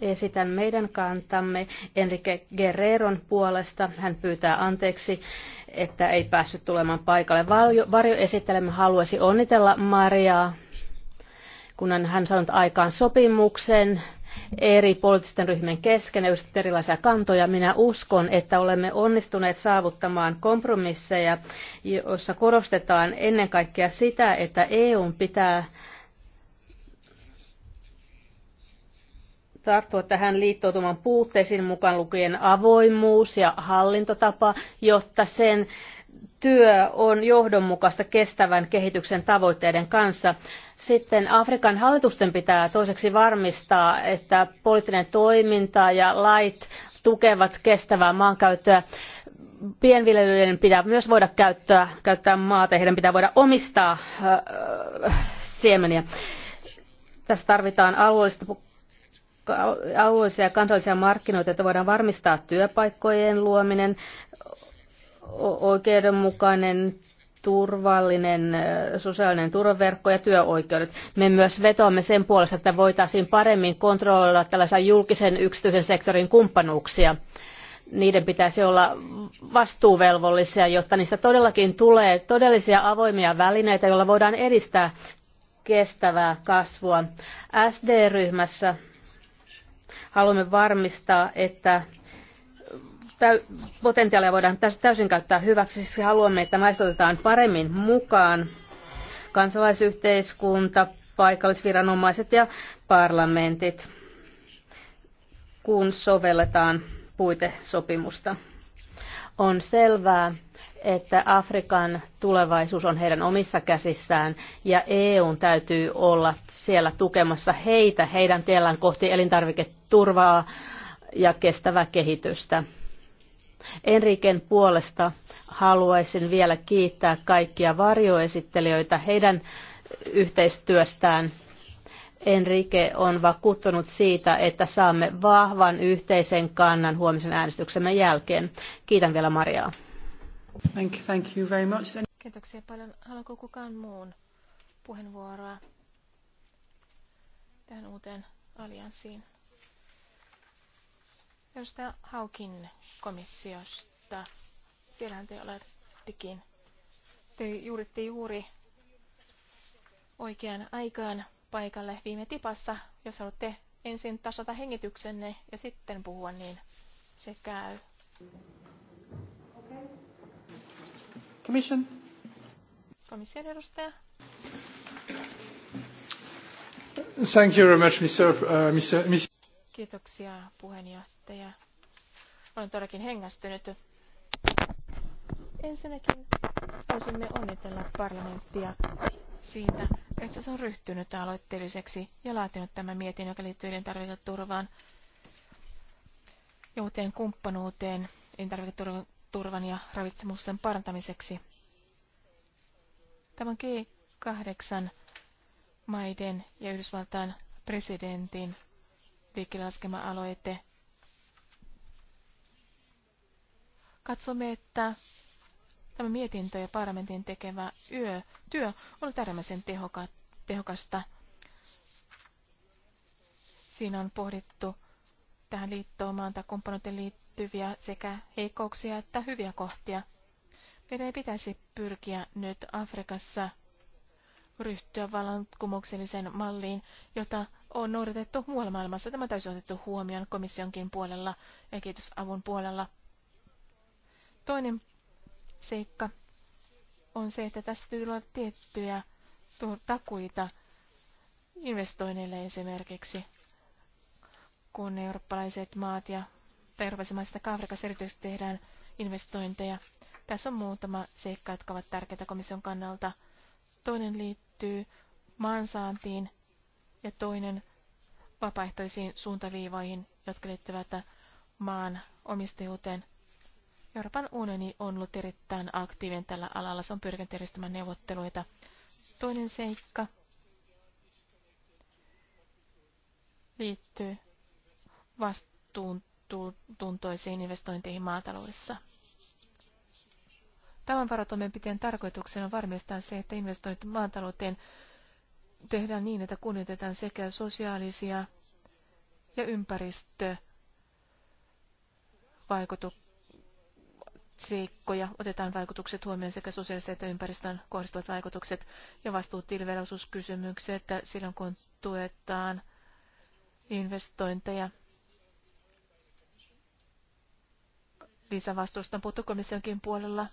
esitän meidän kantamme Enrique Guerreron puolesta. Hän pyytää anteeksi, että ei päässyt tulemaan paikalle. Varjo, varjoesittelemme haluaisi onnitella Mariaa, kun hän saanut aikaan sopimuksen eri poliittisten ryhmien kesken ja erilaisia kantoja. Minä uskon, että olemme onnistuneet saavuttamaan kompromisseja, joissa korostetaan ennen kaikkea sitä, että EUn pitää tarttua tähän liittoutuman puutteisiin mukaan lukien avoimuus ja hallintotapa, jotta sen työ on johdonmukaista kestävän kehityksen tavoitteiden kanssa. Sitten Afrikan hallitusten pitää toiseksi varmistaa, että poliittinen toiminta ja lait tukevat kestävää maankäyttöä. Pienviljelijöiden pitää myös voida käyttää, käyttää maata, heidän pitää voida omistaa äh, siemeniä. Tässä tarvitaan alueellista alueellisia ja kansallisia markkinoita, että voidaan varmistaa työpaikkojen luominen, oikeudenmukainen, turvallinen sosiaalinen turvaverkko ja työoikeudet. Me myös vetoamme sen puolesta, että voitaisiin paremmin kontrolloida tällaisen julkisen yksityisen sektorin kumppanuuksia. Niiden pitäisi olla vastuuvelvollisia, jotta niistä todellakin tulee todellisia avoimia välineitä, joilla voidaan edistää kestävää kasvua. SD-ryhmässä haluamme varmistaa, että potentiaalia voidaan täysin käyttää hyväksi. Siksi haluamme, että naiset otetaan paremmin mukaan kansalaisyhteiskunta, paikallisviranomaiset ja parlamentit, kun sovelletaan puitesopimusta. On selvää, että Afrikan tulevaisuus on heidän omissa käsissään ja EUn täytyy olla siellä tukemassa heitä heidän tiellään kohti elintarviketurvaa ja kestävää kehitystä. Enriken puolesta haluaisin vielä kiittää kaikkia varjoesittelijöitä heidän yhteistyöstään. Enrique on vakuuttunut siitä, että saamme vahvan yhteisen kannan huomisen äänestyksemme jälkeen. Kiitän vielä Mariaa. Thank, you, thank you very much. Kiitoksia paljon. Haluatko kukaan muun puheenvuoroa tähän uuteen allianssiin? Edustaja Haukin komissiosta. Siellähän te olettekin. Te juuritte juuri oikean aikaan paikalle viime tipassa, jos haluatte ensin tasata hengityksenne ja sitten puhua, niin se käy. Commission. Komission edustaja. Thank you very much, Mr. Uh, Mr. Mr. Kiitoksia puheenjohtaja. Olen todellakin hengästynyt. Ensinnäkin voisimme onnitella parlamenttia siitä, että se on ryhtynyt aloitteelliseksi ja laatinut tämän mietinnön, joka liittyy elintarviketurvaan ja uuteen kumppanuuteen elintarviketurvan ja ravitsemuksen parantamiseksi. Tämä on G8 maiden ja Yhdysvaltain presidentin liikkeelle laskema aloite. Katsomme, että tämä mietintö ja parlamentin tekevä yö, työ on äärimmäisen tehoka, tehokasta. Siinä on pohdittu tähän liittoumaan tai komponentin liittyviä sekä heikkouksia että hyviä kohtia. Meidän ei pitäisi pyrkiä nyt Afrikassa ryhtyä vallankumoukselliseen malliin, jota on noudatettu muualla maailmassa. Tämä täysin otettu huomioon komissionkin puolella ja kehitysavun puolella. Toinen seikka on se, että tässä täytyy olla tiettyjä takuita investoinneille esimerkiksi, kun eurooppalaiset maat ja terveisimaista Afrikassa erityisesti tehdään investointeja. Tässä on muutama seikka, jotka ovat tärkeitä komission kannalta. Toinen liittyy maansaantiin ja toinen vapaaehtoisiin suuntaviivoihin, jotka liittyvät maan omistajuuteen. Euroopan unioni on ollut erittäin aktiivinen tällä alalla. Se on pyrkinyt järjestämään neuvotteluita. Toinen seikka liittyy vastuuntuntoisiin investointeihin maataloudessa. Tämän varatoimenpiteen tarkoituksena on varmistaa se, että investoinnit maatalouteen tehdään niin, että kunnioitetaan sekä sosiaalisia ja ympäristövaikutuksia, otetaan vaikutukset huomioon sekä sosiaaliset että ympäristön kohdistuvat vaikutukset ja että silloin, kun tuetaan investointeja. Lisävastuusta on puhuttu komissionkin puolella.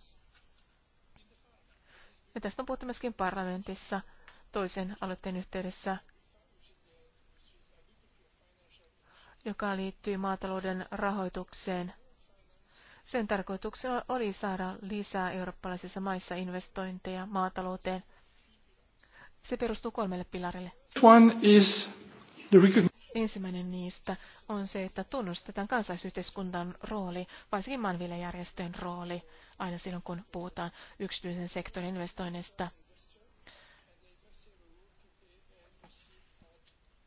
Ja tästä on puhuttu myöskin parlamentissa – toisen aloitteen yhteydessä, joka liittyy maatalouden rahoitukseen. Sen tarkoituksena oli saada lisää eurooppalaisissa maissa investointeja maatalouteen. Se perustuu kolmelle pilarille. One is the Ensimmäinen niistä on se, että tunnustetaan kansalaisyhteiskunnan rooli, varsinkin maanviljelijärjestöjen rooli, aina silloin kun puhutaan yksityisen sektorin investoinneista –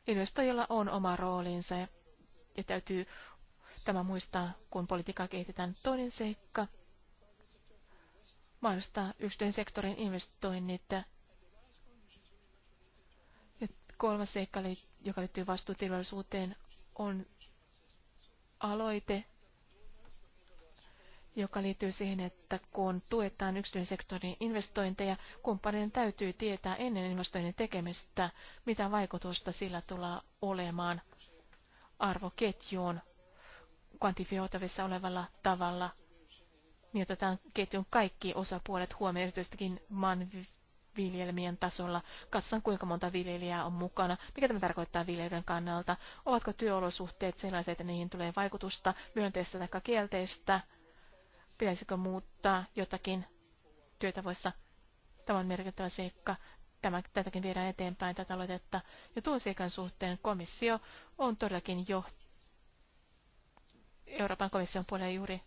investoijilla on oma roolinsa ja täytyy tämä muistaa, kun politiikkaa kehitetään. Toinen seikka mahdollistaa yksityisen sektorin investoinnit. Ja kolmas seikka, joka liittyy vastuutilvallisuuteen, on aloite, joka liittyy siihen, että kun tuetaan yksityisen sektorin investointeja, kumppanin täytyy tietää ennen investoinnin tekemistä, mitä vaikutusta sillä tulee olemaan arvoketjuun kvantifioitavissa olevalla tavalla, niin otetaan ketjun kaikki osapuolet huomioon, erityisesti maanviljelmien tasolla. Katsotaan, kuinka monta viljelijää on mukana, mikä tämä tarkoittaa viljelijöiden kannalta, ovatko työolosuhteet sellaiset, että niihin tulee vaikutusta myönteistä tai kielteistä, Pitäisikö muuttaa jotakin työtavoissa? Tämä on merkittävä seikka. Tämä, tätäkin viedään eteenpäin, tätä aloitetta. Ja tuon seikan suhteen komissio on todellakin jo Euroopan komission puolella juuri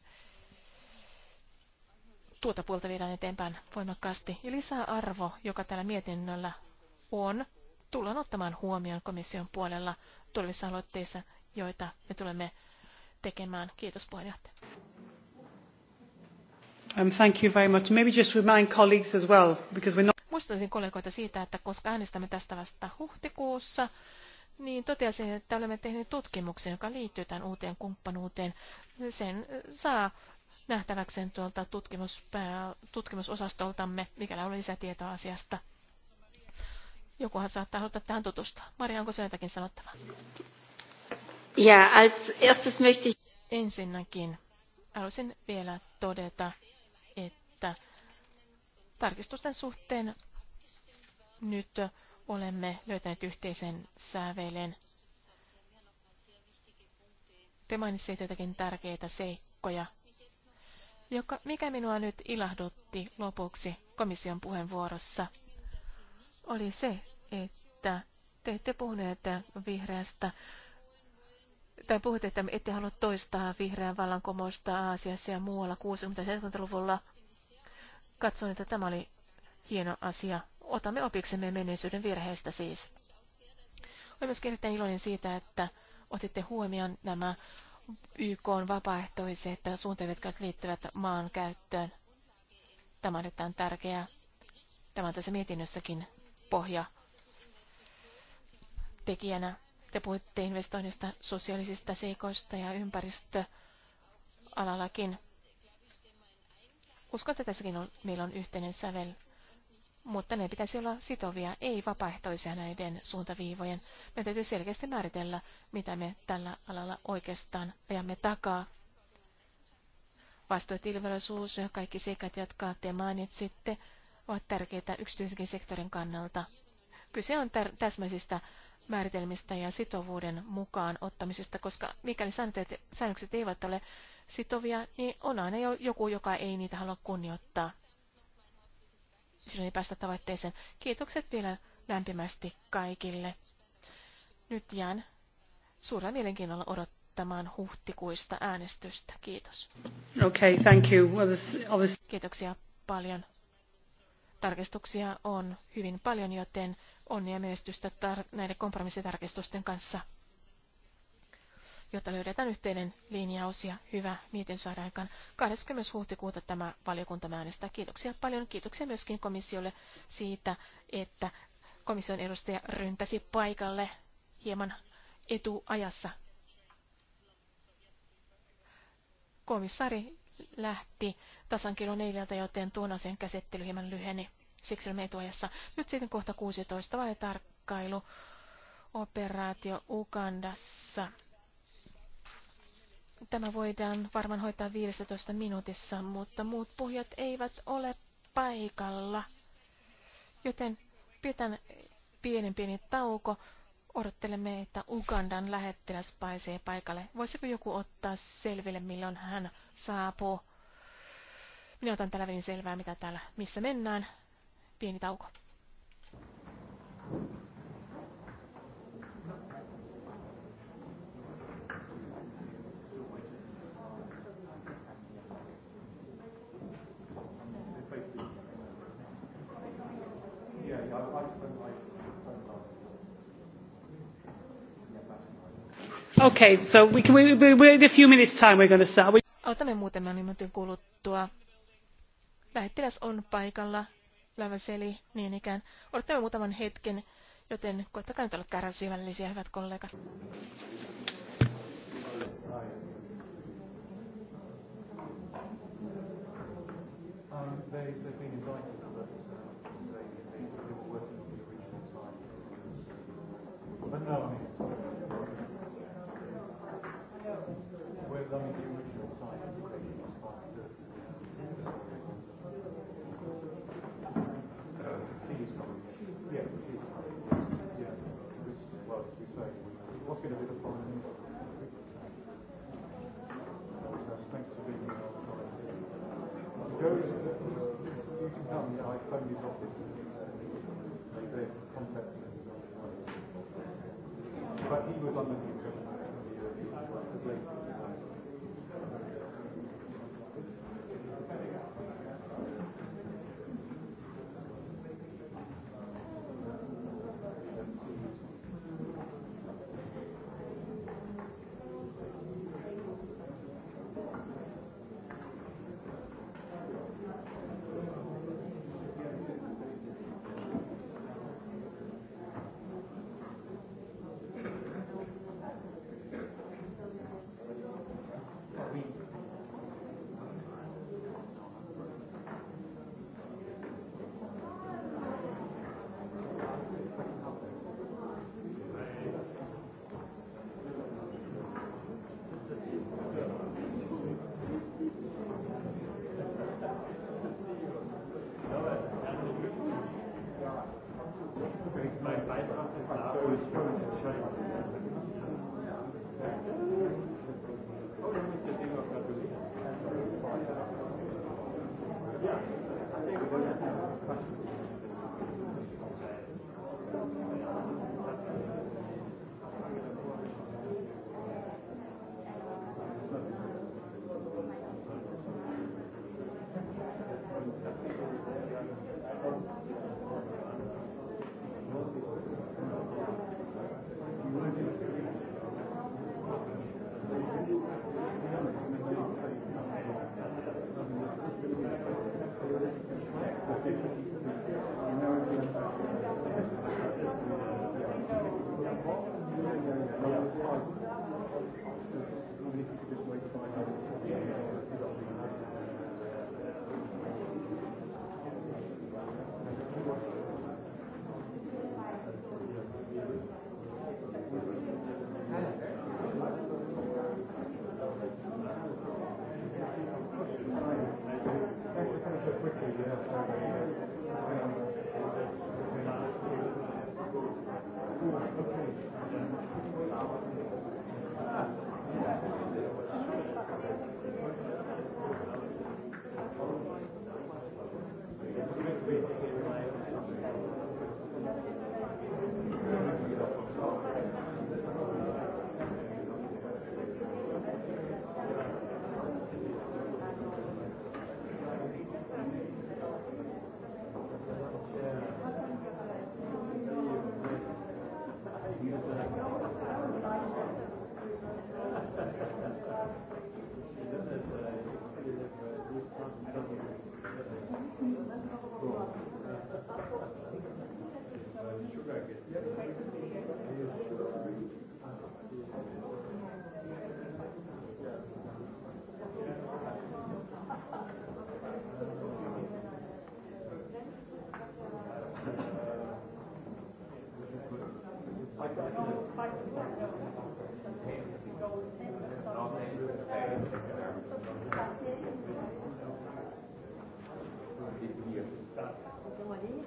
tuota puolta viedään eteenpäin voimakkaasti. Ja lisäarvo, joka tällä mietinnöllä on, tullaan ottamaan huomioon komission puolella tulevissa aloitteissa, joita me tulemme tekemään. Kiitos puheenjohtaja. Muistutin kollegoita siitä, että koska äänestämme tästä vasta huhtikuussa, niin totesin, että olemme tehneet tutkimuksen, joka liittyy tämän uuteen kumppanuuteen. Sen äh, saa nähtäväkseen tuolta tutkimuspää, tutkimusosastoltamme, mikä on lisätietoa asiasta. Jokuhan saattaa haluta tähän tutustua. Maria, onko se jotakin sanottavaa? Ja, als erstes möchte ich... Ensinnäkin haluaisin vielä todeta, että tarkistusten suhteen nyt olemme löytäneet yhteisen sävelen. Te mainitsitte jotakin tärkeitä seikkoja. Joka, mikä minua nyt ilahdutti lopuksi komission puheenvuorossa, oli se, että te ette puhuneet vihreästä, tai puhutte, että ette halua toistaa vihreän vallankumousta Aasiassa ja muualla 60-70-luvulla Katson, että tämä oli hieno asia. Otamme opiksemme menneisyyden virheistä siis. Olen myös erittäin iloinen siitä, että otitte huomioon nämä YK on vapaaehtoiset jotka liittyvät maan käyttöön. Tämä on erittäin tärkeää. Tämä on tässä mietinnössäkin pohja tekijänä. Te puhutte investoinnista, sosiaalisista seikoista ja ympäristöalallakin. Uskon, että tässäkin on, meillä on yhteinen sävel, mutta ne pitäisi olla sitovia, ei vapaaehtoisia näiden suuntaviivojen. Me täytyy selkeästi määritellä, mitä me tällä alalla oikeastaan ajamme takaa. Vastuutilvallisuus ja kaikki seikat, jotka te mainitsitte, ovat tärkeitä yksityisenkin sektorin kannalta. Kyse on täsmäisistä määritelmistä ja sitovuuden mukaan ottamisesta, koska mikäli säännökset eivät ole sitovia, niin on aina joku, joka ei niitä halua kunnioittaa. Silloin ei päästä tavoitteeseen. Kiitokset vielä lämpimästi kaikille. Nyt jään suurella mielenkiinnolla odottamaan huhtikuista äänestystä. Kiitos. Okay, thank you. Well, this, obviously... Kiitoksia paljon. Tarkistuksia on hyvin paljon, joten onnia menestystä tar- näiden kompromissitarkistusten kanssa jotta löydetään yhteinen linjaus ja hyvä mietin saada aikaan. 20. huhtikuuta tämä valiokunta äänestää. Kiitoksia paljon. Kiitoksia myöskin komissiolle siitä, että komission edustaja ryntäsi paikalle hieman etuajassa. Komissaari lähti tasan kello neljältä, joten tuon asian käsittely hieman lyheni. Siksi olemme etuajassa. Nyt sitten kohta 16 vai tarkkailu. Operaatio Ugandassa. Tämä voidaan varmaan hoitaa 15 minuutissa, mutta muut puhujat eivät ole paikalla. Joten pidetään pienen pieni tauko. Odottelemme, että Ugandan lähettiläs paisee paikalle. Voisiko joku ottaa selville, milloin hän saapuu? Minä otan tällä selvää, mitä täällä, missä mennään. Pieni tauko. Okay, so we can, we, we, we, a few minutes time we're going to start. We... Otamme muutaman minuutin kuluttua. Lähettiläs on paikalla, läväseli niin ikään. Odotamme muutaman hetken, joten koettakaa nyt olla kärsivällisiä, hyvät kollegat. Marie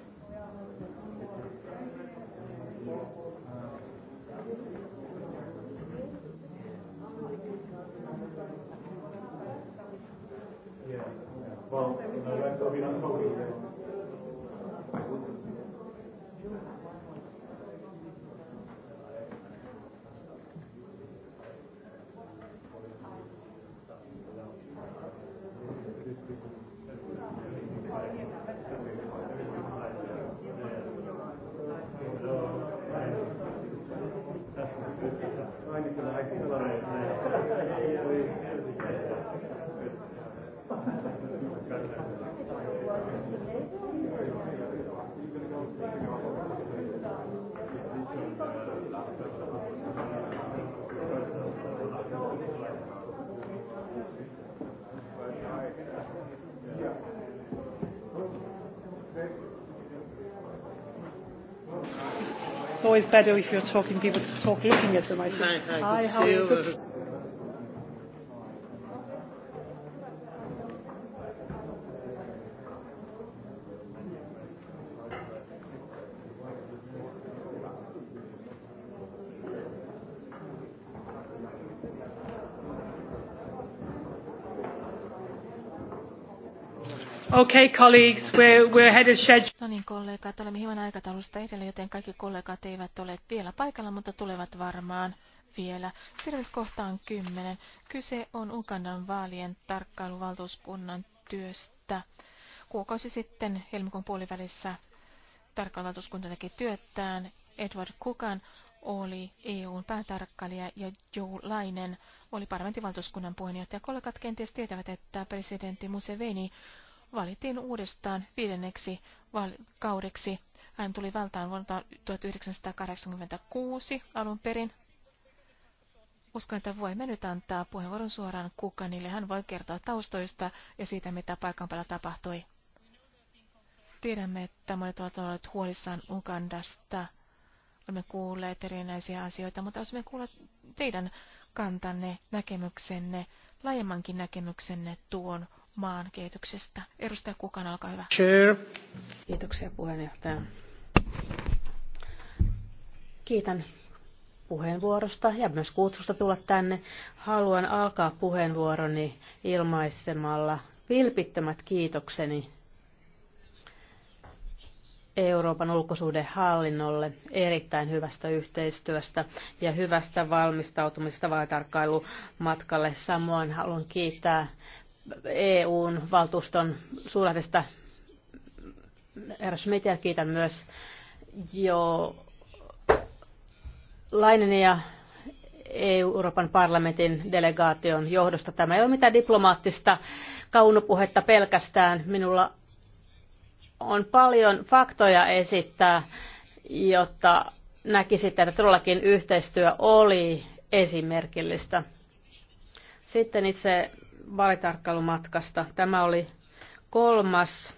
always better if you're talking people to talk looking at them, I think. Hi, hi, good hi how you? Good. Okay, colleagues, we're, we're ahead of schedule aikataulusta edellä, joten kaikki kollegat eivät ole vielä paikalla, mutta tulevat varmaan vielä. Siirryt kohtaan kymmenen. Kyse on Ugandan vaalien tarkkailuvaltuuskunnan työstä. Kuukausi sitten helmikuun puolivälissä tarkkailuvaltuuskunta teki työtään. Edward Kukan oli EUn päätarkkailija ja Joe Lainen oli parlamentin valtuuskunnan puheenjohtaja. Kollegat kenties tietävät, että presidentti Museveni valittiin uudestaan viidenneksi kaudeksi. Hän tuli valtaan vuonna 1986 alun perin. Uskon, että voimme nyt antaa puheenvuoron suoraan Kukanille. Hän voi kertoa taustoista ja siitä, mitä paikan päällä tapahtui. Tiedämme, että monet ovat olleet huolissaan Ugandasta. Olemme kuulleet erinäisiä asioita, mutta olisimme kuulleet teidän kantanne, näkemyksenne, laajemmankin näkemyksenne tuon maan kehityksestä. Edustaja Kukan, olkaa hyvä. Chair. Kiitoksia puheenjohtaja. Kiitän puheenvuorosta ja myös kutsusta tulla tänne. Haluan alkaa puheenvuoroni ilmaisemalla vilpittömät kiitokseni Euroopan hallinnolle erittäin hyvästä yhteistyöstä ja hyvästä valmistautumisesta vaalitarkkailumatkalle. Samoin haluan kiittää eu valtuuston suurlähdestä herra Schmidtiä kiitän myös jo Lainen ja EU, Euroopan parlamentin delegaation johdosta. Tämä ei ole mitään diplomaattista kaunopuhetta pelkästään. Minulla on paljon faktoja esittää, jotta näkisitte, että todellakin yhteistyö oli esimerkillistä. Sitten itse vaalitarkkailumatkasta. Tämä oli kolmas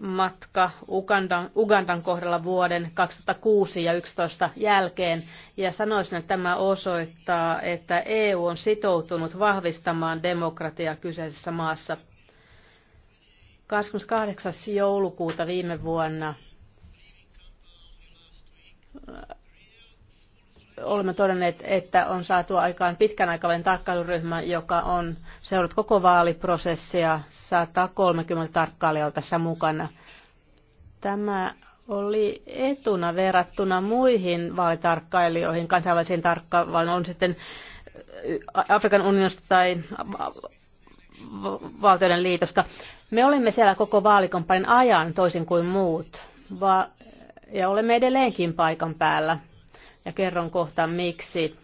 matka Ugandan, Ugandan kohdalla vuoden 2006 ja 2011 jälkeen. Ja sanoisin, että tämä osoittaa, että EU on sitoutunut vahvistamaan demokratiaa kyseisessä maassa. 28. joulukuuta viime vuonna olemme todenneet, että on saatu aikaan pitkän aikavälin tarkkailuryhmä, joka on seurannut koko vaaliprosessia 130 tarkkailijaa tässä mukana. Tämä oli etuna verrattuna muihin vaalitarkkailijoihin, kansainvälisiin tarkkailijoihin, on sitten Afrikan unionista tai valtioiden liitosta. Me olimme siellä koko vaalikampanjan ajan toisin kuin muut, ja olemme edelleenkin paikan päällä ja kerron kohta miksi.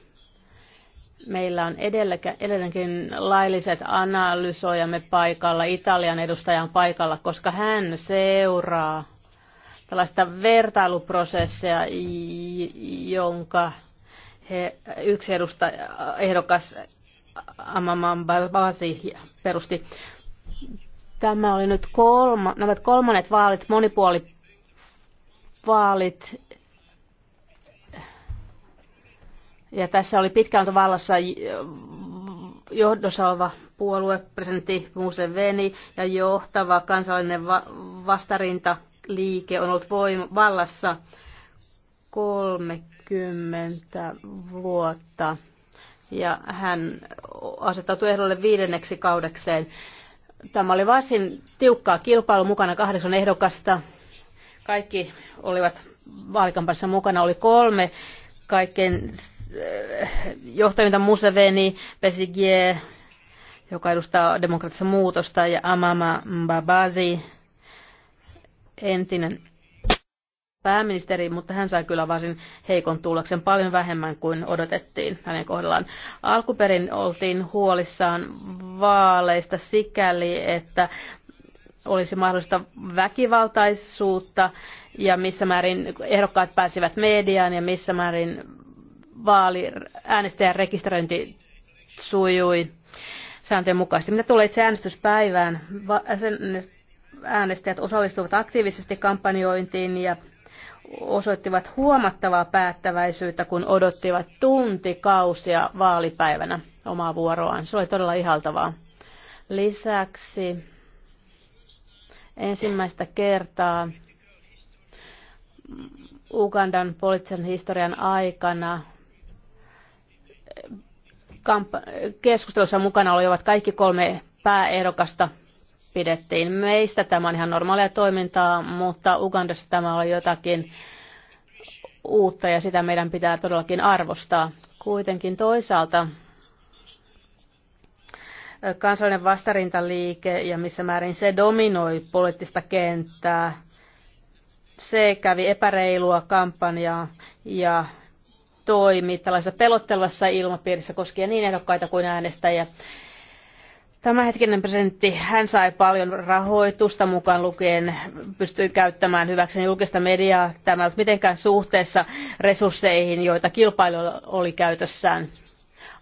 Meillä on edelleenkin lailliset analysoijamme paikalla, Italian edustajan paikalla, koska hän seuraa tällaista vertailuprosessia, jonka he, yksi edustaja, ehdokas Amaman Basi perusti. Tämä oli nyt kolma, nämä kolmannet vaalit, monipuoli vaalit Ja tässä oli pitkään vallassa johdossa oleva puolue, presidentti Museveni ja johtava kansallinen va- vastarintaliike on ollut voim- vallassa 30 vuotta. Ja hän asettautui ehdolle viidenneksi kaudekseen. Tämä oli varsin tiukkaa kilpailu mukana kahdeksan ehdokasta. Kaikki olivat vaalikampassa mukana. Oli kolme kaikkein johtajilta Museveni, Pesigie, joka edustaa demokraattista muutosta, ja Amama Mbabazi, entinen pääministeri, mutta hän sai kyllä varsin heikon tuloksen paljon vähemmän kuin odotettiin hänen kohdallaan. Alkuperin oltiin huolissaan vaaleista sikäli, että olisi mahdollista väkivaltaisuutta ja missä määrin ehdokkaat pääsivät mediaan ja missä määrin vaali, äänestäjän rekisteröinti sujui sääntöjen mukaisesti. Mitä tulee itse äänestyspäivään, äänestäjät osallistuivat aktiivisesti kampanjointiin ja osoittivat huomattavaa päättäväisyyttä, kun odottivat tuntikausia vaalipäivänä omaa vuoroaan. Se oli todella ihaltavaa. Lisäksi ensimmäistä kertaa Ugandan poliittisen historian aikana keskustelussa mukana olivat kaikki kolme pääehdokasta pidettiin meistä. Tämä on ihan normaalia toimintaa, mutta Ugandassa tämä oli jotakin uutta ja sitä meidän pitää todellakin arvostaa. Kuitenkin toisaalta kansallinen vastarintaliike ja missä määrin se dominoi poliittista kenttää, se kävi epäreilua kampanjaa ja toimi tällaisessa pelottelevassa ilmapiirissä koskien niin ehdokkaita kuin äänestäjiä. Tämänhetkinen presidentti, hän sai paljon rahoitusta mukaan lukien, pystyi käyttämään hyväkseen julkista mediaa. Tämä ei ollut mitenkään suhteessa resursseihin, joita kilpailu oli käytössään.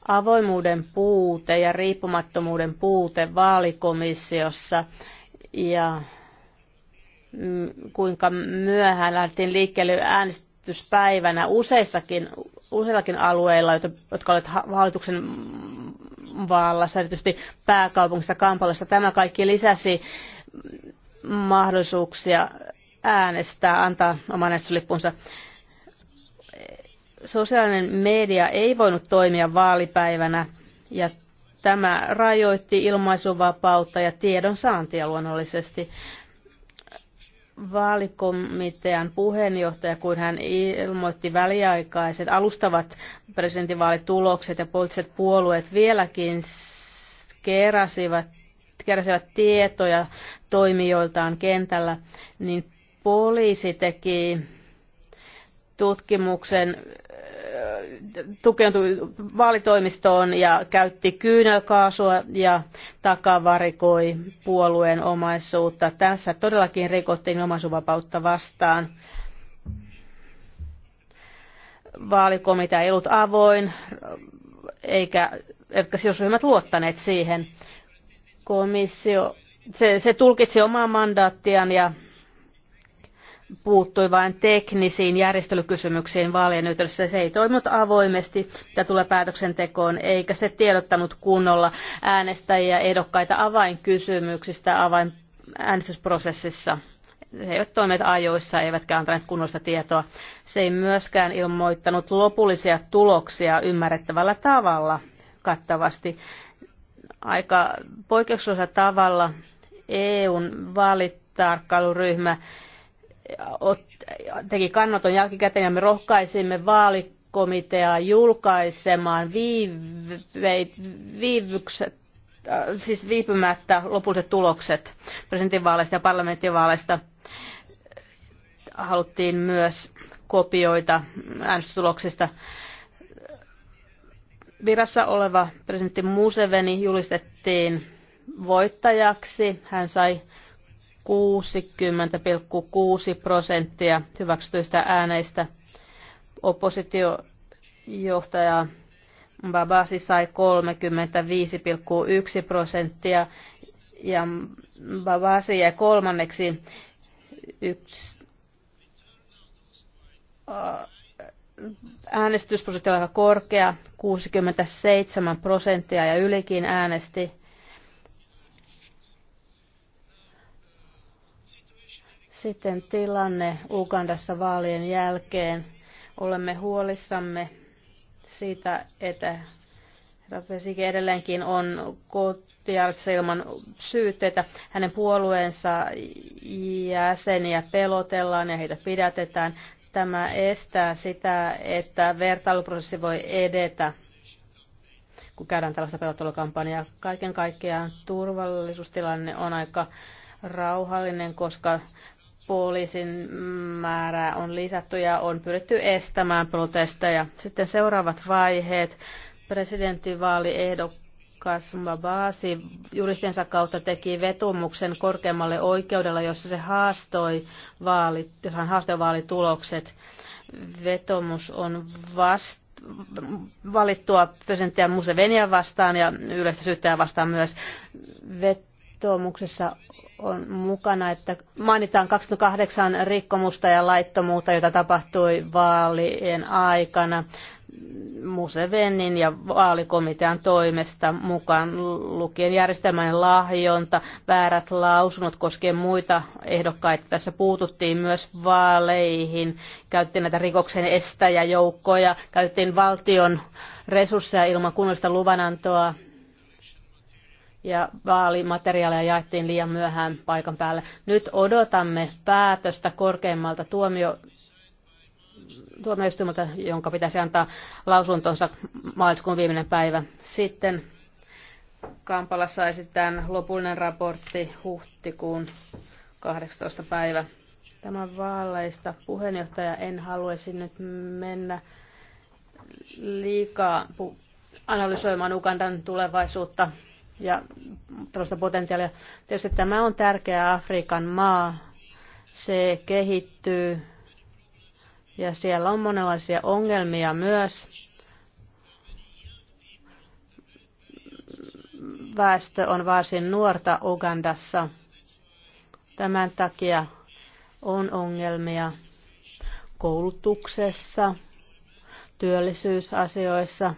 Avoimuuden puute ja riippumattomuuden puute vaalikomissiossa ja mm, kuinka myöhään lähdettiin liikkeelle äänest- äänestyspäivänä useissakin, useillakin alueilla, jotka olivat hallituksen vallassa, erityisesti pääkaupungissa Kampalassa. Tämä kaikki lisäsi mahdollisuuksia äänestää, antaa oman äänestyslippunsa. Sosiaalinen media ei voinut toimia vaalipäivänä ja tämä rajoitti ilmaisuvapautta ja tiedon saantia luonnollisesti vaalikomitean puheenjohtaja, kun hän ilmoitti väliaikaiset alustavat presidentinvaalitulokset ja poliittiset puolueet vieläkin keräsivät, keräsivät tietoja toimijoiltaan kentällä, niin poliisi teki tutkimuksen tukeutui vaalitoimistoon ja käytti kyynelkaasua ja takavarikoi puolueen omaisuutta. Tässä todellakin rikottiin omaisuvapautta vastaan. Vaalikomitea ei ollut avoin, eikä, eikä sidosryhmät luottaneet siihen. Komissio, se, se tulkitsi omaa mandaattiaan ja puuttui vain teknisiin järjestelykysymyksiin vaalien yhteydessä. Se ei toiminut avoimesti, ja tulee päätöksentekoon, eikä se tiedottanut kunnolla äänestäjiä ehdokkaita avainkysymyksistä avain äänestysprosessissa. He eivät toimineet ajoissa, eivätkä antaneet kunnollista tietoa. Se ei myöskään ilmoittanut lopullisia tuloksia ymmärrettävällä tavalla kattavasti. Aika poikkeuksellisella tavalla EUn vaalitarkkailuryhmä teki kannaton jälkikäteen ja me rohkaisimme vaalikomiteaa julkaisemaan viivykset äh, siis viipymättä lopulliset tulokset presidentinvaaleista ja parlamenttivaaleista. Haluttiin myös kopioita äänestystuloksista. Virassa oleva presidentti Museveni julistettiin voittajaksi. Hän sai 60,6 prosenttia hyväksytyistä ääneistä. Oppositiojohtaja Babasi sai 35,1 prosenttia ja Babasi jäi kolmanneksi yksi, äh, äänestysprosentti oli aika korkea, 67 prosenttia ja ylikin äänesti Sitten tilanne Ugandassa vaalien jälkeen. Olemme huolissamme siitä, että Rapesike edelleenkin on kotiarissa ilman syytteitä. Hänen puolueensa jäseniä pelotellaan ja heitä pidätetään. Tämä estää sitä, että vertailuprosessi voi edetä kun käydään tällaista pelottelukampanjaa. Kaiken kaikkiaan turvallisuustilanne on aika rauhallinen, koska poliisin määrää on lisätty ja on pyritty estämään protesteja. Sitten seuraavat vaiheet. Presidentinvaaliehdokkaas Mabasi juristensa kautta teki vetumuksen korkeammalle oikeudella, jossa se haastoi vaalit, jossa haastoi vaalitulokset. Vetomus on vasta valittua presidenttiä Museveniä vastaan ja yleistä syyttäjää vastaan myös. Vet- kertomuksessa on mukana, että mainitaan 28 rikkomusta ja laittomuutta, jota tapahtui vaalien aikana Musevenin ja vaalikomitean toimesta mukaan lukien järjestelmän lahjonta, väärät lausunnot koskien muita ehdokkaita. Tässä puututtiin myös vaaleihin, käytettiin näitä rikoksen estäjäjoukkoja, käytettiin valtion resursseja ilman kunnollista luvanantoa ja vaalimateriaaleja jaettiin liian myöhään paikan päälle. Nyt odotamme päätöstä korkeimmalta tuomio, tuomioistuimelta, jonka pitäisi antaa lausuntonsa maaliskuun viimeinen päivä. Sitten Kampalassa esitetään lopullinen raportti huhtikuun 18. päivä. Tämä vaaleista puheenjohtaja en haluaisi nyt mennä liikaa analysoimaan Ugandan tulevaisuutta ja tällaista potentiaalia. Tietysti tämä on tärkeä Afrikan maa. Se kehittyy ja siellä on monenlaisia ongelmia myös. Väestö on varsin nuorta Ugandassa. Tämän takia on ongelmia koulutuksessa, työllisyysasioissa,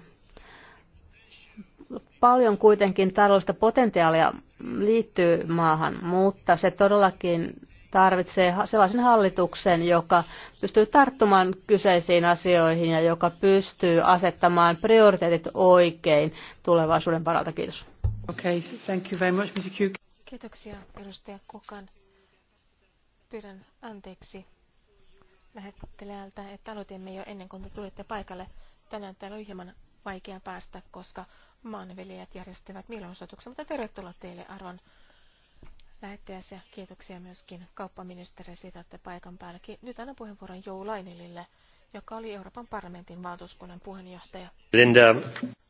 Paljon kuitenkin taloudellista potentiaalia liittyy maahan, mutta se todellakin tarvitsee sellaisen hallituksen, joka pystyy tarttumaan kyseisiin asioihin ja joka pystyy asettamaan prioriteetit oikein tulevaisuuden varalta. Kiitos. Okay, thank you very much, Mr. Kiitoksia, edustaja Kukan. Pyydän anteeksi lähettelijältä, että aloitimme jo ennen kuin te tulitte paikalle. Tänään täällä on hieman vaikea päästä, koska maanviljelijät järjestävät mielenosoituksen, mutta tervetuloa teille Aron lähettäjäs ja kiitoksia myöskin kauppaministeri siitä, että paikan päällä. Nyt annan puheenvuoron Joulainilille, joka oli Euroopan parlamentin valtuuskunnan puheenjohtaja. Linda.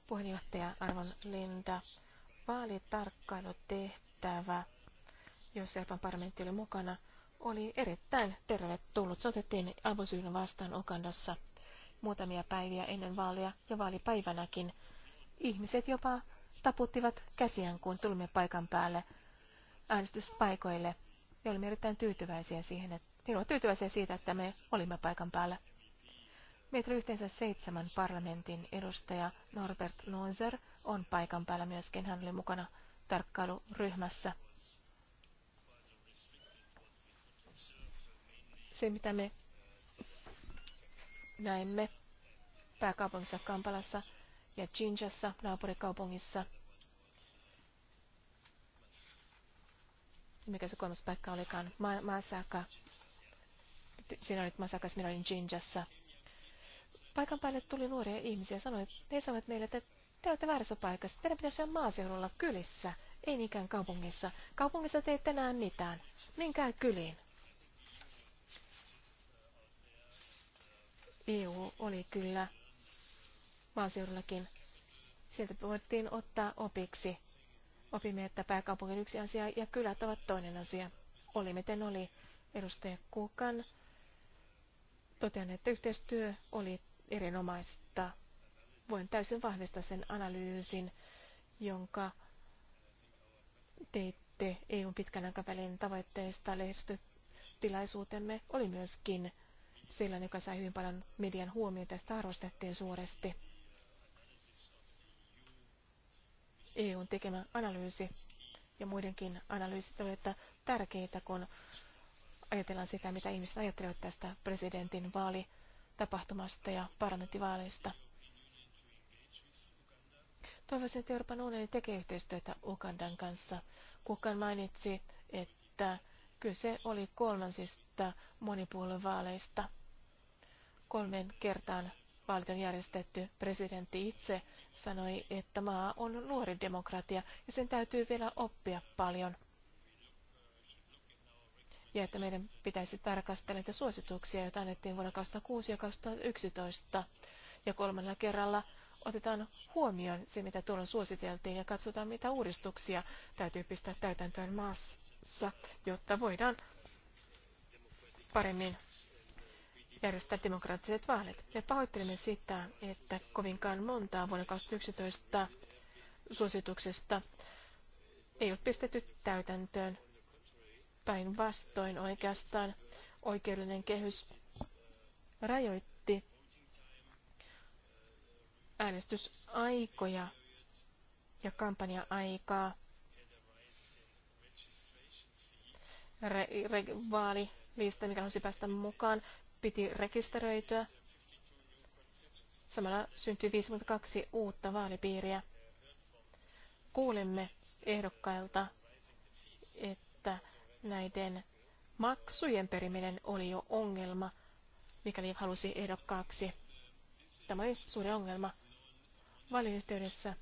Puheenjohtaja Arvon Linda. Vaalitarkkailutehtävä, jos Euroopan parlamentti oli mukana, oli erittäin tervetullut. Se otettiin avosyyn vastaan Okandassa muutamia päiviä ennen vaalia ja vaalipäivänäkin Ihmiset jopa taputtivat käsiään, kun tulimme paikan päälle äänestyspaikoille. Ja olimme erittäin tyytyväisiä siihen, että niin olimme tyytyväisiä siitä, että me olimme paikan päällä. Meitä oli yhteensä seitsemän parlamentin edustaja Norbert Lonser on paikan päällä myöskin. Hän oli mukana tarkkailuryhmässä. Se, mitä me näimme pääkaupungissa Kampalassa, ja Jinjassa naapurikaupungissa. Mikä se kolmas paikka olikaan? Ma- Masaka. Sinä olit Masaka, minä olin Jinjassa. Paikan päälle tuli nuoria ihmisiä ja sanoi, että he sanoivat meille, että te olette väärässä paikassa. Teidän pitäisi olla maaseudulla kylissä, ei niinkään kaupungissa. Kaupungissa te ette enää mitään. Minkää kyliin. EU oli kyllä maaseudullakin. Sieltä voittiin ottaa opiksi. Opimme, että pääkaupungin yksi asia ja kylät ovat toinen asia. Oli miten oli. Edustaja Kuukan totean, että yhteistyö oli erinomaista. Voin täysin vahvistaa sen analyysin, jonka teitte EUn pitkän aikavälin tavoitteista lehdistötilaisuutemme oli myöskin sellainen, joka sai hyvin paljon median huomiota ja sitä arvostettiin suuresti. EUn tekemä analyysi ja muidenkin analyysit olivat tärkeitä, kun ajatellaan sitä, mitä ihmiset ajattelevat tästä presidentin vaalitapahtumasta ja parlamenttivaaleista. Toivoisin, että Euroopan unioni tekee yhteistyötä Ugandan kanssa. Kukan mainitsi, että kyse oli kolmansista monipuoluevaaleista. Kolmen kertaan vaalit on järjestetty, presidentti itse sanoi, että maa on nuori demokratia ja sen täytyy vielä oppia paljon. Ja että meidän pitäisi tarkastella niitä suosituksia, joita annettiin vuonna 2006 ja 2011. Ja kolmannella kerralla otetaan huomioon se, mitä tuolla suositeltiin ja katsotaan, mitä uudistuksia täytyy pistää täytäntöön maassa, jotta voidaan paremmin järjestää demokraattiset vaalit. Me pahoittelemme sitä, että kovinkaan montaa vuonna 2011 suosituksesta ei ole pistetty täytäntöön. Päinvastoin oikeastaan oikeudellinen kehys rajoitti äänestysaikoja ja kampanja-aikaa. Re- re- vaalilista, mikä on päästä mukaan, piti rekisteröityä. Samalla syntyi 52 uutta vaalipiiriä. Kuulimme ehdokkailta, että näiden maksujen periminen oli jo ongelma, mikäli halusi ehdokkaaksi. Tämä oli suuri ongelma valinnistöydessä.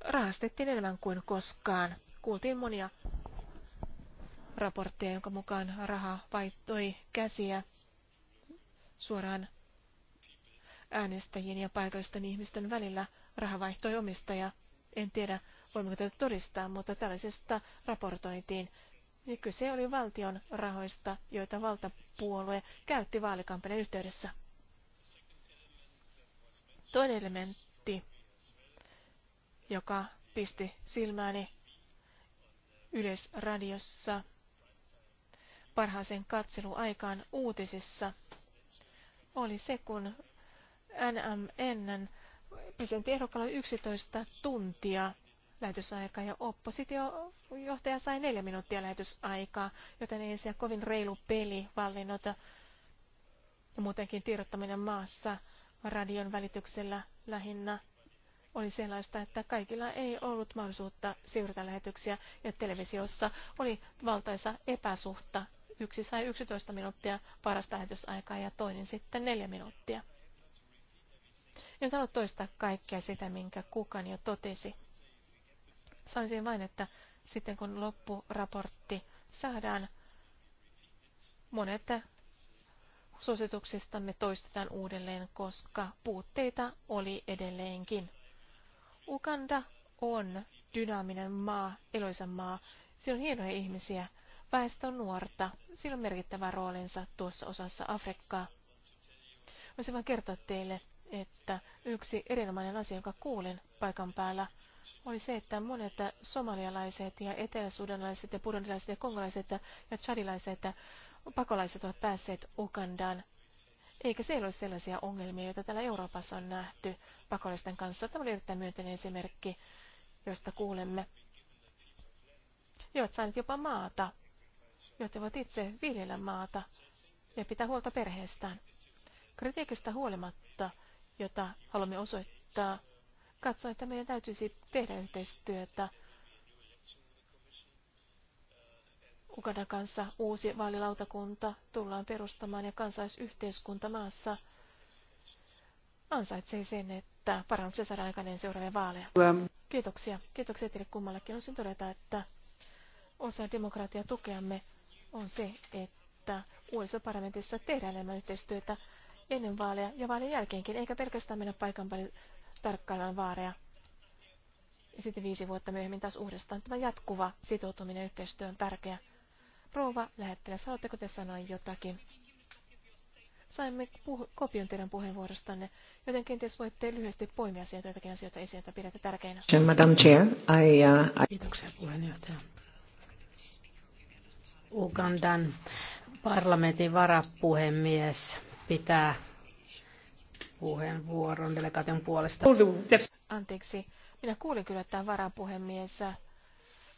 Rahastettiin enemmän kuin koskaan. Kuultiin monia raporttia, jonka mukaan raha vaihtoi käsiä suoraan äänestäjien ja paikallisten ihmisten välillä. Raha vaihtoi omistaja. En tiedä, voimmeko tätä todistaa, mutta tällaisesta raportointiin Ja kyse oli valtion rahoista, joita valtapuolue käytti vaalikampanjan yhteydessä. Toinen elementti, joka pisti silmääni Yleisradiossa parhaaseen katseluaikaan uutisissa oli se, kun NMNn presidenttiehdokkaalla oli 11 tuntia lähetysaikaa ja oppositiojohtaja sai neljä minuuttia lähetysaikaa, joten ei siellä kovin reilu peli vallinnut. Ja muutenkin tiedottaminen maassa radion välityksellä lähinnä oli sellaista, että kaikilla ei ollut mahdollisuutta seurata lähetyksiä ja televisiossa oli valtaisa epäsuhta Yksi sai 11 minuuttia parasta lähetysaikaa ja toinen sitten 4 minuuttia. En sano toistaa kaikkea sitä, minkä kukaan jo totesi. Sanoisin vain, että sitten kun loppuraportti saadaan, monet suosituksistamme toistetaan uudelleen, koska puutteita oli edelleenkin. Uganda on dynaaminen maa, eloisa maa. Siinä on hienoja ihmisiä, väestö on nuorta. Sillä on merkittävä roolinsa tuossa osassa Afrikkaa. Voisin vain kertoa teille, että yksi erinomainen asia, jonka kuulin paikan päällä, oli se, että monet somalialaiset ja eteläsuudanlaiset ja burundilaiset ja kongolaiset ja chadilaiset pakolaiset ovat päässeet Ugandaan. Eikä siellä ole sellaisia ongelmia, joita täällä Euroopassa on nähty pakolaisten kanssa. Tämä oli erittäin myönteinen esimerkki, josta kuulemme. Ne ovat saaneet jopa maata jotta voit itse viljellä maata ja pitää huolta perheestään. Kritiikistä huolimatta, jota haluamme osoittaa, katson, että meidän täytyisi tehdä yhteistyötä Ukadan kanssa uusi vaalilautakunta tullaan perustamaan ja kansaisyhteiskunta maassa ansaitsee sen, että parannuksia saadaan aikainen seuraavia vaaleja. Kiitoksia. Kiitoksia teille kummallekin. Olisin todeta, että osa demokratia tukeamme on se, että uudessa parlamentissa tehdään enemmän yhteistyötä ennen vaaleja ja vaalien jälkeenkin, eikä pelkästään mennä paikan päälle tarkkailemaan vaareja. Ja sitten viisi vuotta myöhemmin taas uudestaan. Tämä jatkuva sitoutuminen yhteistyö on tärkeä. Rouva lähettiläs, haluatteko te sanoa jotakin? Saimme puh- kopion teidän puheenvuorostanne, joten kenties voitte lyhyesti poimia sieltä jotakin asioita esiin, joita pidätte tärkeinä. Madam Chair, I, uh, I... Kiitoksia puheenjohtaja. Ugandan parlamentin varapuhemies pitää puheenvuoron delegaation puolesta. Anteeksi, minä kuulin kyllä, että tämä varapuhemies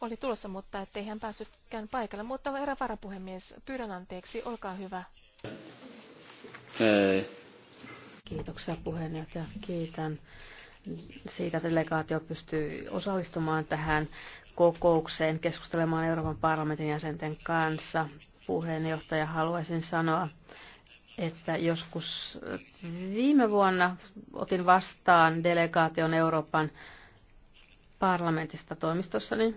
oli tulossa, mutta ettei hän päässytkään paikalle. Mutta erä varapuhemies, pyydän anteeksi, olkaa hyvä. Ei. Kiitoksia puheenjohtaja, kiitän siitä delegaatio pystyy osallistumaan tähän kokoukseen keskustelemaan Euroopan parlamentin jäsenten kanssa. Puheenjohtaja haluaisin sanoa, että joskus äh, viime vuonna otin vastaan delegaation Euroopan parlamentista toimistossani.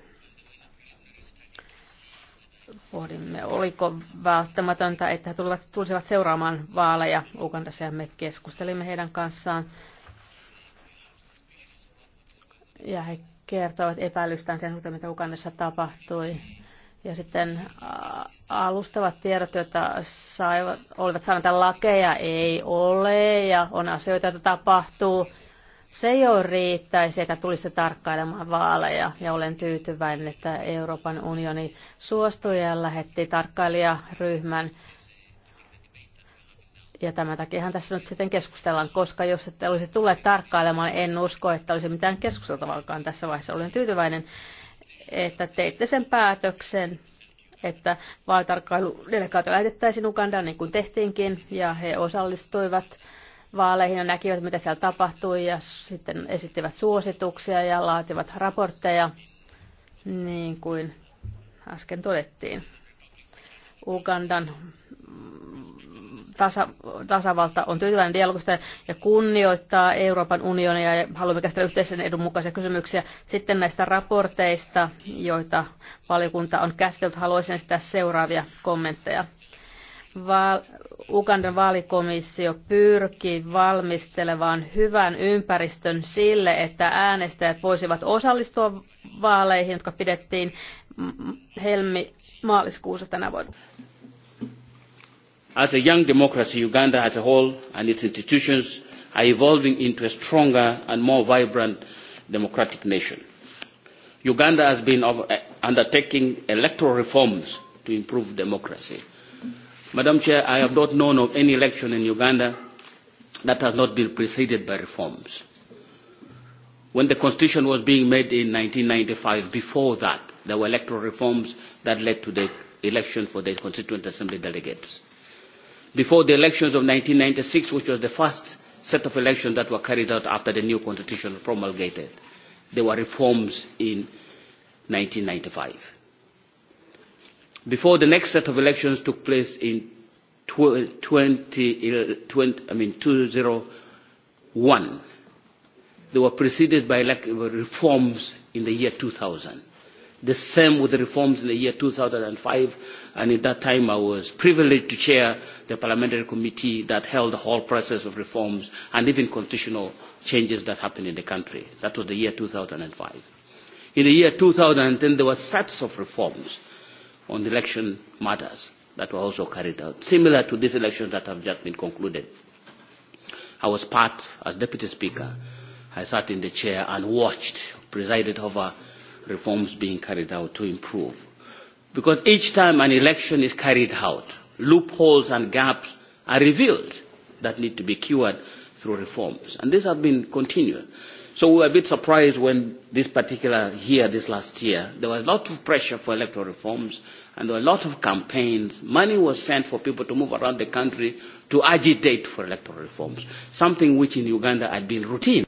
Pohdimme, oliko välttämätöntä, että he tulisivat seuraamaan vaaleja Ugandassa ja me keskustelimme heidän kanssaan ja he kertoivat epäilystään sen suhteen, mitä Ukannassa tapahtui. Ja sitten alustavat tiedot, joita saivat, olivat saaneet lakeja, ei ole ja on asioita, joita tapahtuu. Se ei ole riittäisi, että tulisi tarkkailemaan vaaleja ja olen tyytyväinen, että Euroopan unioni suostui ja lähetti tarkkailijaryhmän ja tämän takiahan tässä nyt sitten keskustellaan, koska jos ette olisi tulleet tarkkailemaan, en usko, että olisi mitään keskusteltavaakaan tässä vaiheessa. Olen tyytyväinen, että teitte sen päätöksen, että vaalitarkkailudelegaatio lähetettäisiin Ugandaan niin kuin tehtiinkin, ja he osallistuivat vaaleihin ja näkivät, mitä siellä tapahtui, ja sitten esittivät suosituksia ja laativat raportteja, niin kuin äsken todettiin. Ugandan tasa, tasavalta on tyytyväinen dialogista ja kunnioittaa Euroopan unionia ja haluamme käsitellä yhteisen edun mukaisia kysymyksiä. Sitten näistä raporteista, joita valiokunta on käsitellyt, haluaisin sitä seuraavia kommentteja. Val- Ugandan vaalikomissio pyrki valmistelemaan hyvän ympäristön sille, että äänestäjät voisivat osallistua vaaleihin, jotka pidettiin helmi-maaliskuussa tänä vuonna. As a young democracy, Uganda as a whole and its institutions are evolving into a stronger and more vibrant democratic nation. Uganda has been eh, undertaking electoral reforms to improve democracy. Madam Chair, I have not known of any election in Uganda that has not been preceded by reforms. When the constitution was being made in 1995, before that, there were electoral reforms that led to the election for the Constituent Assembly delegates before the elections of 1996, which was the first set of elections that were carried out after the new constitution was promulgated. There were reforms in 1995. Before the next set of elections took place in 20, 20, I mean 2001, they were preceded by reforms in the year 2000 The same with the reforms in the year 2005, and at that time I was privileged to chair the parliamentary committee that held the whole process of reforms and even constitutional changes that happened in the country. That was the year 2005. In the year 2010, there were sets of reforms on election matters that were also carried out, similar to these elections that have just been concluded. I was part, as deputy speaker, I sat in the chair and watched, presided over reforms being carried out to improve. Because each time an election is carried out, loopholes and gaps are revealed that need to be cured through reforms. And this has been continued. So we were a bit surprised when this particular year, this last year, there was a lot of pressure for electoral reforms and there were a lot of campaigns. Money was sent for people to move around the country to agitate for electoral reforms, something which in Uganda had been routine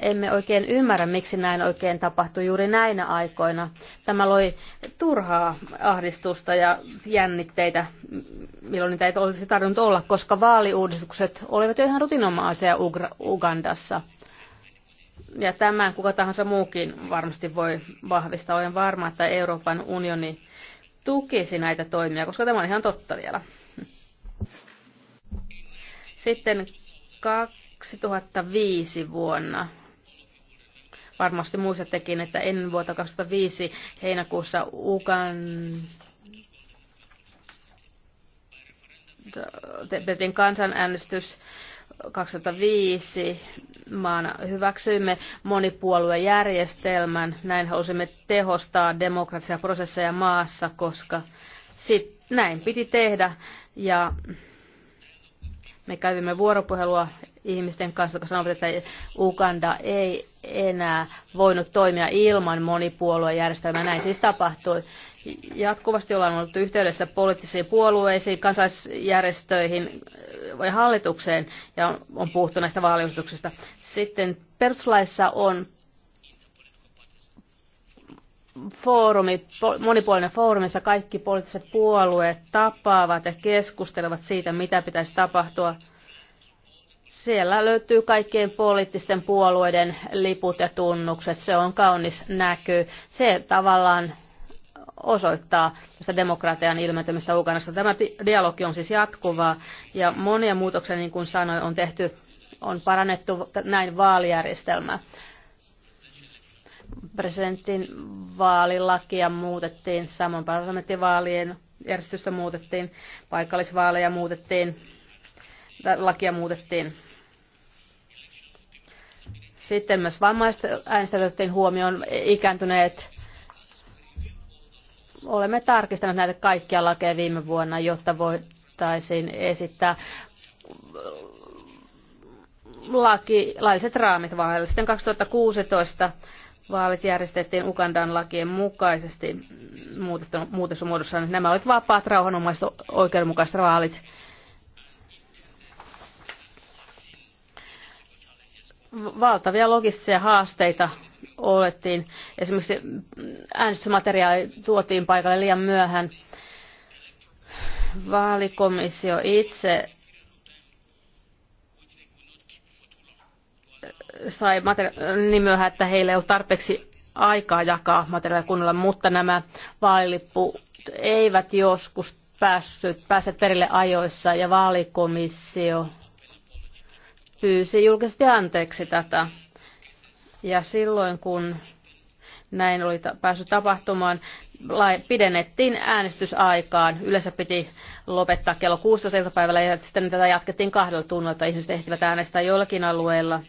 emme oikein ymmärrä, miksi näin oikein tapahtui juuri näinä aikoina. Tämä loi turhaa ahdistusta ja jännitteitä, milloin niitä ei olisi tarvinnut olla, koska vaaliuudistukset olivat jo ihan rutinomaisia Ugandassa. Ja tämän kuka tahansa muukin varmasti voi vahvistaa. Olen varma, että Euroopan unioni tukisi näitä toimia, koska tämä on ihan totta vielä. Sitten 2005 vuonna Varmasti muistattekin, että ennen vuotta 2005 heinäkuussa Ukan Tibetin kansanäänestys 2005 maana hyväksyimme monipuoluejärjestelmän. Näin halusimme tehostaa demokratisia prosesseja maassa, koska sit, näin piti tehdä. Ja me kävimme vuoropuhelua ihmisten kanssa, jotka sanovat, että Uganda ei enää voinut toimia ilman monipuoluejärjestelmää. Näin siis tapahtui. Jatkuvasti ollaan ollut yhteydessä poliittisiin puolueisiin, kansalaisjärjestöihin ja hallitukseen ja on, on puhuttu näistä vaaliuudistuksista. Sitten perustuslaissa on foorumi, monipuolinen foorumi, jossa kaikki poliittiset puolueet tapaavat ja keskustelevat siitä, mitä pitäisi tapahtua – siellä löytyy kaikkien poliittisten puolueiden liput ja tunnukset. Se on kaunis näky. Se tavallaan osoittaa tästä demokratian ilmentymistä Ukrainassa. Tämä dialogi on siis jatkuvaa ja monia muutoksia, niin kuin sanoin, on tehty, on parannettu näin vaalijärjestelmää. Presidentin vaalilakia muutettiin, samoin parlamenttivaalien järjestystä muutettiin, paikallisvaaleja muutettiin, lakia muutettiin. Sitten myös vammaiset äänestäjät huomioon ikääntyneet. Olemme tarkistaneet näitä kaikkia lakeja viime vuonna, jotta voitaisiin esittää laki, lailliset raamit vaaleille. Sitten 2016 vaalit järjestettiin Ugandan lakien mukaisesti muutetussa muodossa. Nämä olivat vapaat, rauhanomaiset, oikeudenmukaiset vaalit. valtavia logistisia haasteita olettiin. Esimerkiksi äänestysmateriaali tuotiin paikalle liian myöhään. Vaalikomissio itse sai niin myöhään, että heillä ei ollut tarpeeksi aikaa jakaa materiaalia kunnolla, mutta nämä vaalilipput eivät joskus päässyt, päässeet perille ajoissa ja vaalikomissio pyysi julkisesti anteeksi tätä. Ja silloin kun näin oli päässyt tapahtumaan, pidennettiin äänestysaikaan. Yleensä piti lopettaa kello 16 iltapäivällä ja sitten tätä jatkettiin kahdella tunnilla, että ihmiset ehtivät äänestää joillakin alueella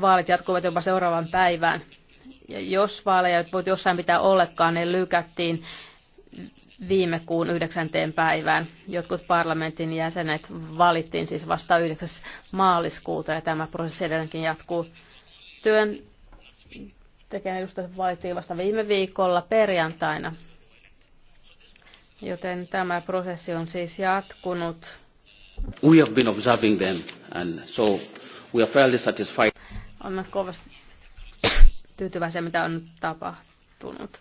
Vaalit jatkuvat jopa seuraavan päivään. Ja jos vaaleja voit jossain pitää ollekaan, ne niin lykättiin viime kuun yhdeksänteen päivään. Jotkut parlamentin jäsenet valittiin siis vasta 9. maaliskuuta ja tämä prosessi edelleenkin jatkuu. Työn tekijän edustajat valittiin vasta viime viikolla perjantaina, joten tämä prosessi on siis jatkunut. We have been observing them and so we are fairly satisfied. Olemme kovasti tyytyväisiä, mitä on tapahtunut.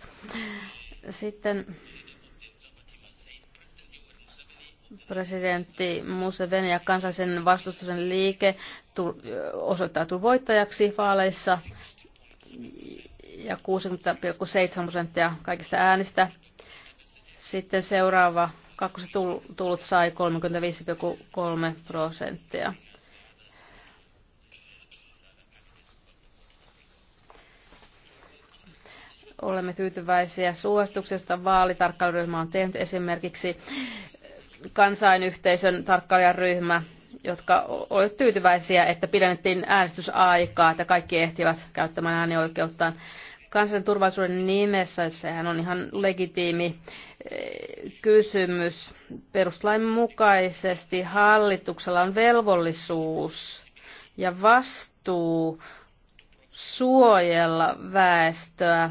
Sitten presidentti Museveni ja kansallisen vastustuksen liike osoittautui voittajaksi vaaleissa ja 60,7 prosenttia kaikista äänistä. Sitten seuraava tullut sai 35,3 prosenttia. Olemme tyytyväisiä suosituksesta. Vaalitarkkailuryhmä on tehnyt esimerkiksi kansainyhteisön tarkkailijaryhmä, jotka olivat tyytyväisiä, että pidennettiin äänestysaikaa, että kaikki ehtivät käyttämään äänioikeuttaan. Kansallisen turvallisuuden nimessä, sehän on ihan legitiimi e, kysymys. Peruslain mukaisesti hallituksella on velvollisuus ja vastuu suojella väestöä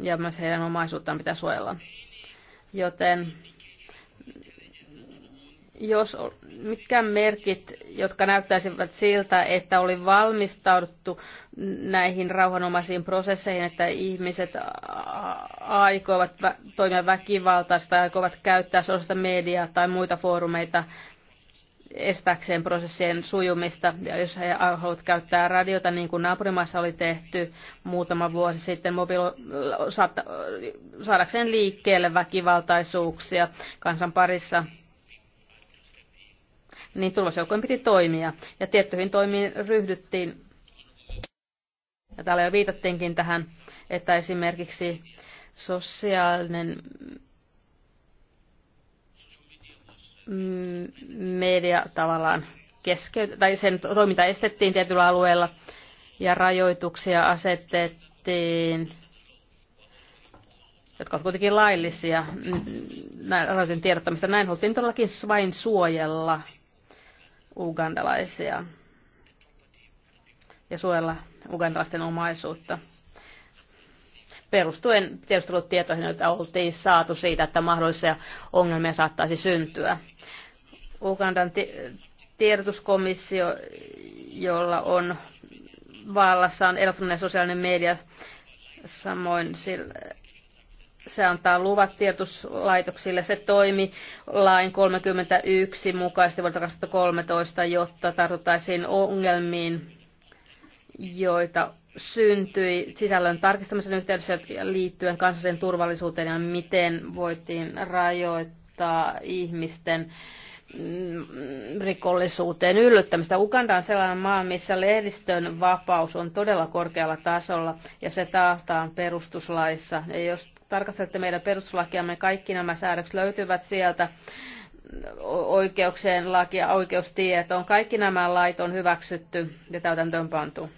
ja myös heidän omaisuuttaan pitää suojella. Joten jos mitkä merkit, jotka näyttäisivät siltä, että oli valmistauduttu näihin rauhanomaisiin prosesseihin, että ihmiset aikoivat toimia väkivaltaista, aikoivat käyttää sosiaalista mediaa tai muita foorumeita estääkseen prosessien sujumista. Ja jos he haluavat käyttää radiota, niin kuin naapurimaissa oli tehty muutama vuosi sitten, mobiilo, saatta, saadakseen liikkeelle väkivaltaisuuksia kansan parissa, niin turvasjoukkojen piti toimia. Ja tiettyihin toimiin ryhdyttiin, ja täällä jo viitattiinkin tähän, että esimerkiksi sosiaalinen Mm, media tavallaan keskeyt- tai sen toiminta estettiin tietyllä alueella ja rajoituksia asetettiin, jotka ovat kuitenkin laillisia, mm, aloitin tiedottamista. Näin haluttiin todellakin vain suojella ugandalaisia ja suojella ugandalaisten omaisuutta perustuen tiedustelutietoihin, joita oltiin saatu siitä, että mahdollisia ongelmia saattaisi syntyä. Ugandan tiedotuskomissio, jolla on on elektroninen sosiaalinen media, samoin sillä, se antaa luvat tiedotuslaitoksille. Se toimi lain 31 mukaisesti vuodelta 2013, jotta tartuttaisiin ongelmiin, joita syntyi sisällön tarkistamisen yhteydessä liittyen kansallisen turvallisuuteen ja miten voitiin rajoittaa ihmisten mm, rikollisuuteen yllyttämistä. Uganda on sellainen maa, missä lehdistön vapaus on todella korkealla tasolla ja se taastaan perustuslaissa. Ja jos tarkastelette meidän perustuslakiamme, kaikki nämä säädökset löytyvät sieltä oikeuksien laki ja oikeustietoon. Kaikki nämä lait on hyväksytty ja täytäntöönpantu.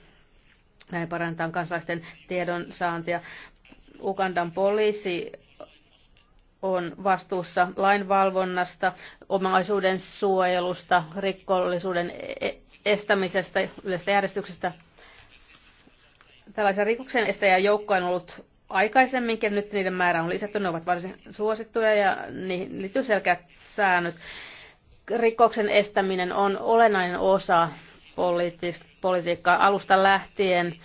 Näin parannetaan kansalaisten tiedonsaantia. Ugandan poliisi on vastuussa lainvalvonnasta, omaisuuden suojelusta, rikollisuuden e-, estämisestä, yleistä järjestyksestä. Tällaisen rikoksen estäjä joukko on ollut aikaisemminkin, nyt niiden määrä on lisätty, ne ovat varsin suosittuja ja niihin liittyy selkeät säännöt. Rikoksen estäminen on olennainen osa politiikkaa alusta lähtien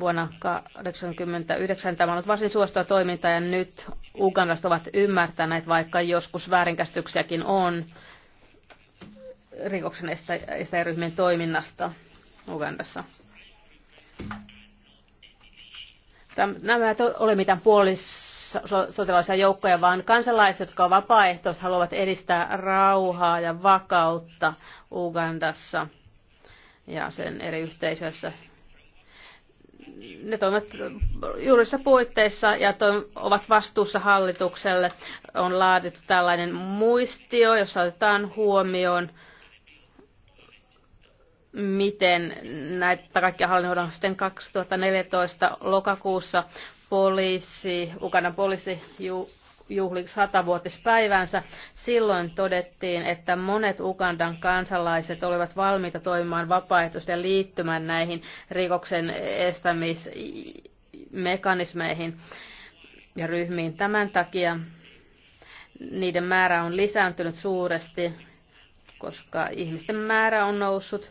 vuonna 1989. Tämä on ollut varsin suosittua toiminta ja nyt ugandalaiset ovat ymmärtäneet, vaikka joskus väärinkäsityksiäkin on rikoksen estäjäryhmien toiminnasta Ugandassa. nämä eivät ole mitään puolisotilaisia joukkoja, vaan kansalaiset, jotka vapaaehtoisesti haluavat edistää rauhaa ja vakautta Ugandassa – ja sen eri yhteisöissä. Ne toimivat juurissa puitteissa ja ovat vastuussa hallitukselle. On laadittu tällainen muistio, jossa otetaan huomioon miten näitä kaikkia hallinnoidaan sitten 2014 lokakuussa poliisi, Ukanan poliisi ju, juhli satavuotispäivänsä, silloin todettiin, että monet Ugandan kansalaiset olivat valmiita toimimaan vapaaehtoisesti ja liittymään näihin rikoksen estämismekanismeihin ja ryhmiin. Tämän takia niiden määrä on lisääntynyt suuresti, koska ihmisten määrä on noussut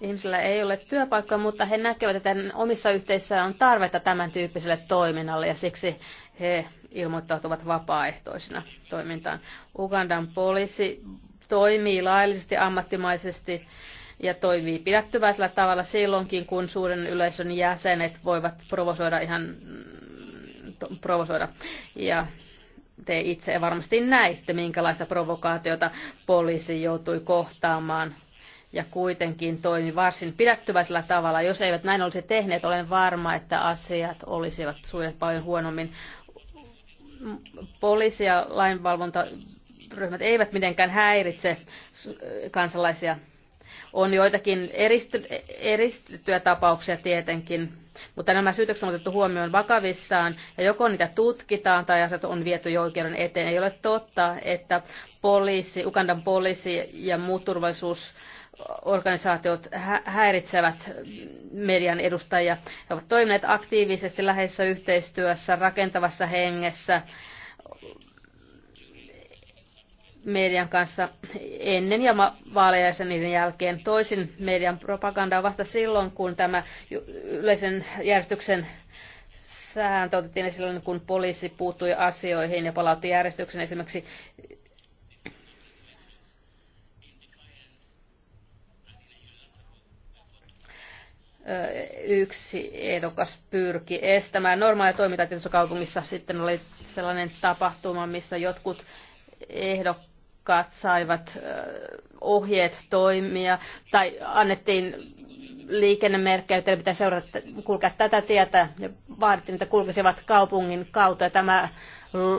ihmisillä ei ole työpaikkoja, mutta he näkevät, että omissa yhteisöissä on tarvetta tämän tyyppiselle toiminnalle ja siksi he ilmoittautuvat vapaaehtoisina toimintaan. Ugandan poliisi toimii laillisesti, ammattimaisesti ja toimii pidättyväisellä tavalla silloinkin, kun suuren yleisön jäsenet voivat provosoida ihan mm, provosoida. Ja te itse varmasti näitte, minkälaista provokaatiota poliisi joutui kohtaamaan ja kuitenkin toimi varsin pidättyväisellä tavalla. Jos eivät näin olisi tehneet, olen varma, että asiat olisivat sujuneet paljon huonommin. Poliisi ja lainvalvontaryhmät eivät mitenkään häiritse kansalaisia. On joitakin eristy, eristettyjä tapauksia tietenkin, mutta nämä syytökset on otettu huomioon vakavissaan ja joko niitä tutkitaan tai asiat on viety oikeuden eteen. Ei ole totta, että poliisi, Ugandan poliisi ja muut turvallisuus organisaatiot häiritsevät median edustajia. He ovat toimineet aktiivisesti läheisessä yhteistyössä, rakentavassa hengessä median kanssa ennen ja vaaleja ja niiden jälkeen. Toisin median on vasta silloin, kun tämä yleisen järjestyksen sääntö otettiin esille, kun poliisi puuttui asioihin ja palautti järjestyksen esimerkiksi yksi ehdokas pyrki estämään normaalia toimintaa tietyssä kaupungissa. Sitten oli sellainen tapahtuma, missä jotkut ehdokkaat saivat ohjeet toimia tai annettiin liikennemerkkejä, joita pitää seurata, kulkea tätä tietä ja vaadittiin, että kulkisivat kaupungin kautta. Ja tämä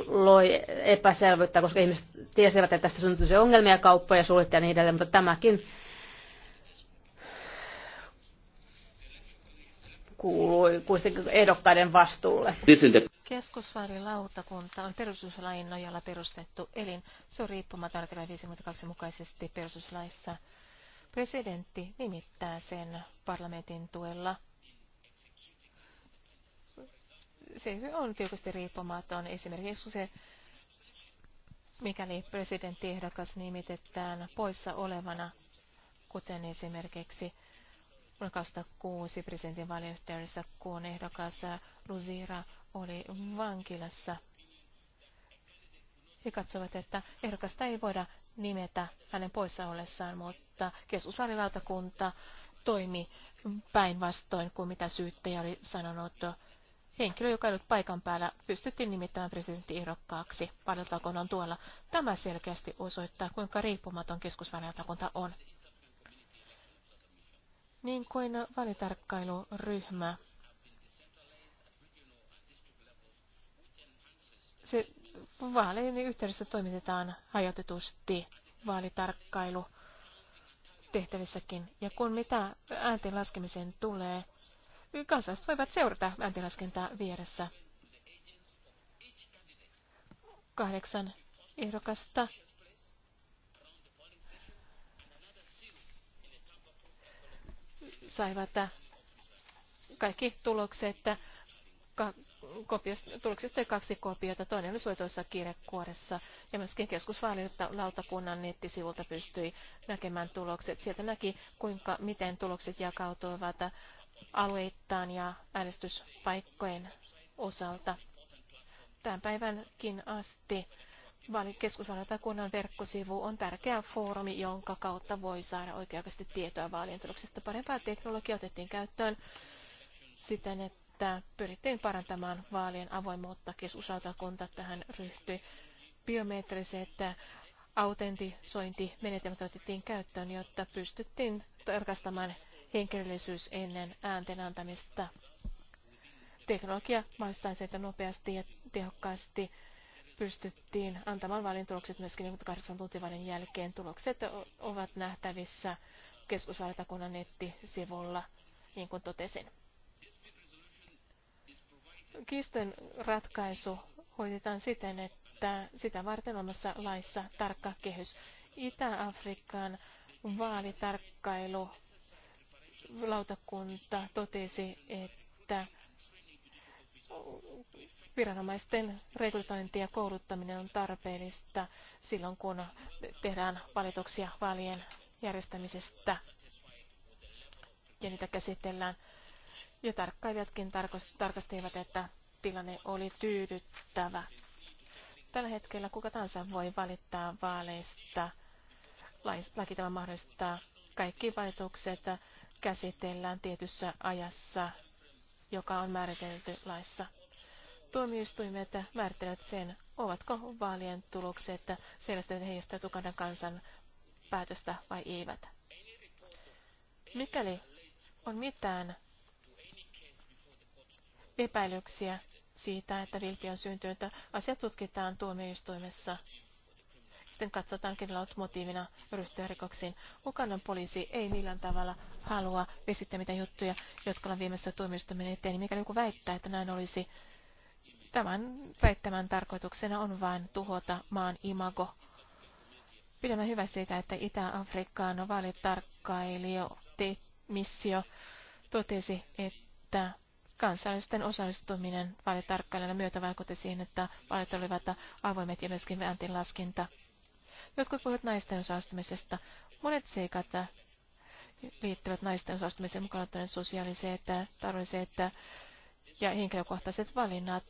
loi epäselvyyttä, koska ihmiset tiesivät, että tästä syntyisi ongelmia, kauppoja suljettiin ja niin edelleen, mutta tämäkin kuului kuitenkin ehdokkaiden vastuulle. Keskusvaalilautakunta on perustuslain nojalla perustettu elin. Se on riippumaton artikla 52 mukaisesti perustuslaissa. Presidentti nimittää sen parlamentin tuella. Se on tietysti riippumaton. Esimerkiksi se mikäli presidenttiehdokas nimitetään poissa olevana, kuten esimerkiksi vuonna 2006 presidentinvalinnoissa, kun ehdokas Luzira oli vankilassa. He katsovat, että ehdokasta ei voida nimetä hänen poissa ollessaan, mutta keskusvaalilautakunta toimi päinvastoin kuin mitä syyttäjä oli sanonut. Henkilö, joka ei ollut paikan päällä, pystyttiin nimittämään ehdokkaaksi. on tuolla tämä selkeästi osoittaa, kuinka riippumaton keskusvaalilautakunta on niin kuin välitarkkailuryhmä. Se vaalien yhteydessä toimitetaan hajotetusti vaalitarkkailu tehtävissäkin. Ja kun mitä äänten laskemiseen tulee, kansalaiset voivat seurata ääntilaskentaa vieressä. Kahdeksan ehdokasta saivat äh, kaikki tulokset, äh, ka, tuloksesta oli kaksi kopiota, toinen oli suojatuissa kirjekuoressa ja myöskin keskusvaalilautakunnan nettisivulta pystyi näkemään tulokset. Sieltä näki, kuinka, miten tulokset jakautuivat äh, alueittain ja äänestyspaikkojen osalta. Tämän päivänkin asti kunnan verkkosivu on tärkeä foorumi, jonka kautta voi saada oikeasti tietoa vaalien tuloksesta. Parempaa teknologiaa otettiin käyttöön siten, että pyrittiin parantamaan vaalien avoimuutta. Keskusvaliokunta tähän ryhtyi. Biometriset autentisointimenetelmät otettiin käyttöön, jotta pystyttiin tarkastamaan henkilöllisyys ennen äänten antamista. Teknologia mahdollistaa sitä nopeasti ja tehokkaasti pystyttiin antamaan vaalin tulokset myöskin 48 tuntivaalin jälkeen. Tulokset ovat nähtävissä keskusvaalitakunnan nettisivulla, niin kuin totesin. Kiisten ratkaisu hoidetaan siten, että sitä varten omassa laissa tarkka kehys. Itä-Afrikan vaalitarkkailu lautakunta totesi, että viranomaisten rekrytointi ja kouluttaminen on tarpeellista silloin, kun tehdään valituksia vaalien järjestämisestä ja niitä käsitellään. Ja tarkkailijatkin tarkastivat, että tilanne oli tyydyttävä. Tällä hetkellä kuka tahansa voi valittaa vaaleista. Laki tämä mahdollistaa. Kaikki valitukset käsitellään tietyssä ajassa joka on määritelty laissa. Tuomioistuimet määrittelevät sen, ovatko vaalien tulokset selvästi heijastavat Ugandan kansan päätöstä vai eivät. Mikäli on mitään epäilyksiä siitä, että vilpi on syntynyt, asia tutkitaan tuomioistuimessa sitten katsotaan, kenellä on motiivina ryhtyä rikoksiin. Ukannan poliisi ei millään tavalla halua vesittää mitään juttuja, jotka on viimeisessä tuomioistuimen eteen. Mikäli joku väittää, että näin olisi, tämän väittämän tarkoituksena on vain tuhota maan imago. Pidämme hyvä siitä, että Itä-Afrikkaan vaalitarkkailijo missio totesi, että kansalaisten osallistuminen vaalitarkkailijana myötä vaikutti siihen, että vaalit olivat avoimet ja myöskin laskinta Jotkut puhuvat naisten saastumisesta. Monet seikat äh, liittyvät naisten saastumiseen mukaan ottaen sosiaaliset, äh, että äh, ja henkilökohtaiset valinnat.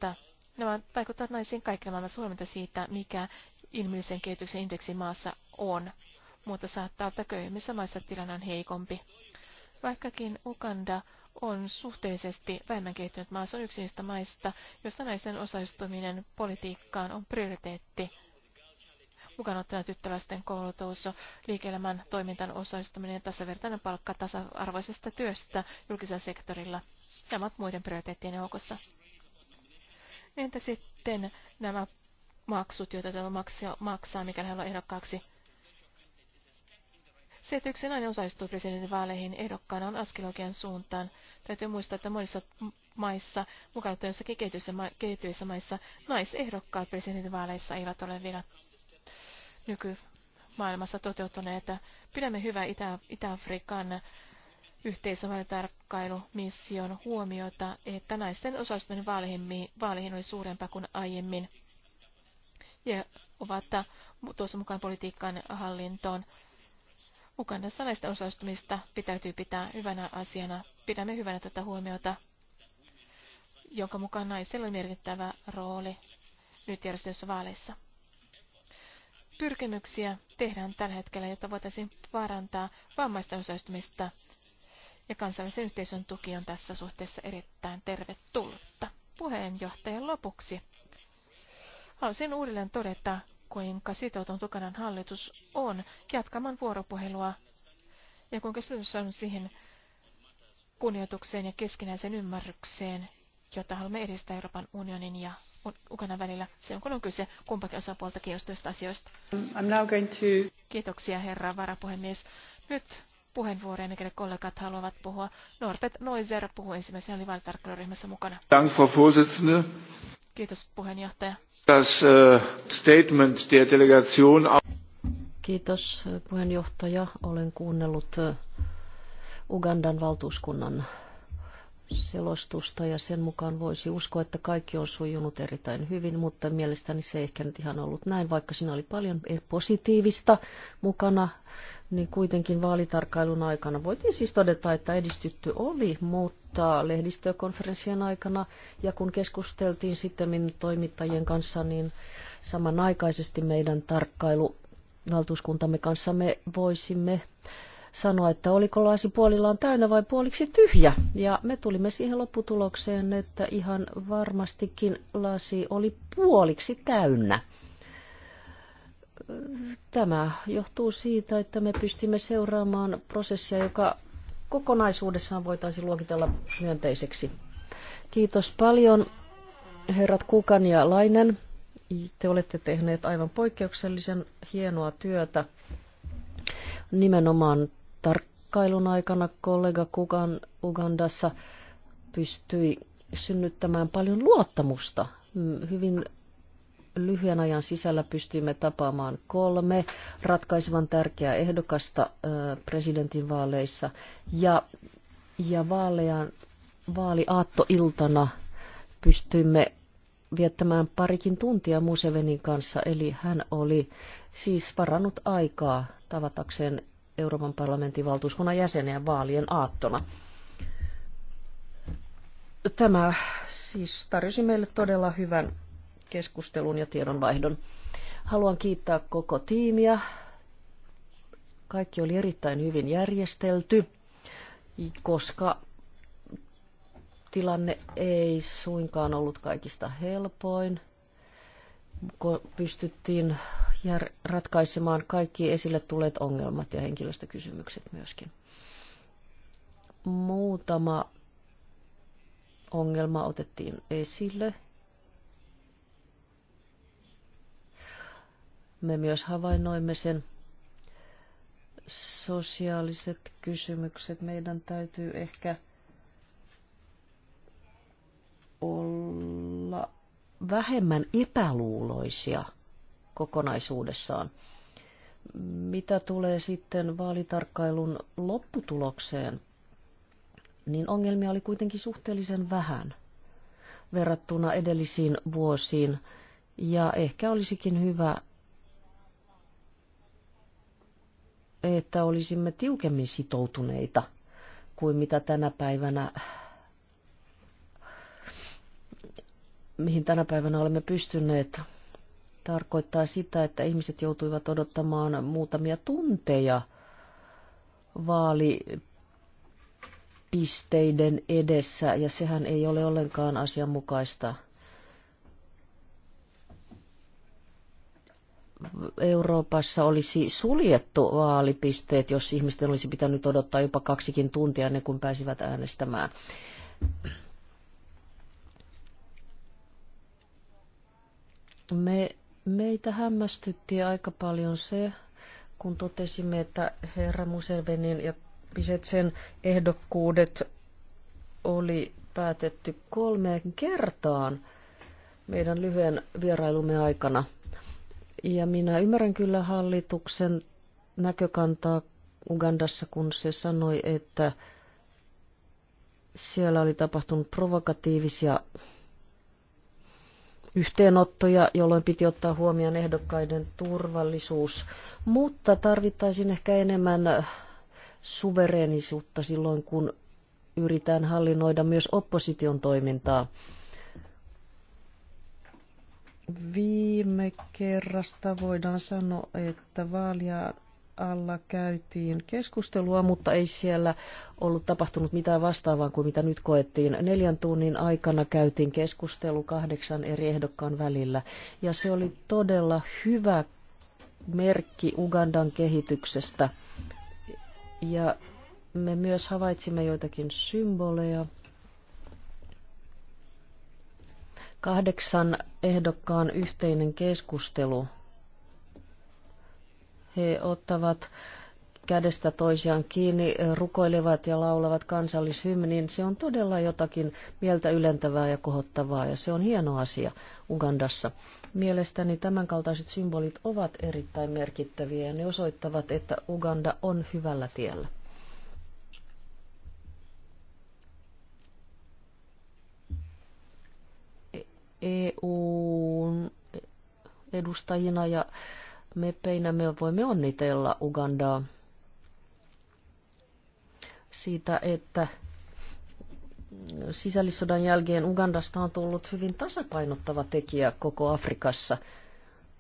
Nämä vaikuttavat naisiin kaikilla maailmassa huolimatta siitä, mikä inhimillisen kehityksen indeksi maassa on, mutta saattaa olla köyhimmissä maissa tilanne on heikompi. Vaikkakin Uganda on suhteellisesti vähemmän kehittynyt maassa, on yksi niistä maista, joista naisen osallistuminen politiikkaan on prioriteetti mukaan ottaen tyttöläisten koulutus, liike-elämän toimintan osallistuminen ja tasavertainen palkka tasa-arvoisesta työstä julkisella sektorilla. ja ovat muiden prioriteettien joukossa. Entä sitten nämä maksut, joita tämä maksaa, mikä hän on ehdokkaaksi? Se, että yksi nainen osallistuu vaaleihin ehdokkaana on askel oikean suuntaan. Täytyy muistaa, että monissa maissa, mukaan jossakin kehityissä, ma- kehityissä maissa, naisehdokkaat vaaleissa eivät ole vielä nykymaailmassa toteutuneita. Pidämme hyvää Itä-Afrikan Itä yhteisövaalitarkkailumission huomiota, että naisten osallistuminen vaaleihin, vaaleihin oli suurempaa kuin aiemmin. Ja ovat tuossa mukaan politiikan hallintoon. Ukandassa naisten osallistumista pitäytyy pitää hyvänä asiana. Pidämme hyvänä tätä huomiota, jonka mukaan naisilla on merkittävä rooli nyt järjestössä vaaleissa pyrkimyksiä tehdään tällä hetkellä, jotta voitaisiin parantaa vammaisten osallistumista. Ja kansainvälisen yhteisön tuki on tässä suhteessa erittäin tervetullutta. Puheenjohtajan lopuksi haluaisin uudelleen todeta, kuinka sitoutunut Ukrainan hallitus on jatkamaan vuoropuhelua ja kuinka sitoutunut on siihen kunnioitukseen ja keskinäiseen ymmärrykseen, jota haluamme edistää Euroopan unionin ja Ukrainan välillä, se on kun on kyse kumpakin osapuolta kiinnostavista asioista. I'm now going to... Kiitoksia herra varapuhemies. Nyt puheenvuoroja, mikäli kollegat haluavat puhua. Norbert Noiser puhui ensimmäisenä, oli vaalitarkkailuryhmässä mukana. Dank, Kiitos puheenjohtaja. Das uh, statement der Delegation... Kiitos puheenjohtaja. Olen kuunnellut äh, Ugandan valtuuskunnan selostusta ja sen mukaan voisi uskoa, että kaikki on sujunut erittäin hyvin, mutta mielestäni se ei ehkä nyt ihan ollut näin, vaikka siinä oli paljon positiivista mukana, niin kuitenkin vaalitarkkailun aikana voitiin siis todeta, että edistytty oli, mutta lehdistökonferenssien aikana ja kun keskusteltiin sitten toimittajien kanssa, niin samanaikaisesti meidän tarkkailu valtuuskuntamme kanssa me voisimme sanoa, että oliko laasi puolillaan täynnä vai puoliksi tyhjä. Ja me tulimme siihen lopputulokseen, että ihan varmastikin lasi oli puoliksi täynnä. Tämä johtuu siitä, että me pystimme seuraamaan prosessia, joka kokonaisuudessaan voitaisiin luokitella myönteiseksi. Kiitos paljon herrat Kukan ja Lainen. Te olette tehneet aivan poikkeuksellisen hienoa työtä nimenomaan tarkkailun aikana kollega Kukan Ugandassa pystyi synnyttämään paljon luottamusta. Hyvin lyhyen ajan sisällä pystyimme tapaamaan kolme ratkaisevan tärkeää ehdokasta presidentinvaaleissa. Ja, ja vaalean, vaaliaattoiltana pystyimme viettämään parikin tuntia Musevenin kanssa, eli hän oli siis varannut aikaa tavatakseen Euroopan parlamentin valtuuskunnan jäseniä vaalien aattona. Tämä siis tarjosi meille todella hyvän keskustelun ja tiedonvaihdon. Haluan kiittää koko tiimiä. Kaikki oli erittäin hyvin järjestelty, koska tilanne ei suinkaan ollut kaikista helpoin pystyttiin ratkaisemaan kaikki esille tulleet ongelmat ja henkilöstökysymykset myöskin. Muutama ongelma otettiin esille. Me myös havainnoimme sen sosiaaliset kysymykset. Meidän täytyy ehkä vähemmän epäluuloisia kokonaisuudessaan. Mitä tulee sitten vaalitarkkailun lopputulokseen, niin ongelmia oli kuitenkin suhteellisen vähän verrattuna edellisiin vuosiin, ja ehkä olisikin hyvä, että olisimme tiukemmin sitoutuneita kuin mitä tänä päivänä mihin tänä päivänä olemme pystyneet, tarkoittaa sitä, että ihmiset joutuivat odottamaan muutamia tunteja vaalipisteiden edessä, ja sehän ei ole ollenkaan asianmukaista. Euroopassa olisi suljettu vaalipisteet, jos ihmisten olisi pitänyt odottaa jopa kaksikin tuntia ennen kuin pääsivät äänestämään. Me, meitä hämmästytti aika paljon se, kun totesimme, että herra Musevenin ja Pisetsen ehdokkuudet oli päätetty kolmeen kertaan meidän lyhyen vierailumme aikana. Ja minä ymmärrän kyllä hallituksen näkökantaa Ugandassa, kun se sanoi, että siellä oli tapahtunut provokatiivisia yhteenottoja, jolloin piti ottaa huomioon ehdokkaiden turvallisuus. Mutta tarvittaisiin ehkä enemmän suvereenisuutta silloin, kun yritetään hallinnoida myös opposition toimintaa. Viime kerrasta voidaan sanoa, että vaalia alla käytiin keskustelua, mutta ei siellä ollut tapahtunut mitään vastaavaa kuin mitä nyt koettiin. Neljän tunnin aikana käytiin keskustelu kahdeksan eri ehdokkaan välillä ja se oli todella hyvä merkki Ugandan kehityksestä. Ja me myös havaitsimme joitakin symboleja. Kahdeksan ehdokkaan yhteinen keskustelu he ottavat kädestä toisiaan kiinni, rukoilevat ja laulavat kansallishymnin. Se on todella jotakin mieltä ylentävää ja kohottavaa ja se on hieno asia Ugandassa. Mielestäni tämänkaltaiset symbolit ovat erittäin merkittäviä ja ne osoittavat, että Uganda on hyvällä tiellä. eu e edustajina ja meppeinä me voimme onnitella Ugandaa siitä, että sisällissodan jälkeen Ugandasta on tullut hyvin tasapainottava tekijä koko Afrikassa.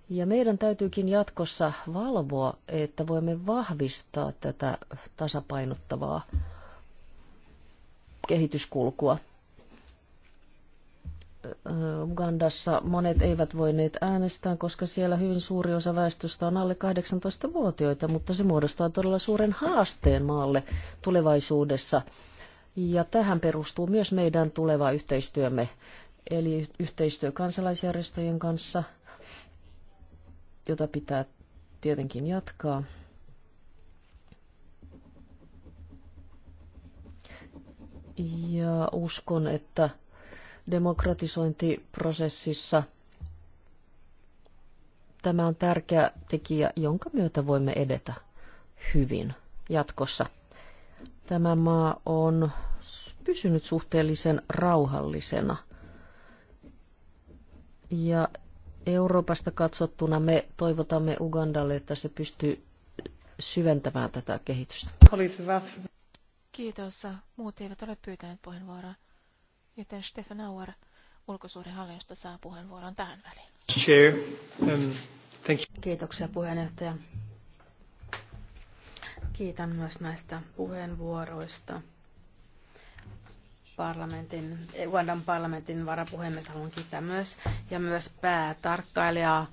Ja meidän täytyykin jatkossa valvoa, että voimme vahvistaa tätä tasapainottavaa kehityskulkua. Ugandassa monet eivät voineet äänestää, koska siellä hyvin suuri osa väestöstä on alle 18-vuotiaita, mutta se muodostaa todella suuren haasteen maalle tulevaisuudessa. Ja tähän perustuu myös meidän tuleva yhteistyömme, eli yhteistyö kansalaisjärjestöjen kanssa, jota pitää tietenkin jatkaa. Ja uskon, että demokratisointiprosessissa. Tämä on tärkeä tekijä, jonka myötä voimme edetä hyvin jatkossa. Tämä maa on pysynyt suhteellisen rauhallisena. Ja Euroopasta katsottuna me toivotamme Ugandalle, että se pystyy syventämään tätä kehitystä. Kiitos. Muut eivät ole pyytäneet puheenvuoroa. Joten Stefan Auer ulkosuhdehallinnosta saa puheenvuoron tähän väliin. Chair, um, thank you. Kiitoksia puheenjohtaja. Kiitän myös näistä puheenvuoroista. Parlamentin, Uandan parlamentin varapuhemies haluan kiittää myös, ja myös päätarkkailijaa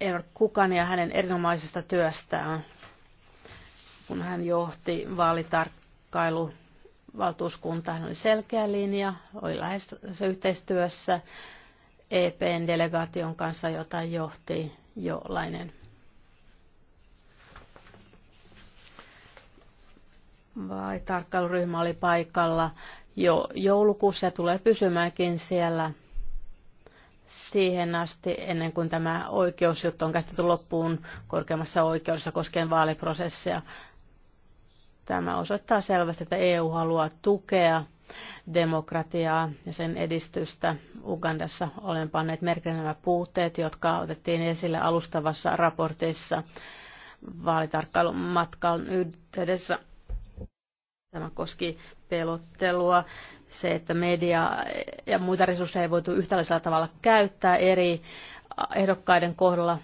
Eero eh, Kukan ja hänen erinomaisesta työstään, kun hän johti vaalitarkkailu valtuuskuntahan oli selkeä linja, oli lähes yhteistyössä EPn delegaation kanssa, jota johti jollainen. Vai tarkkailuryhmä oli paikalla jo joulukuussa ja tulee pysymäänkin siellä siihen asti, ennen kuin tämä oikeusjuttu on käsitelty loppuun korkeammassa oikeudessa koskien vaaliprosessia. Tämä osoittaa selvästi, että EU haluaa tukea demokratiaa ja sen edistystä. Ugandassa olen panneet merkille nämä puutteet, jotka otettiin esille alustavassa raportissa vaalitarkkailun matkan yhteydessä. Tämä koski pelottelua, se, että media ja muita resursseja ei voitu yhtäläisellä tavalla käyttää eri ehdokkaiden kohdalla.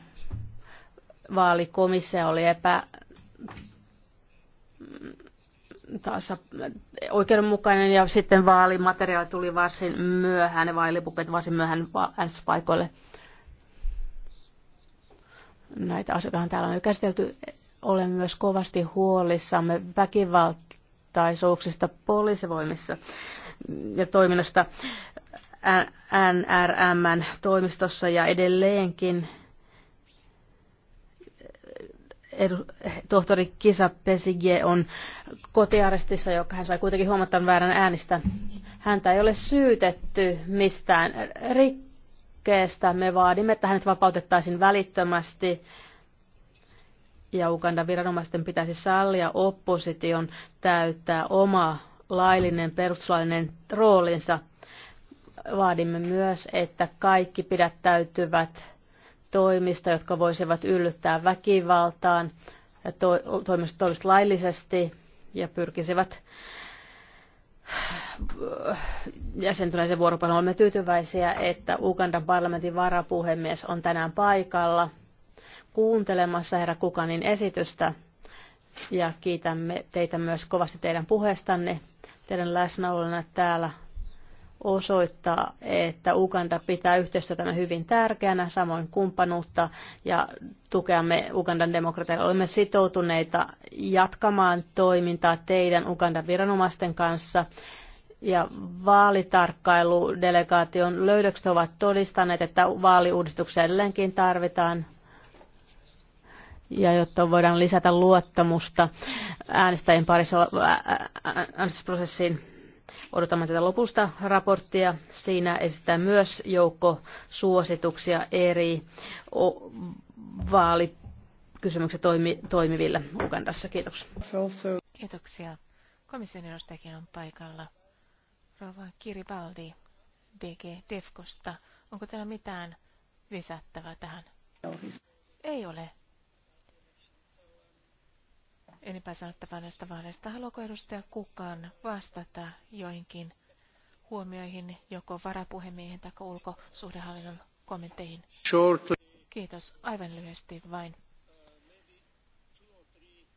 Vaalikomissio oli epä taas oikeudenmukainen ja sitten vaalimateriaali tuli varsin myöhään ja vaalipuket varsin myöhään äänestyspaikoille. Näitä asioita täällä on jo käsitelty. Olen myös kovasti huolissamme väkivaltaisuuksista poliisivoimissa ja toiminnasta NRMn toimistossa ja edelleenkin edu, tohtori Kisa Pesige on kotiarestissa, joka hän sai kuitenkin huomattavan väärän äänistä. Häntä ei ole syytetty mistään rikkeestä. Me vaadimme, että hänet vapautettaisiin välittömästi ja Ugandan viranomaisten pitäisi sallia opposition täyttää oma laillinen perustuslaillinen roolinsa. Vaadimme myös, että kaikki pidättäytyvät toimista, jotka voisivat yllyttää väkivaltaan ja to- toimisivat laillisesti ja pyrkisivät jäsentyneisen vuoropuhelun. Olemme tyytyväisiä, että Ugandan parlamentin varapuhemies on tänään paikalla kuuntelemassa herra Kukanin esitystä ja kiitämme teitä myös kovasti teidän puheestanne, teidän läsnäolonne täällä osoittaa, että Uganda pitää yhteistyötä hyvin tärkeänä, samoin kumppanuutta ja tukeamme Ugandan demokratialle. Olemme sitoutuneita jatkamaan toimintaa teidän Ugandan viranomaisten kanssa. Ja vaalitarkkailudelegaation löydökset ovat todistaneet, että vaaliuudistuksia edelleenkin tarvitaan ja jotta voidaan lisätä luottamusta äänestäjien parissa äänestysprosessiin Odotamme tätä lopusta raporttia. Siinä esittää myös joukko suosituksia eri vaalikysymykset toimi, toimiville Ugandassa. Kiitoksia. Kiitoksia. Komission edustajakin on paikalla. Rova Kiribaldi, BG Defkosta. Onko teillä mitään lisättävää tähän? Ei ole enempää sanottavaa näistä vaaleista. Haluaako edustaja kukaan vastata joihinkin huomioihin, joko varapuhemiehen tai ulkosuhdehallinnon kommentteihin? Kiitos. Aivan lyhyesti vain.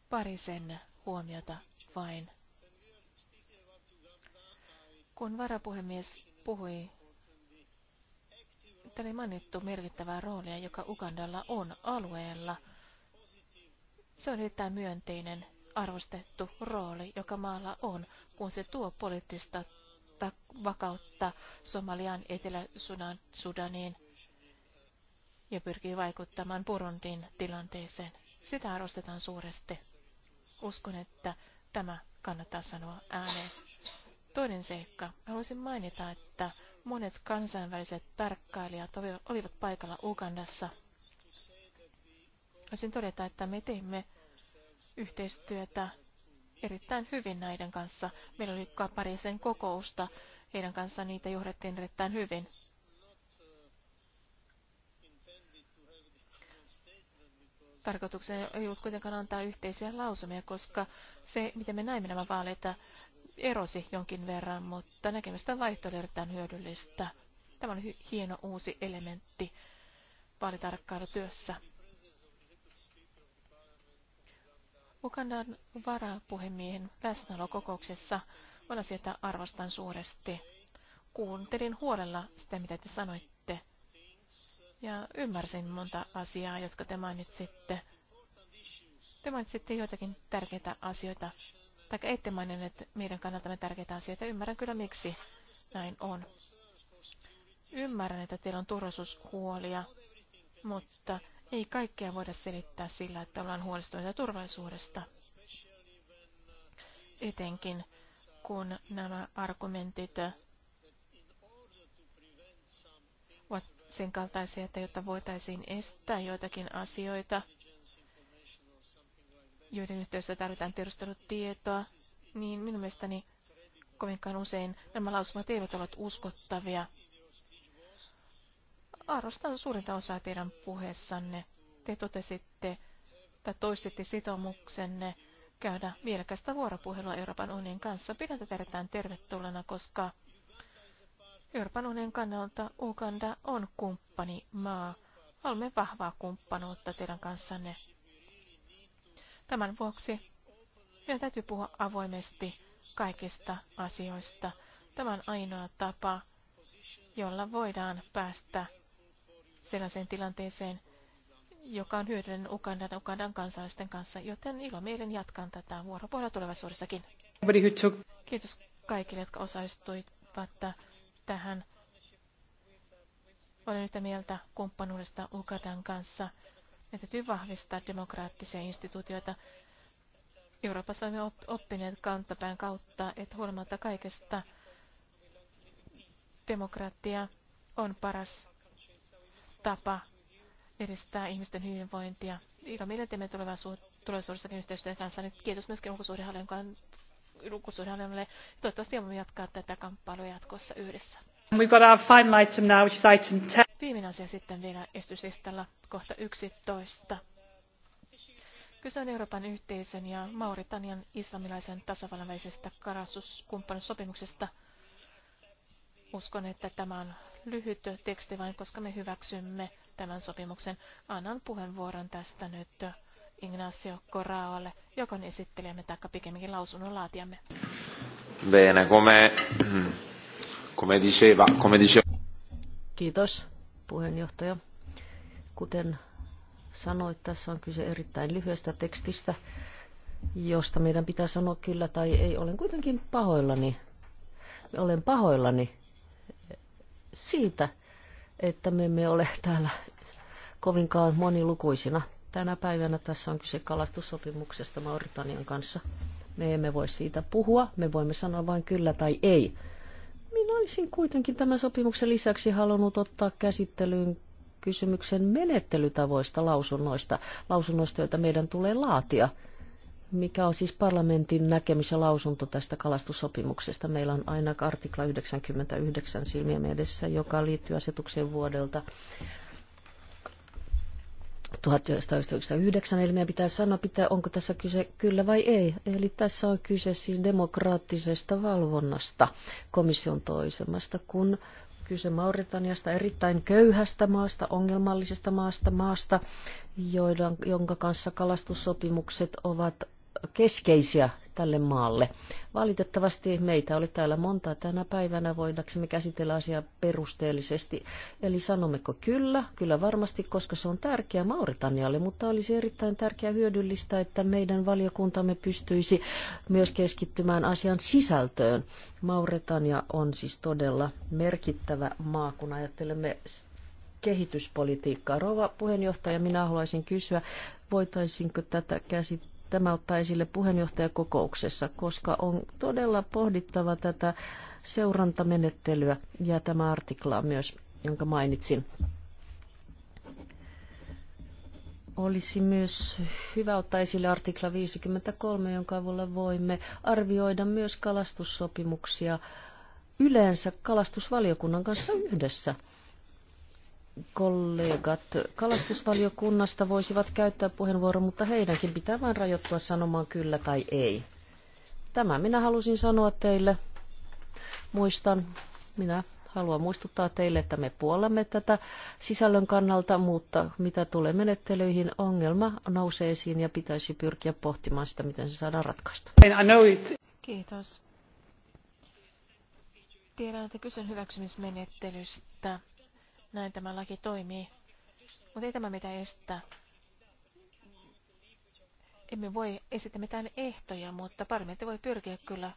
Parisen huomiota vain. Kun varapuhemies puhui, täällä oli mainittu merkittävää roolia, joka Ugandalla on alueella – se on erittäin myönteinen arvostettu rooli, joka maalla on, kun se tuo poliittista vakautta Somalian, Etelä-Sudaniin ja pyrkii vaikuttamaan Burundin tilanteeseen. Sitä arvostetaan suuresti. Uskon, että tämä kannattaa sanoa ääneen. Toinen seikka. Haluaisin mainita, että monet kansainväliset tarkkailijat olivat paikalla Ugandassa. Haluaisin todeta, että me teimme yhteistyötä erittäin hyvin näiden kanssa. Meillä oli parisen kokousta heidän kanssa niitä johdettiin erittäin hyvin. Tarkoituksena ei ollut kuitenkaan antaa yhteisiä lausumia, koska se, miten me näimme nämä vaaleet, erosi jonkin verran, mutta näkemystä vaihto oli erittäin hyödyllistä. Tämä on hieno uusi elementti vaalitarkkailutyössä. työssä. Ugandan varapuhemiehen läsnäolokokouksessa on asia, jota arvostan suuresti. Kuuntelin huolella sitä, mitä te sanoitte, ja ymmärsin monta asiaa, jotka te mainitsitte. Te mainitsitte joitakin tärkeitä asioita, tai ette maininneet meidän kannaltamme tärkeitä asioita. Ymmärrän kyllä, miksi näin on. Ymmärrän, että teillä on turvallisuushuolia, mutta ei kaikkea voida selittää sillä, että ollaan huolestuneita turvallisuudesta. Etenkin kun nämä argumentit ovat sen kaltaisia, että jotta voitaisiin estää joitakin asioita, joiden yhteydessä tarvitaan tiedustelutietoa, niin minun mielestäni kovinkaan usein nämä lausumat eivät ole uskottavia arvostan suurinta osaa teidän puheessanne. Te totesitte tai toistitte sitoumuksenne käydä mielekästä vuoropuhelua Euroopan unionin kanssa. Pidän tätä erittäin tervetulleena, koska Euroopan unionin kannalta Uganda on kumppani maa. Olemme vahvaa kumppanuutta teidän kanssanne. Tämän vuoksi meidän täytyy puhua avoimesti kaikista asioista. Tämä on ainoa tapa, jolla voidaan päästä sellaiseen tilanteeseen, joka on hyödyllinen Ugandan, Ugandan kansalaisten kanssa, joten ilo mielen jatkan tätä vuoropuhelua tulevaisuudessakin. Kiitos kaikille, jotka osallistuivat tähän. Olen yhtä mieltä kumppanuudesta Ugandan kanssa. Me täytyy vahvistaa demokraattisia instituutioita. Euroopassa olemme oppineet kantapään kautta, että huolimatta kaikesta demokratia on paras tapa edistää ihmisten hyvinvointia. Ilomielin teemme tulevaisuudessakin yhteistyön kanssa. Nyt kiitos myöskin ulkosuhdehallinnolle. Toivottavasti voimme jatkaa tätä kamppailua jatkossa yhdessä. We've got our final item now, which is item 10. Viimeinen asia sitten vielä estysistalla, kohta 11. Kyse on Euroopan yhteisön ja Mauritanian islamilaisen tasavallan välisestä karastuskumppanussopimuksesta. Uskon, että tämä on lyhyt teksti vain, koska me hyväksymme tämän sopimuksen. Annan puheenvuoron tästä nyt Ignacio Corraolle, joka on esittelemme tai pikemminkin lausunnon laatiamme. Bene, come, come diceva, come diceva. Kiitos, puheenjohtaja. Kuten sanoit, tässä on kyse erittäin lyhyestä tekstistä, josta meidän pitää sanoa kyllä tai ei. Olen kuitenkin pahoillani. Olen pahoillani siitä, että me emme ole täällä kovinkaan monilukuisina. Tänä päivänä tässä on kyse kalastussopimuksesta Mauritanian kanssa. Me emme voi siitä puhua, me voimme sanoa vain kyllä tai ei. Minä olisin kuitenkin tämän sopimuksen lisäksi halunnut ottaa käsittelyyn kysymyksen menettelytavoista lausunnoista, lausunnoista, joita meidän tulee laatia – mikä on siis parlamentin näkemys ja lausunto tästä kalastussopimuksesta. Meillä on aina artikla 99 silmiä edessä, joka liittyy asetukseen vuodelta 1999, eli meidän pitää sanoa, pitää, onko tässä kyse kyllä vai ei. Eli tässä on kyse siis demokraattisesta valvonnasta komission toisemasta, kun kyse Mauritaniasta, erittäin köyhästä maasta, ongelmallisesta maasta, maasta, joiden, jonka kanssa kalastussopimukset ovat keskeisiä tälle maalle. Valitettavasti meitä oli täällä monta tänä päivänä, voidaksemme käsitellä asiaa perusteellisesti. Eli sanommeko kyllä, kyllä varmasti, koska se on tärkeä Mauritanialle, mutta olisi erittäin tärkeää hyödyllistä, että meidän valiokuntamme pystyisi myös keskittymään asian sisältöön. Mauritania on siis todella merkittävä maa, kun ajattelemme kehityspolitiikkaa. Rova puheenjohtaja, minä haluaisin kysyä, voitaisinko tätä käsittää tämä ottaa esille puheenjohtajakokouksessa, koska on todella pohdittava tätä seurantamenettelyä ja tämä artikla myös, jonka mainitsin. Olisi myös hyvä ottaa esille artikla 53, jonka avulla voimme arvioida myös kalastussopimuksia yleensä kalastusvaliokunnan kanssa yhdessä – kollegat kalastusvaliokunnasta voisivat käyttää puheenvuoron, mutta heidänkin pitää vain rajoittua sanomaan kyllä tai ei. Tämä minä halusin sanoa teille. Muistan, minä haluan muistuttaa teille, että me puolamme tätä sisällön kannalta, mutta mitä tulee menettelyihin, ongelma nousee esiin ja pitäisi pyrkiä pohtimaan sitä, miten se saadaan ratkaista. Kiitos. Tiedän, että kysyn hyväksymismenettelystä. Näin tämä laki toimii. Mutta ei tämä mitä estää. Emme voi esittää mitään ehtoja, mutta parlamentti voi pyrkiä kyllä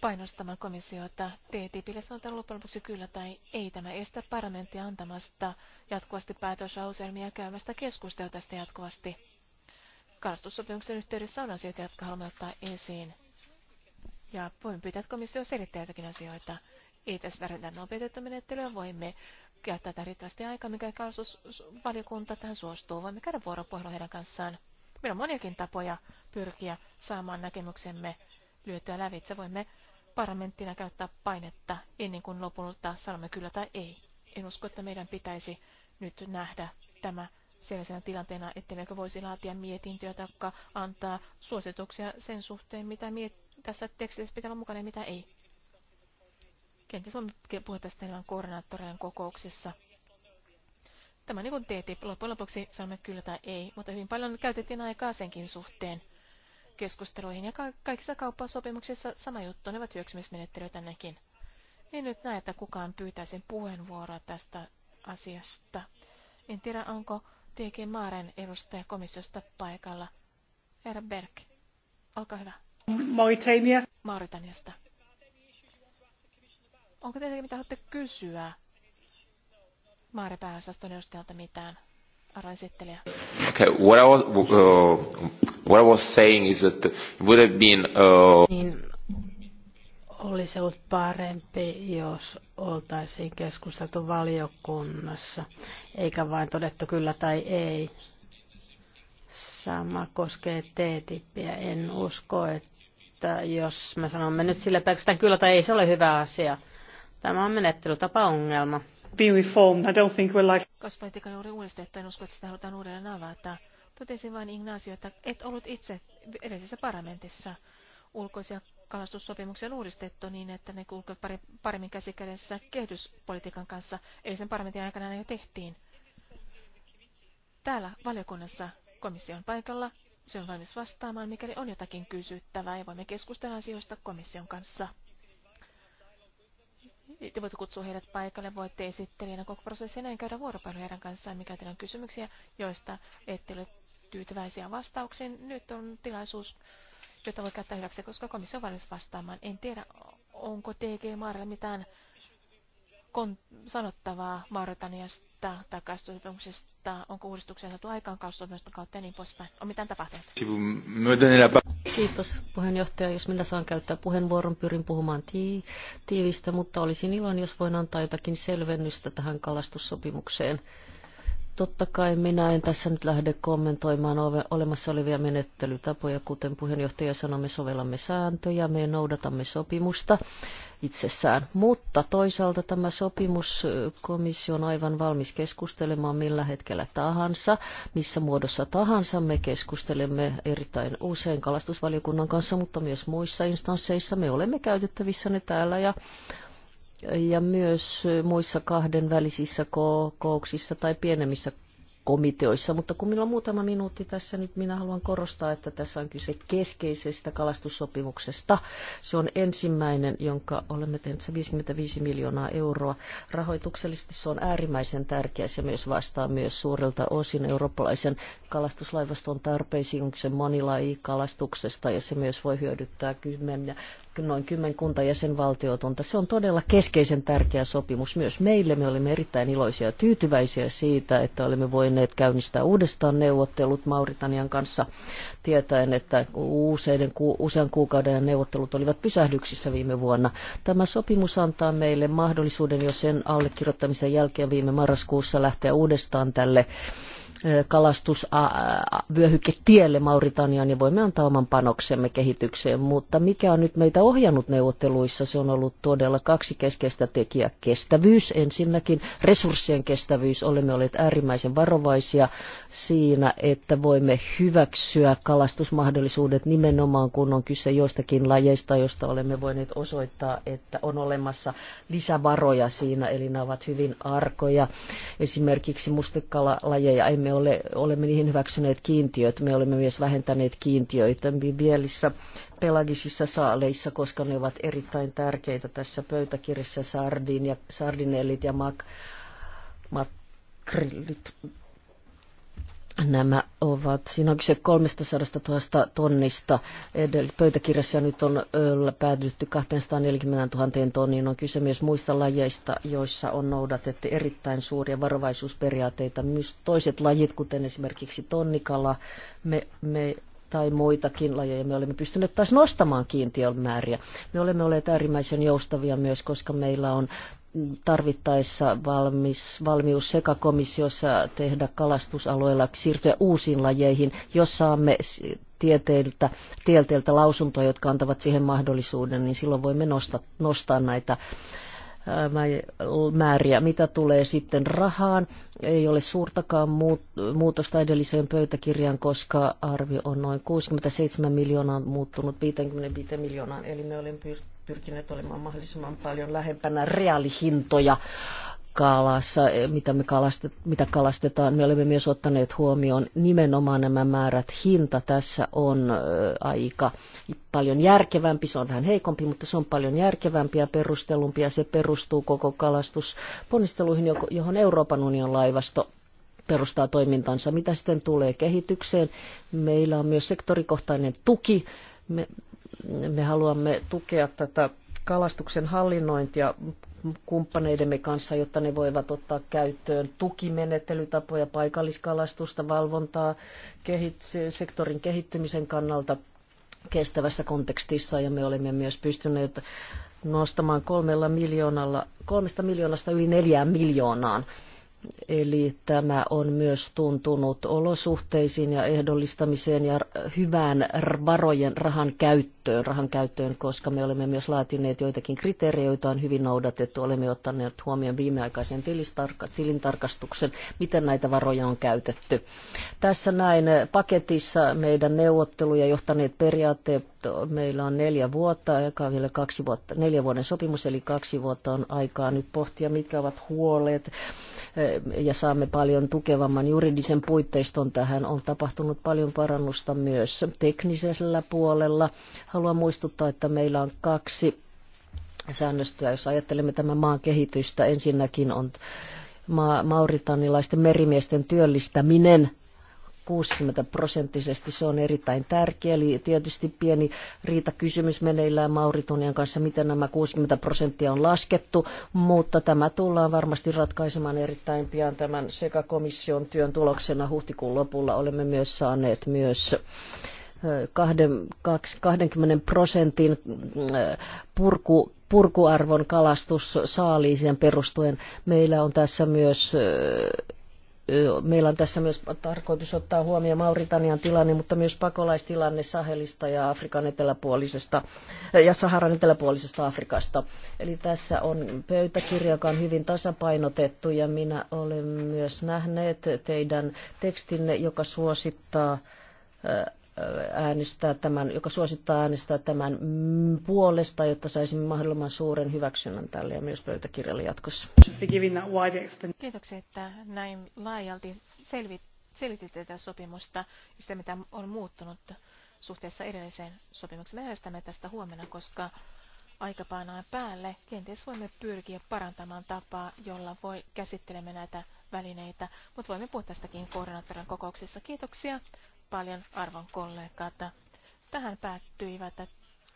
painostamaan komissiota. TTIPille sanotaan loppujen lopuksi kyllä tai ei tämä estä parlamenttia antamasta jatkuvasti päätösauselmia ja käymästä keskustelua tästä jatkuvasti. Kalastussopimuksen yhteydessä on asioita, jotka haluamme ottaa esiin. Ja voin pyytää komissio selittää jotakin asioita ei tässä tarvita nopeutettu menettelyä, voimme käyttää tarvittavasti aikaa, mikä kalastusvaliokunta tähän suostuu. Voimme käydä vuoropuhelua heidän kanssaan. Meillä on moniakin tapoja pyrkiä saamaan näkemyksemme lyötyä lävitse. Voimme parlamenttina käyttää painetta ennen kuin lopulta sanomme kyllä tai ei. En usko, että meidän pitäisi nyt nähdä tämä sellaisena tilanteena, ettemmekö voisi laatia mietintöä tai antaa suosituksia sen suhteen, mitä miet- tässä tekstissä pitää olla mukana ja mitä ei. Kenties on puhe tästä enemmän koordinaattoreiden kokouksissa. Tämä niin kuin TTIP. Loppujen lopuksi sanomme kyllä tai ei, mutta hyvin paljon käytettiin aikaa senkin suhteen keskusteluihin ja ka- kaikissa kauppasopimuksissa sama juttu, ne ovat hyöksymismenettelyitä tännekin. En nyt näe, että kukaan pyytäisi puheenvuoroa tästä asiasta. En tiedä, onko TG Maaren edustaja komissiosta paikalla. Herra Berg, olkaa hyvä. Mauritania. Mauritaniasta. Onko teillä mitä haluatte kysyä Maare pääosaston edustajalta mitään? Araisittelijä. Okay, what I was, uh, what I was saying is that would have been... Uh... Niin, olisi ollut parempi, jos oltaisiin keskusteltu valiokunnassa, eikä vain todettu kyllä tai ei. Sama koskee T-tippiä. En usko, että jos me nyt sille pelkästään kyllä tai ei, se ole hyvä asia. Tämä on menettelytapaongelma. Be reformed. I don't think we're like... juuri uudistettu, en usko, että sitä halutaan uudelleen avata. Totesin vain Ignacio, että et ollut itse edellisessä parlamentissa ulkoisia kalastussopimuksia uudistettu niin, että ne kulkevat paremmin käsikädessä kehityspolitiikan kanssa. sen parlamentin aikana ne jo tehtiin. Täällä valiokunnassa komission paikalla se on valmis vastaamaan, mikäli on jotakin kysyttävää ja voimme keskustella asioista komission kanssa te voitte kutsua heidät paikalle, voitte esittelijänä koko prosessin näin käydä vuoropäivä heidän kanssaan, mikä teillä on kysymyksiä, joista ette ole tyytyväisiä vastauksiin. Nyt on tilaisuus, jota voi käyttää hyväksi, koska komissio on valmis vastaamaan. En tiedä, onko TG Maarilla mitään kon- sanottavaa Mauritaniasta tai kaistosopimuksesta? Onko uudistuksia saatu aikaan kaistosopimusten kautta ja niin poispäin? On mitään tapahtunut? Kiitos puheenjohtaja. Jos minä saan käyttää puheenvuoron, pyrin puhumaan ti- tiivistä, mutta olisin iloinen, jos voin antaa jotakin selvennystä tähän kalastussopimukseen. Totta kai minä en tässä nyt lähde kommentoimaan olemassa olevia menettelytapoja. Kuten puheenjohtaja sanoi, me sovellamme sääntöjä, me noudatamme sopimusta itsessään. Mutta toisaalta tämä sopimus komissio on aivan valmis keskustelemaan millä hetkellä tahansa, missä muodossa tahansa. Me keskustelemme erittäin usein kalastusvaliokunnan kanssa, mutta myös muissa instansseissa. Me olemme käytettävissä ne täällä ja ja myös muissa kahden välisissä kokouksissa tai pienemmissä komiteoissa, mutta kun minulla on muutama minuutti tässä nyt, minä haluan korostaa, että tässä on kyse keskeisestä kalastussopimuksesta. Se on ensimmäinen, jonka olemme tehneet 55 miljoonaa euroa. Rahoituksellisesti se on äärimmäisen tärkeä. Se myös vastaa myös suurelta osin eurooppalaisen kalastuslaivaston tarpeisiin, kun se monilaji kalastuksesta ja se myös voi hyödyttää kymmeniä noin kymmenkunta jäsenvaltiotonta. Se on todella keskeisen tärkeä sopimus myös meille. Me olimme erittäin iloisia ja tyytyväisiä siitä, että olemme voineet käynnistää uudestaan neuvottelut Mauritanian kanssa, tietäen, että useiden, usean kuukauden neuvottelut olivat pysähdyksissä viime vuonna. Tämä sopimus antaa meille mahdollisuuden jo sen allekirjoittamisen jälkeen viime marraskuussa lähteä uudestaan tälle kalastusvyöhyketielle Mauritaniaan ja niin voimme antaa oman panoksemme kehitykseen. Mutta mikä on nyt meitä ohjannut neuvotteluissa, se on ollut todella kaksi keskeistä tekijää. Kestävyys ensinnäkin, resurssien kestävyys. Olemme olleet äärimmäisen varovaisia siinä, että voimme hyväksyä kalastusmahdollisuudet nimenomaan, kun on kyse joistakin lajeista, joista olemme voineet osoittaa, että on olemassa lisävaroja siinä, eli nämä ovat hyvin arkoja. Esimerkiksi mustekalalajeja emme me ole, olemme niihin hyväksyneet kiintiöt. Me olemme myös vähentäneet kiintiöitä Vielissä pelagisissa saaleissa, koska ne ovat erittäin tärkeitä tässä pöytäkirjassa sardin ja, sardinellit ja mak, makrillit Nämä ovat, siinä on kyse 300 000 tonnista. Edellä, pöytäkirjassa nyt on päädytty 240 000 tonniin. On kyse myös muista lajeista, joissa on noudatettu erittäin suuria varovaisuusperiaatteita. Myös toiset lajit, kuten esimerkiksi tonnikala me, me, tai muitakin lajeja, me olemme pystyneet taas nostamaan kiintiön määriä. Me olemme olleet äärimmäisen joustavia myös, koska meillä on tarvittaessa valmis, valmius sekä komissiossa tehdä kalastusalueella siirtyä uusiin lajeihin, jos saamme tieteiltä, tieteiltä lausuntoja, jotka antavat siihen mahdollisuuden, niin silloin voimme nostaa, nostaa näitä määriä. Mitä tulee sitten rahaan, ei ole suurtakaan muutosta edelliseen pöytäkirjaan, koska arvio on noin 67 miljoonaa muuttunut 55 miljoonaan, eli me olemme pyrkineet olemaan mahdollisimman paljon lähempänä reaalihintoja kalassa, eh, mitä, me kalastet, mitä kalastetaan. Me olemme myös ottaneet huomioon nimenomaan nämä määrät. Hinta tässä on eh, aika paljon järkevämpi, se on vähän heikompi, mutta se on paljon järkevämpi ja perustelumpi ja se perustuu koko kalastusponnisteluihin, johon Euroopan union laivasto perustaa toimintansa. Mitä sitten tulee kehitykseen? Meillä on myös sektorikohtainen tuki. Me, me haluamme tukea tätä kalastuksen hallinnointia kumppaneidemme kanssa, jotta ne voivat ottaa käyttöön tukimenettelytapoja, paikalliskalastusta, valvontaa kehit- sektorin kehittymisen kannalta kestävässä kontekstissa ja me olemme myös pystyneet nostamaan kolmella miljoonalla, kolmesta miljoonasta yli neljään miljoonaan Eli tämä on myös tuntunut olosuhteisiin ja ehdollistamiseen ja hyvään varojen rahan käyttöön, rahan käyttöön, koska me olemme myös laatineet joitakin kriteerejä, joita on hyvin noudatettu. Olemme ottaneet huomioon viimeaikaisen tilintarkastuksen, miten näitä varoja on käytetty. Tässä näin paketissa meidän neuvotteluja johtaneet periaatteet meillä on neljä vuotta, on vielä kaksi vuotta, neljä vuoden sopimus, eli kaksi vuotta on aikaa nyt pohtia, mitkä ovat huolet, ja saamme paljon tukevamman juridisen puitteiston tähän. On tapahtunut paljon parannusta myös teknisellä puolella. Haluan muistuttaa, että meillä on kaksi säännöstöä, jos ajattelemme tämän maan kehitystä. Ensinnäkin on mauritanilaisten merimiesten työllistäminen 60 prosenttisesti. Se on erittäin tärkeä. Eli tietysti pieni riitakysymys meneillään Mauritonian kanssa, miten nämä 60 prosenttia on laskettu, mutta tämä tullaan varmasti ratkaisemaan erittäin pian tämän sekä komission työn tuloksena huhtikuun lopulla. Olemme myös saaneet myös 20 prosentin purku, purkuarvon kalastus perustuen. Meillä on tässä myös Meillä on tässä myös tarkoitus ottaa huomioon Mauritanian tilanne, mutta myös pakolaistilanne Sahelista ja Afrikan eteläpuolisesta ja Saharan eteläpuolisesta Afrikasta. Eli tässä on pöytäkirja, joka on hyvin tasapainotettu ja minä olen myös nähnyt teidän tekstinne, joka suosittaa äänestää tämän, joka suosittaa äänestää tämän puolesta, jotta saisimme mahdollisimman suuren hyväksynnän tälle ja myös pöytäkirjalle jatkossa. Kiitoksia, että näin laajalti selvit, selititte tätä sopimusta ja sitä, mitä on muuttunut suhteessa edelliseen sopimukseen. Me äänestämme tästä huomenna, koska aika painaa päälle. Kenties voimme pyrkiä parantamaan tapaa, jolla voi käsittelemme näitä välineitä, mutta voimme puhua tästäkin koordinaattorin kokouksessa. Kiitoksia paljon arvon kollegaata. Tähän päättyivät,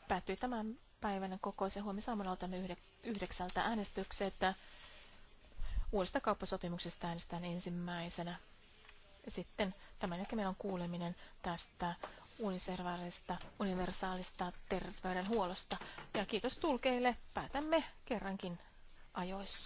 päättyi tämän päivän kokoisen huomenna saamanaltamme yhdeksältä että Uudesta kauppasopimuksesta äänestään ensimmäisenä. Sitten tämän jälkeen meillä on kuuleminen tästä universaalista, universaalista terveydenhuollosta. Ja kiitos tulkeille. Päätämme kerrankin ajoissa.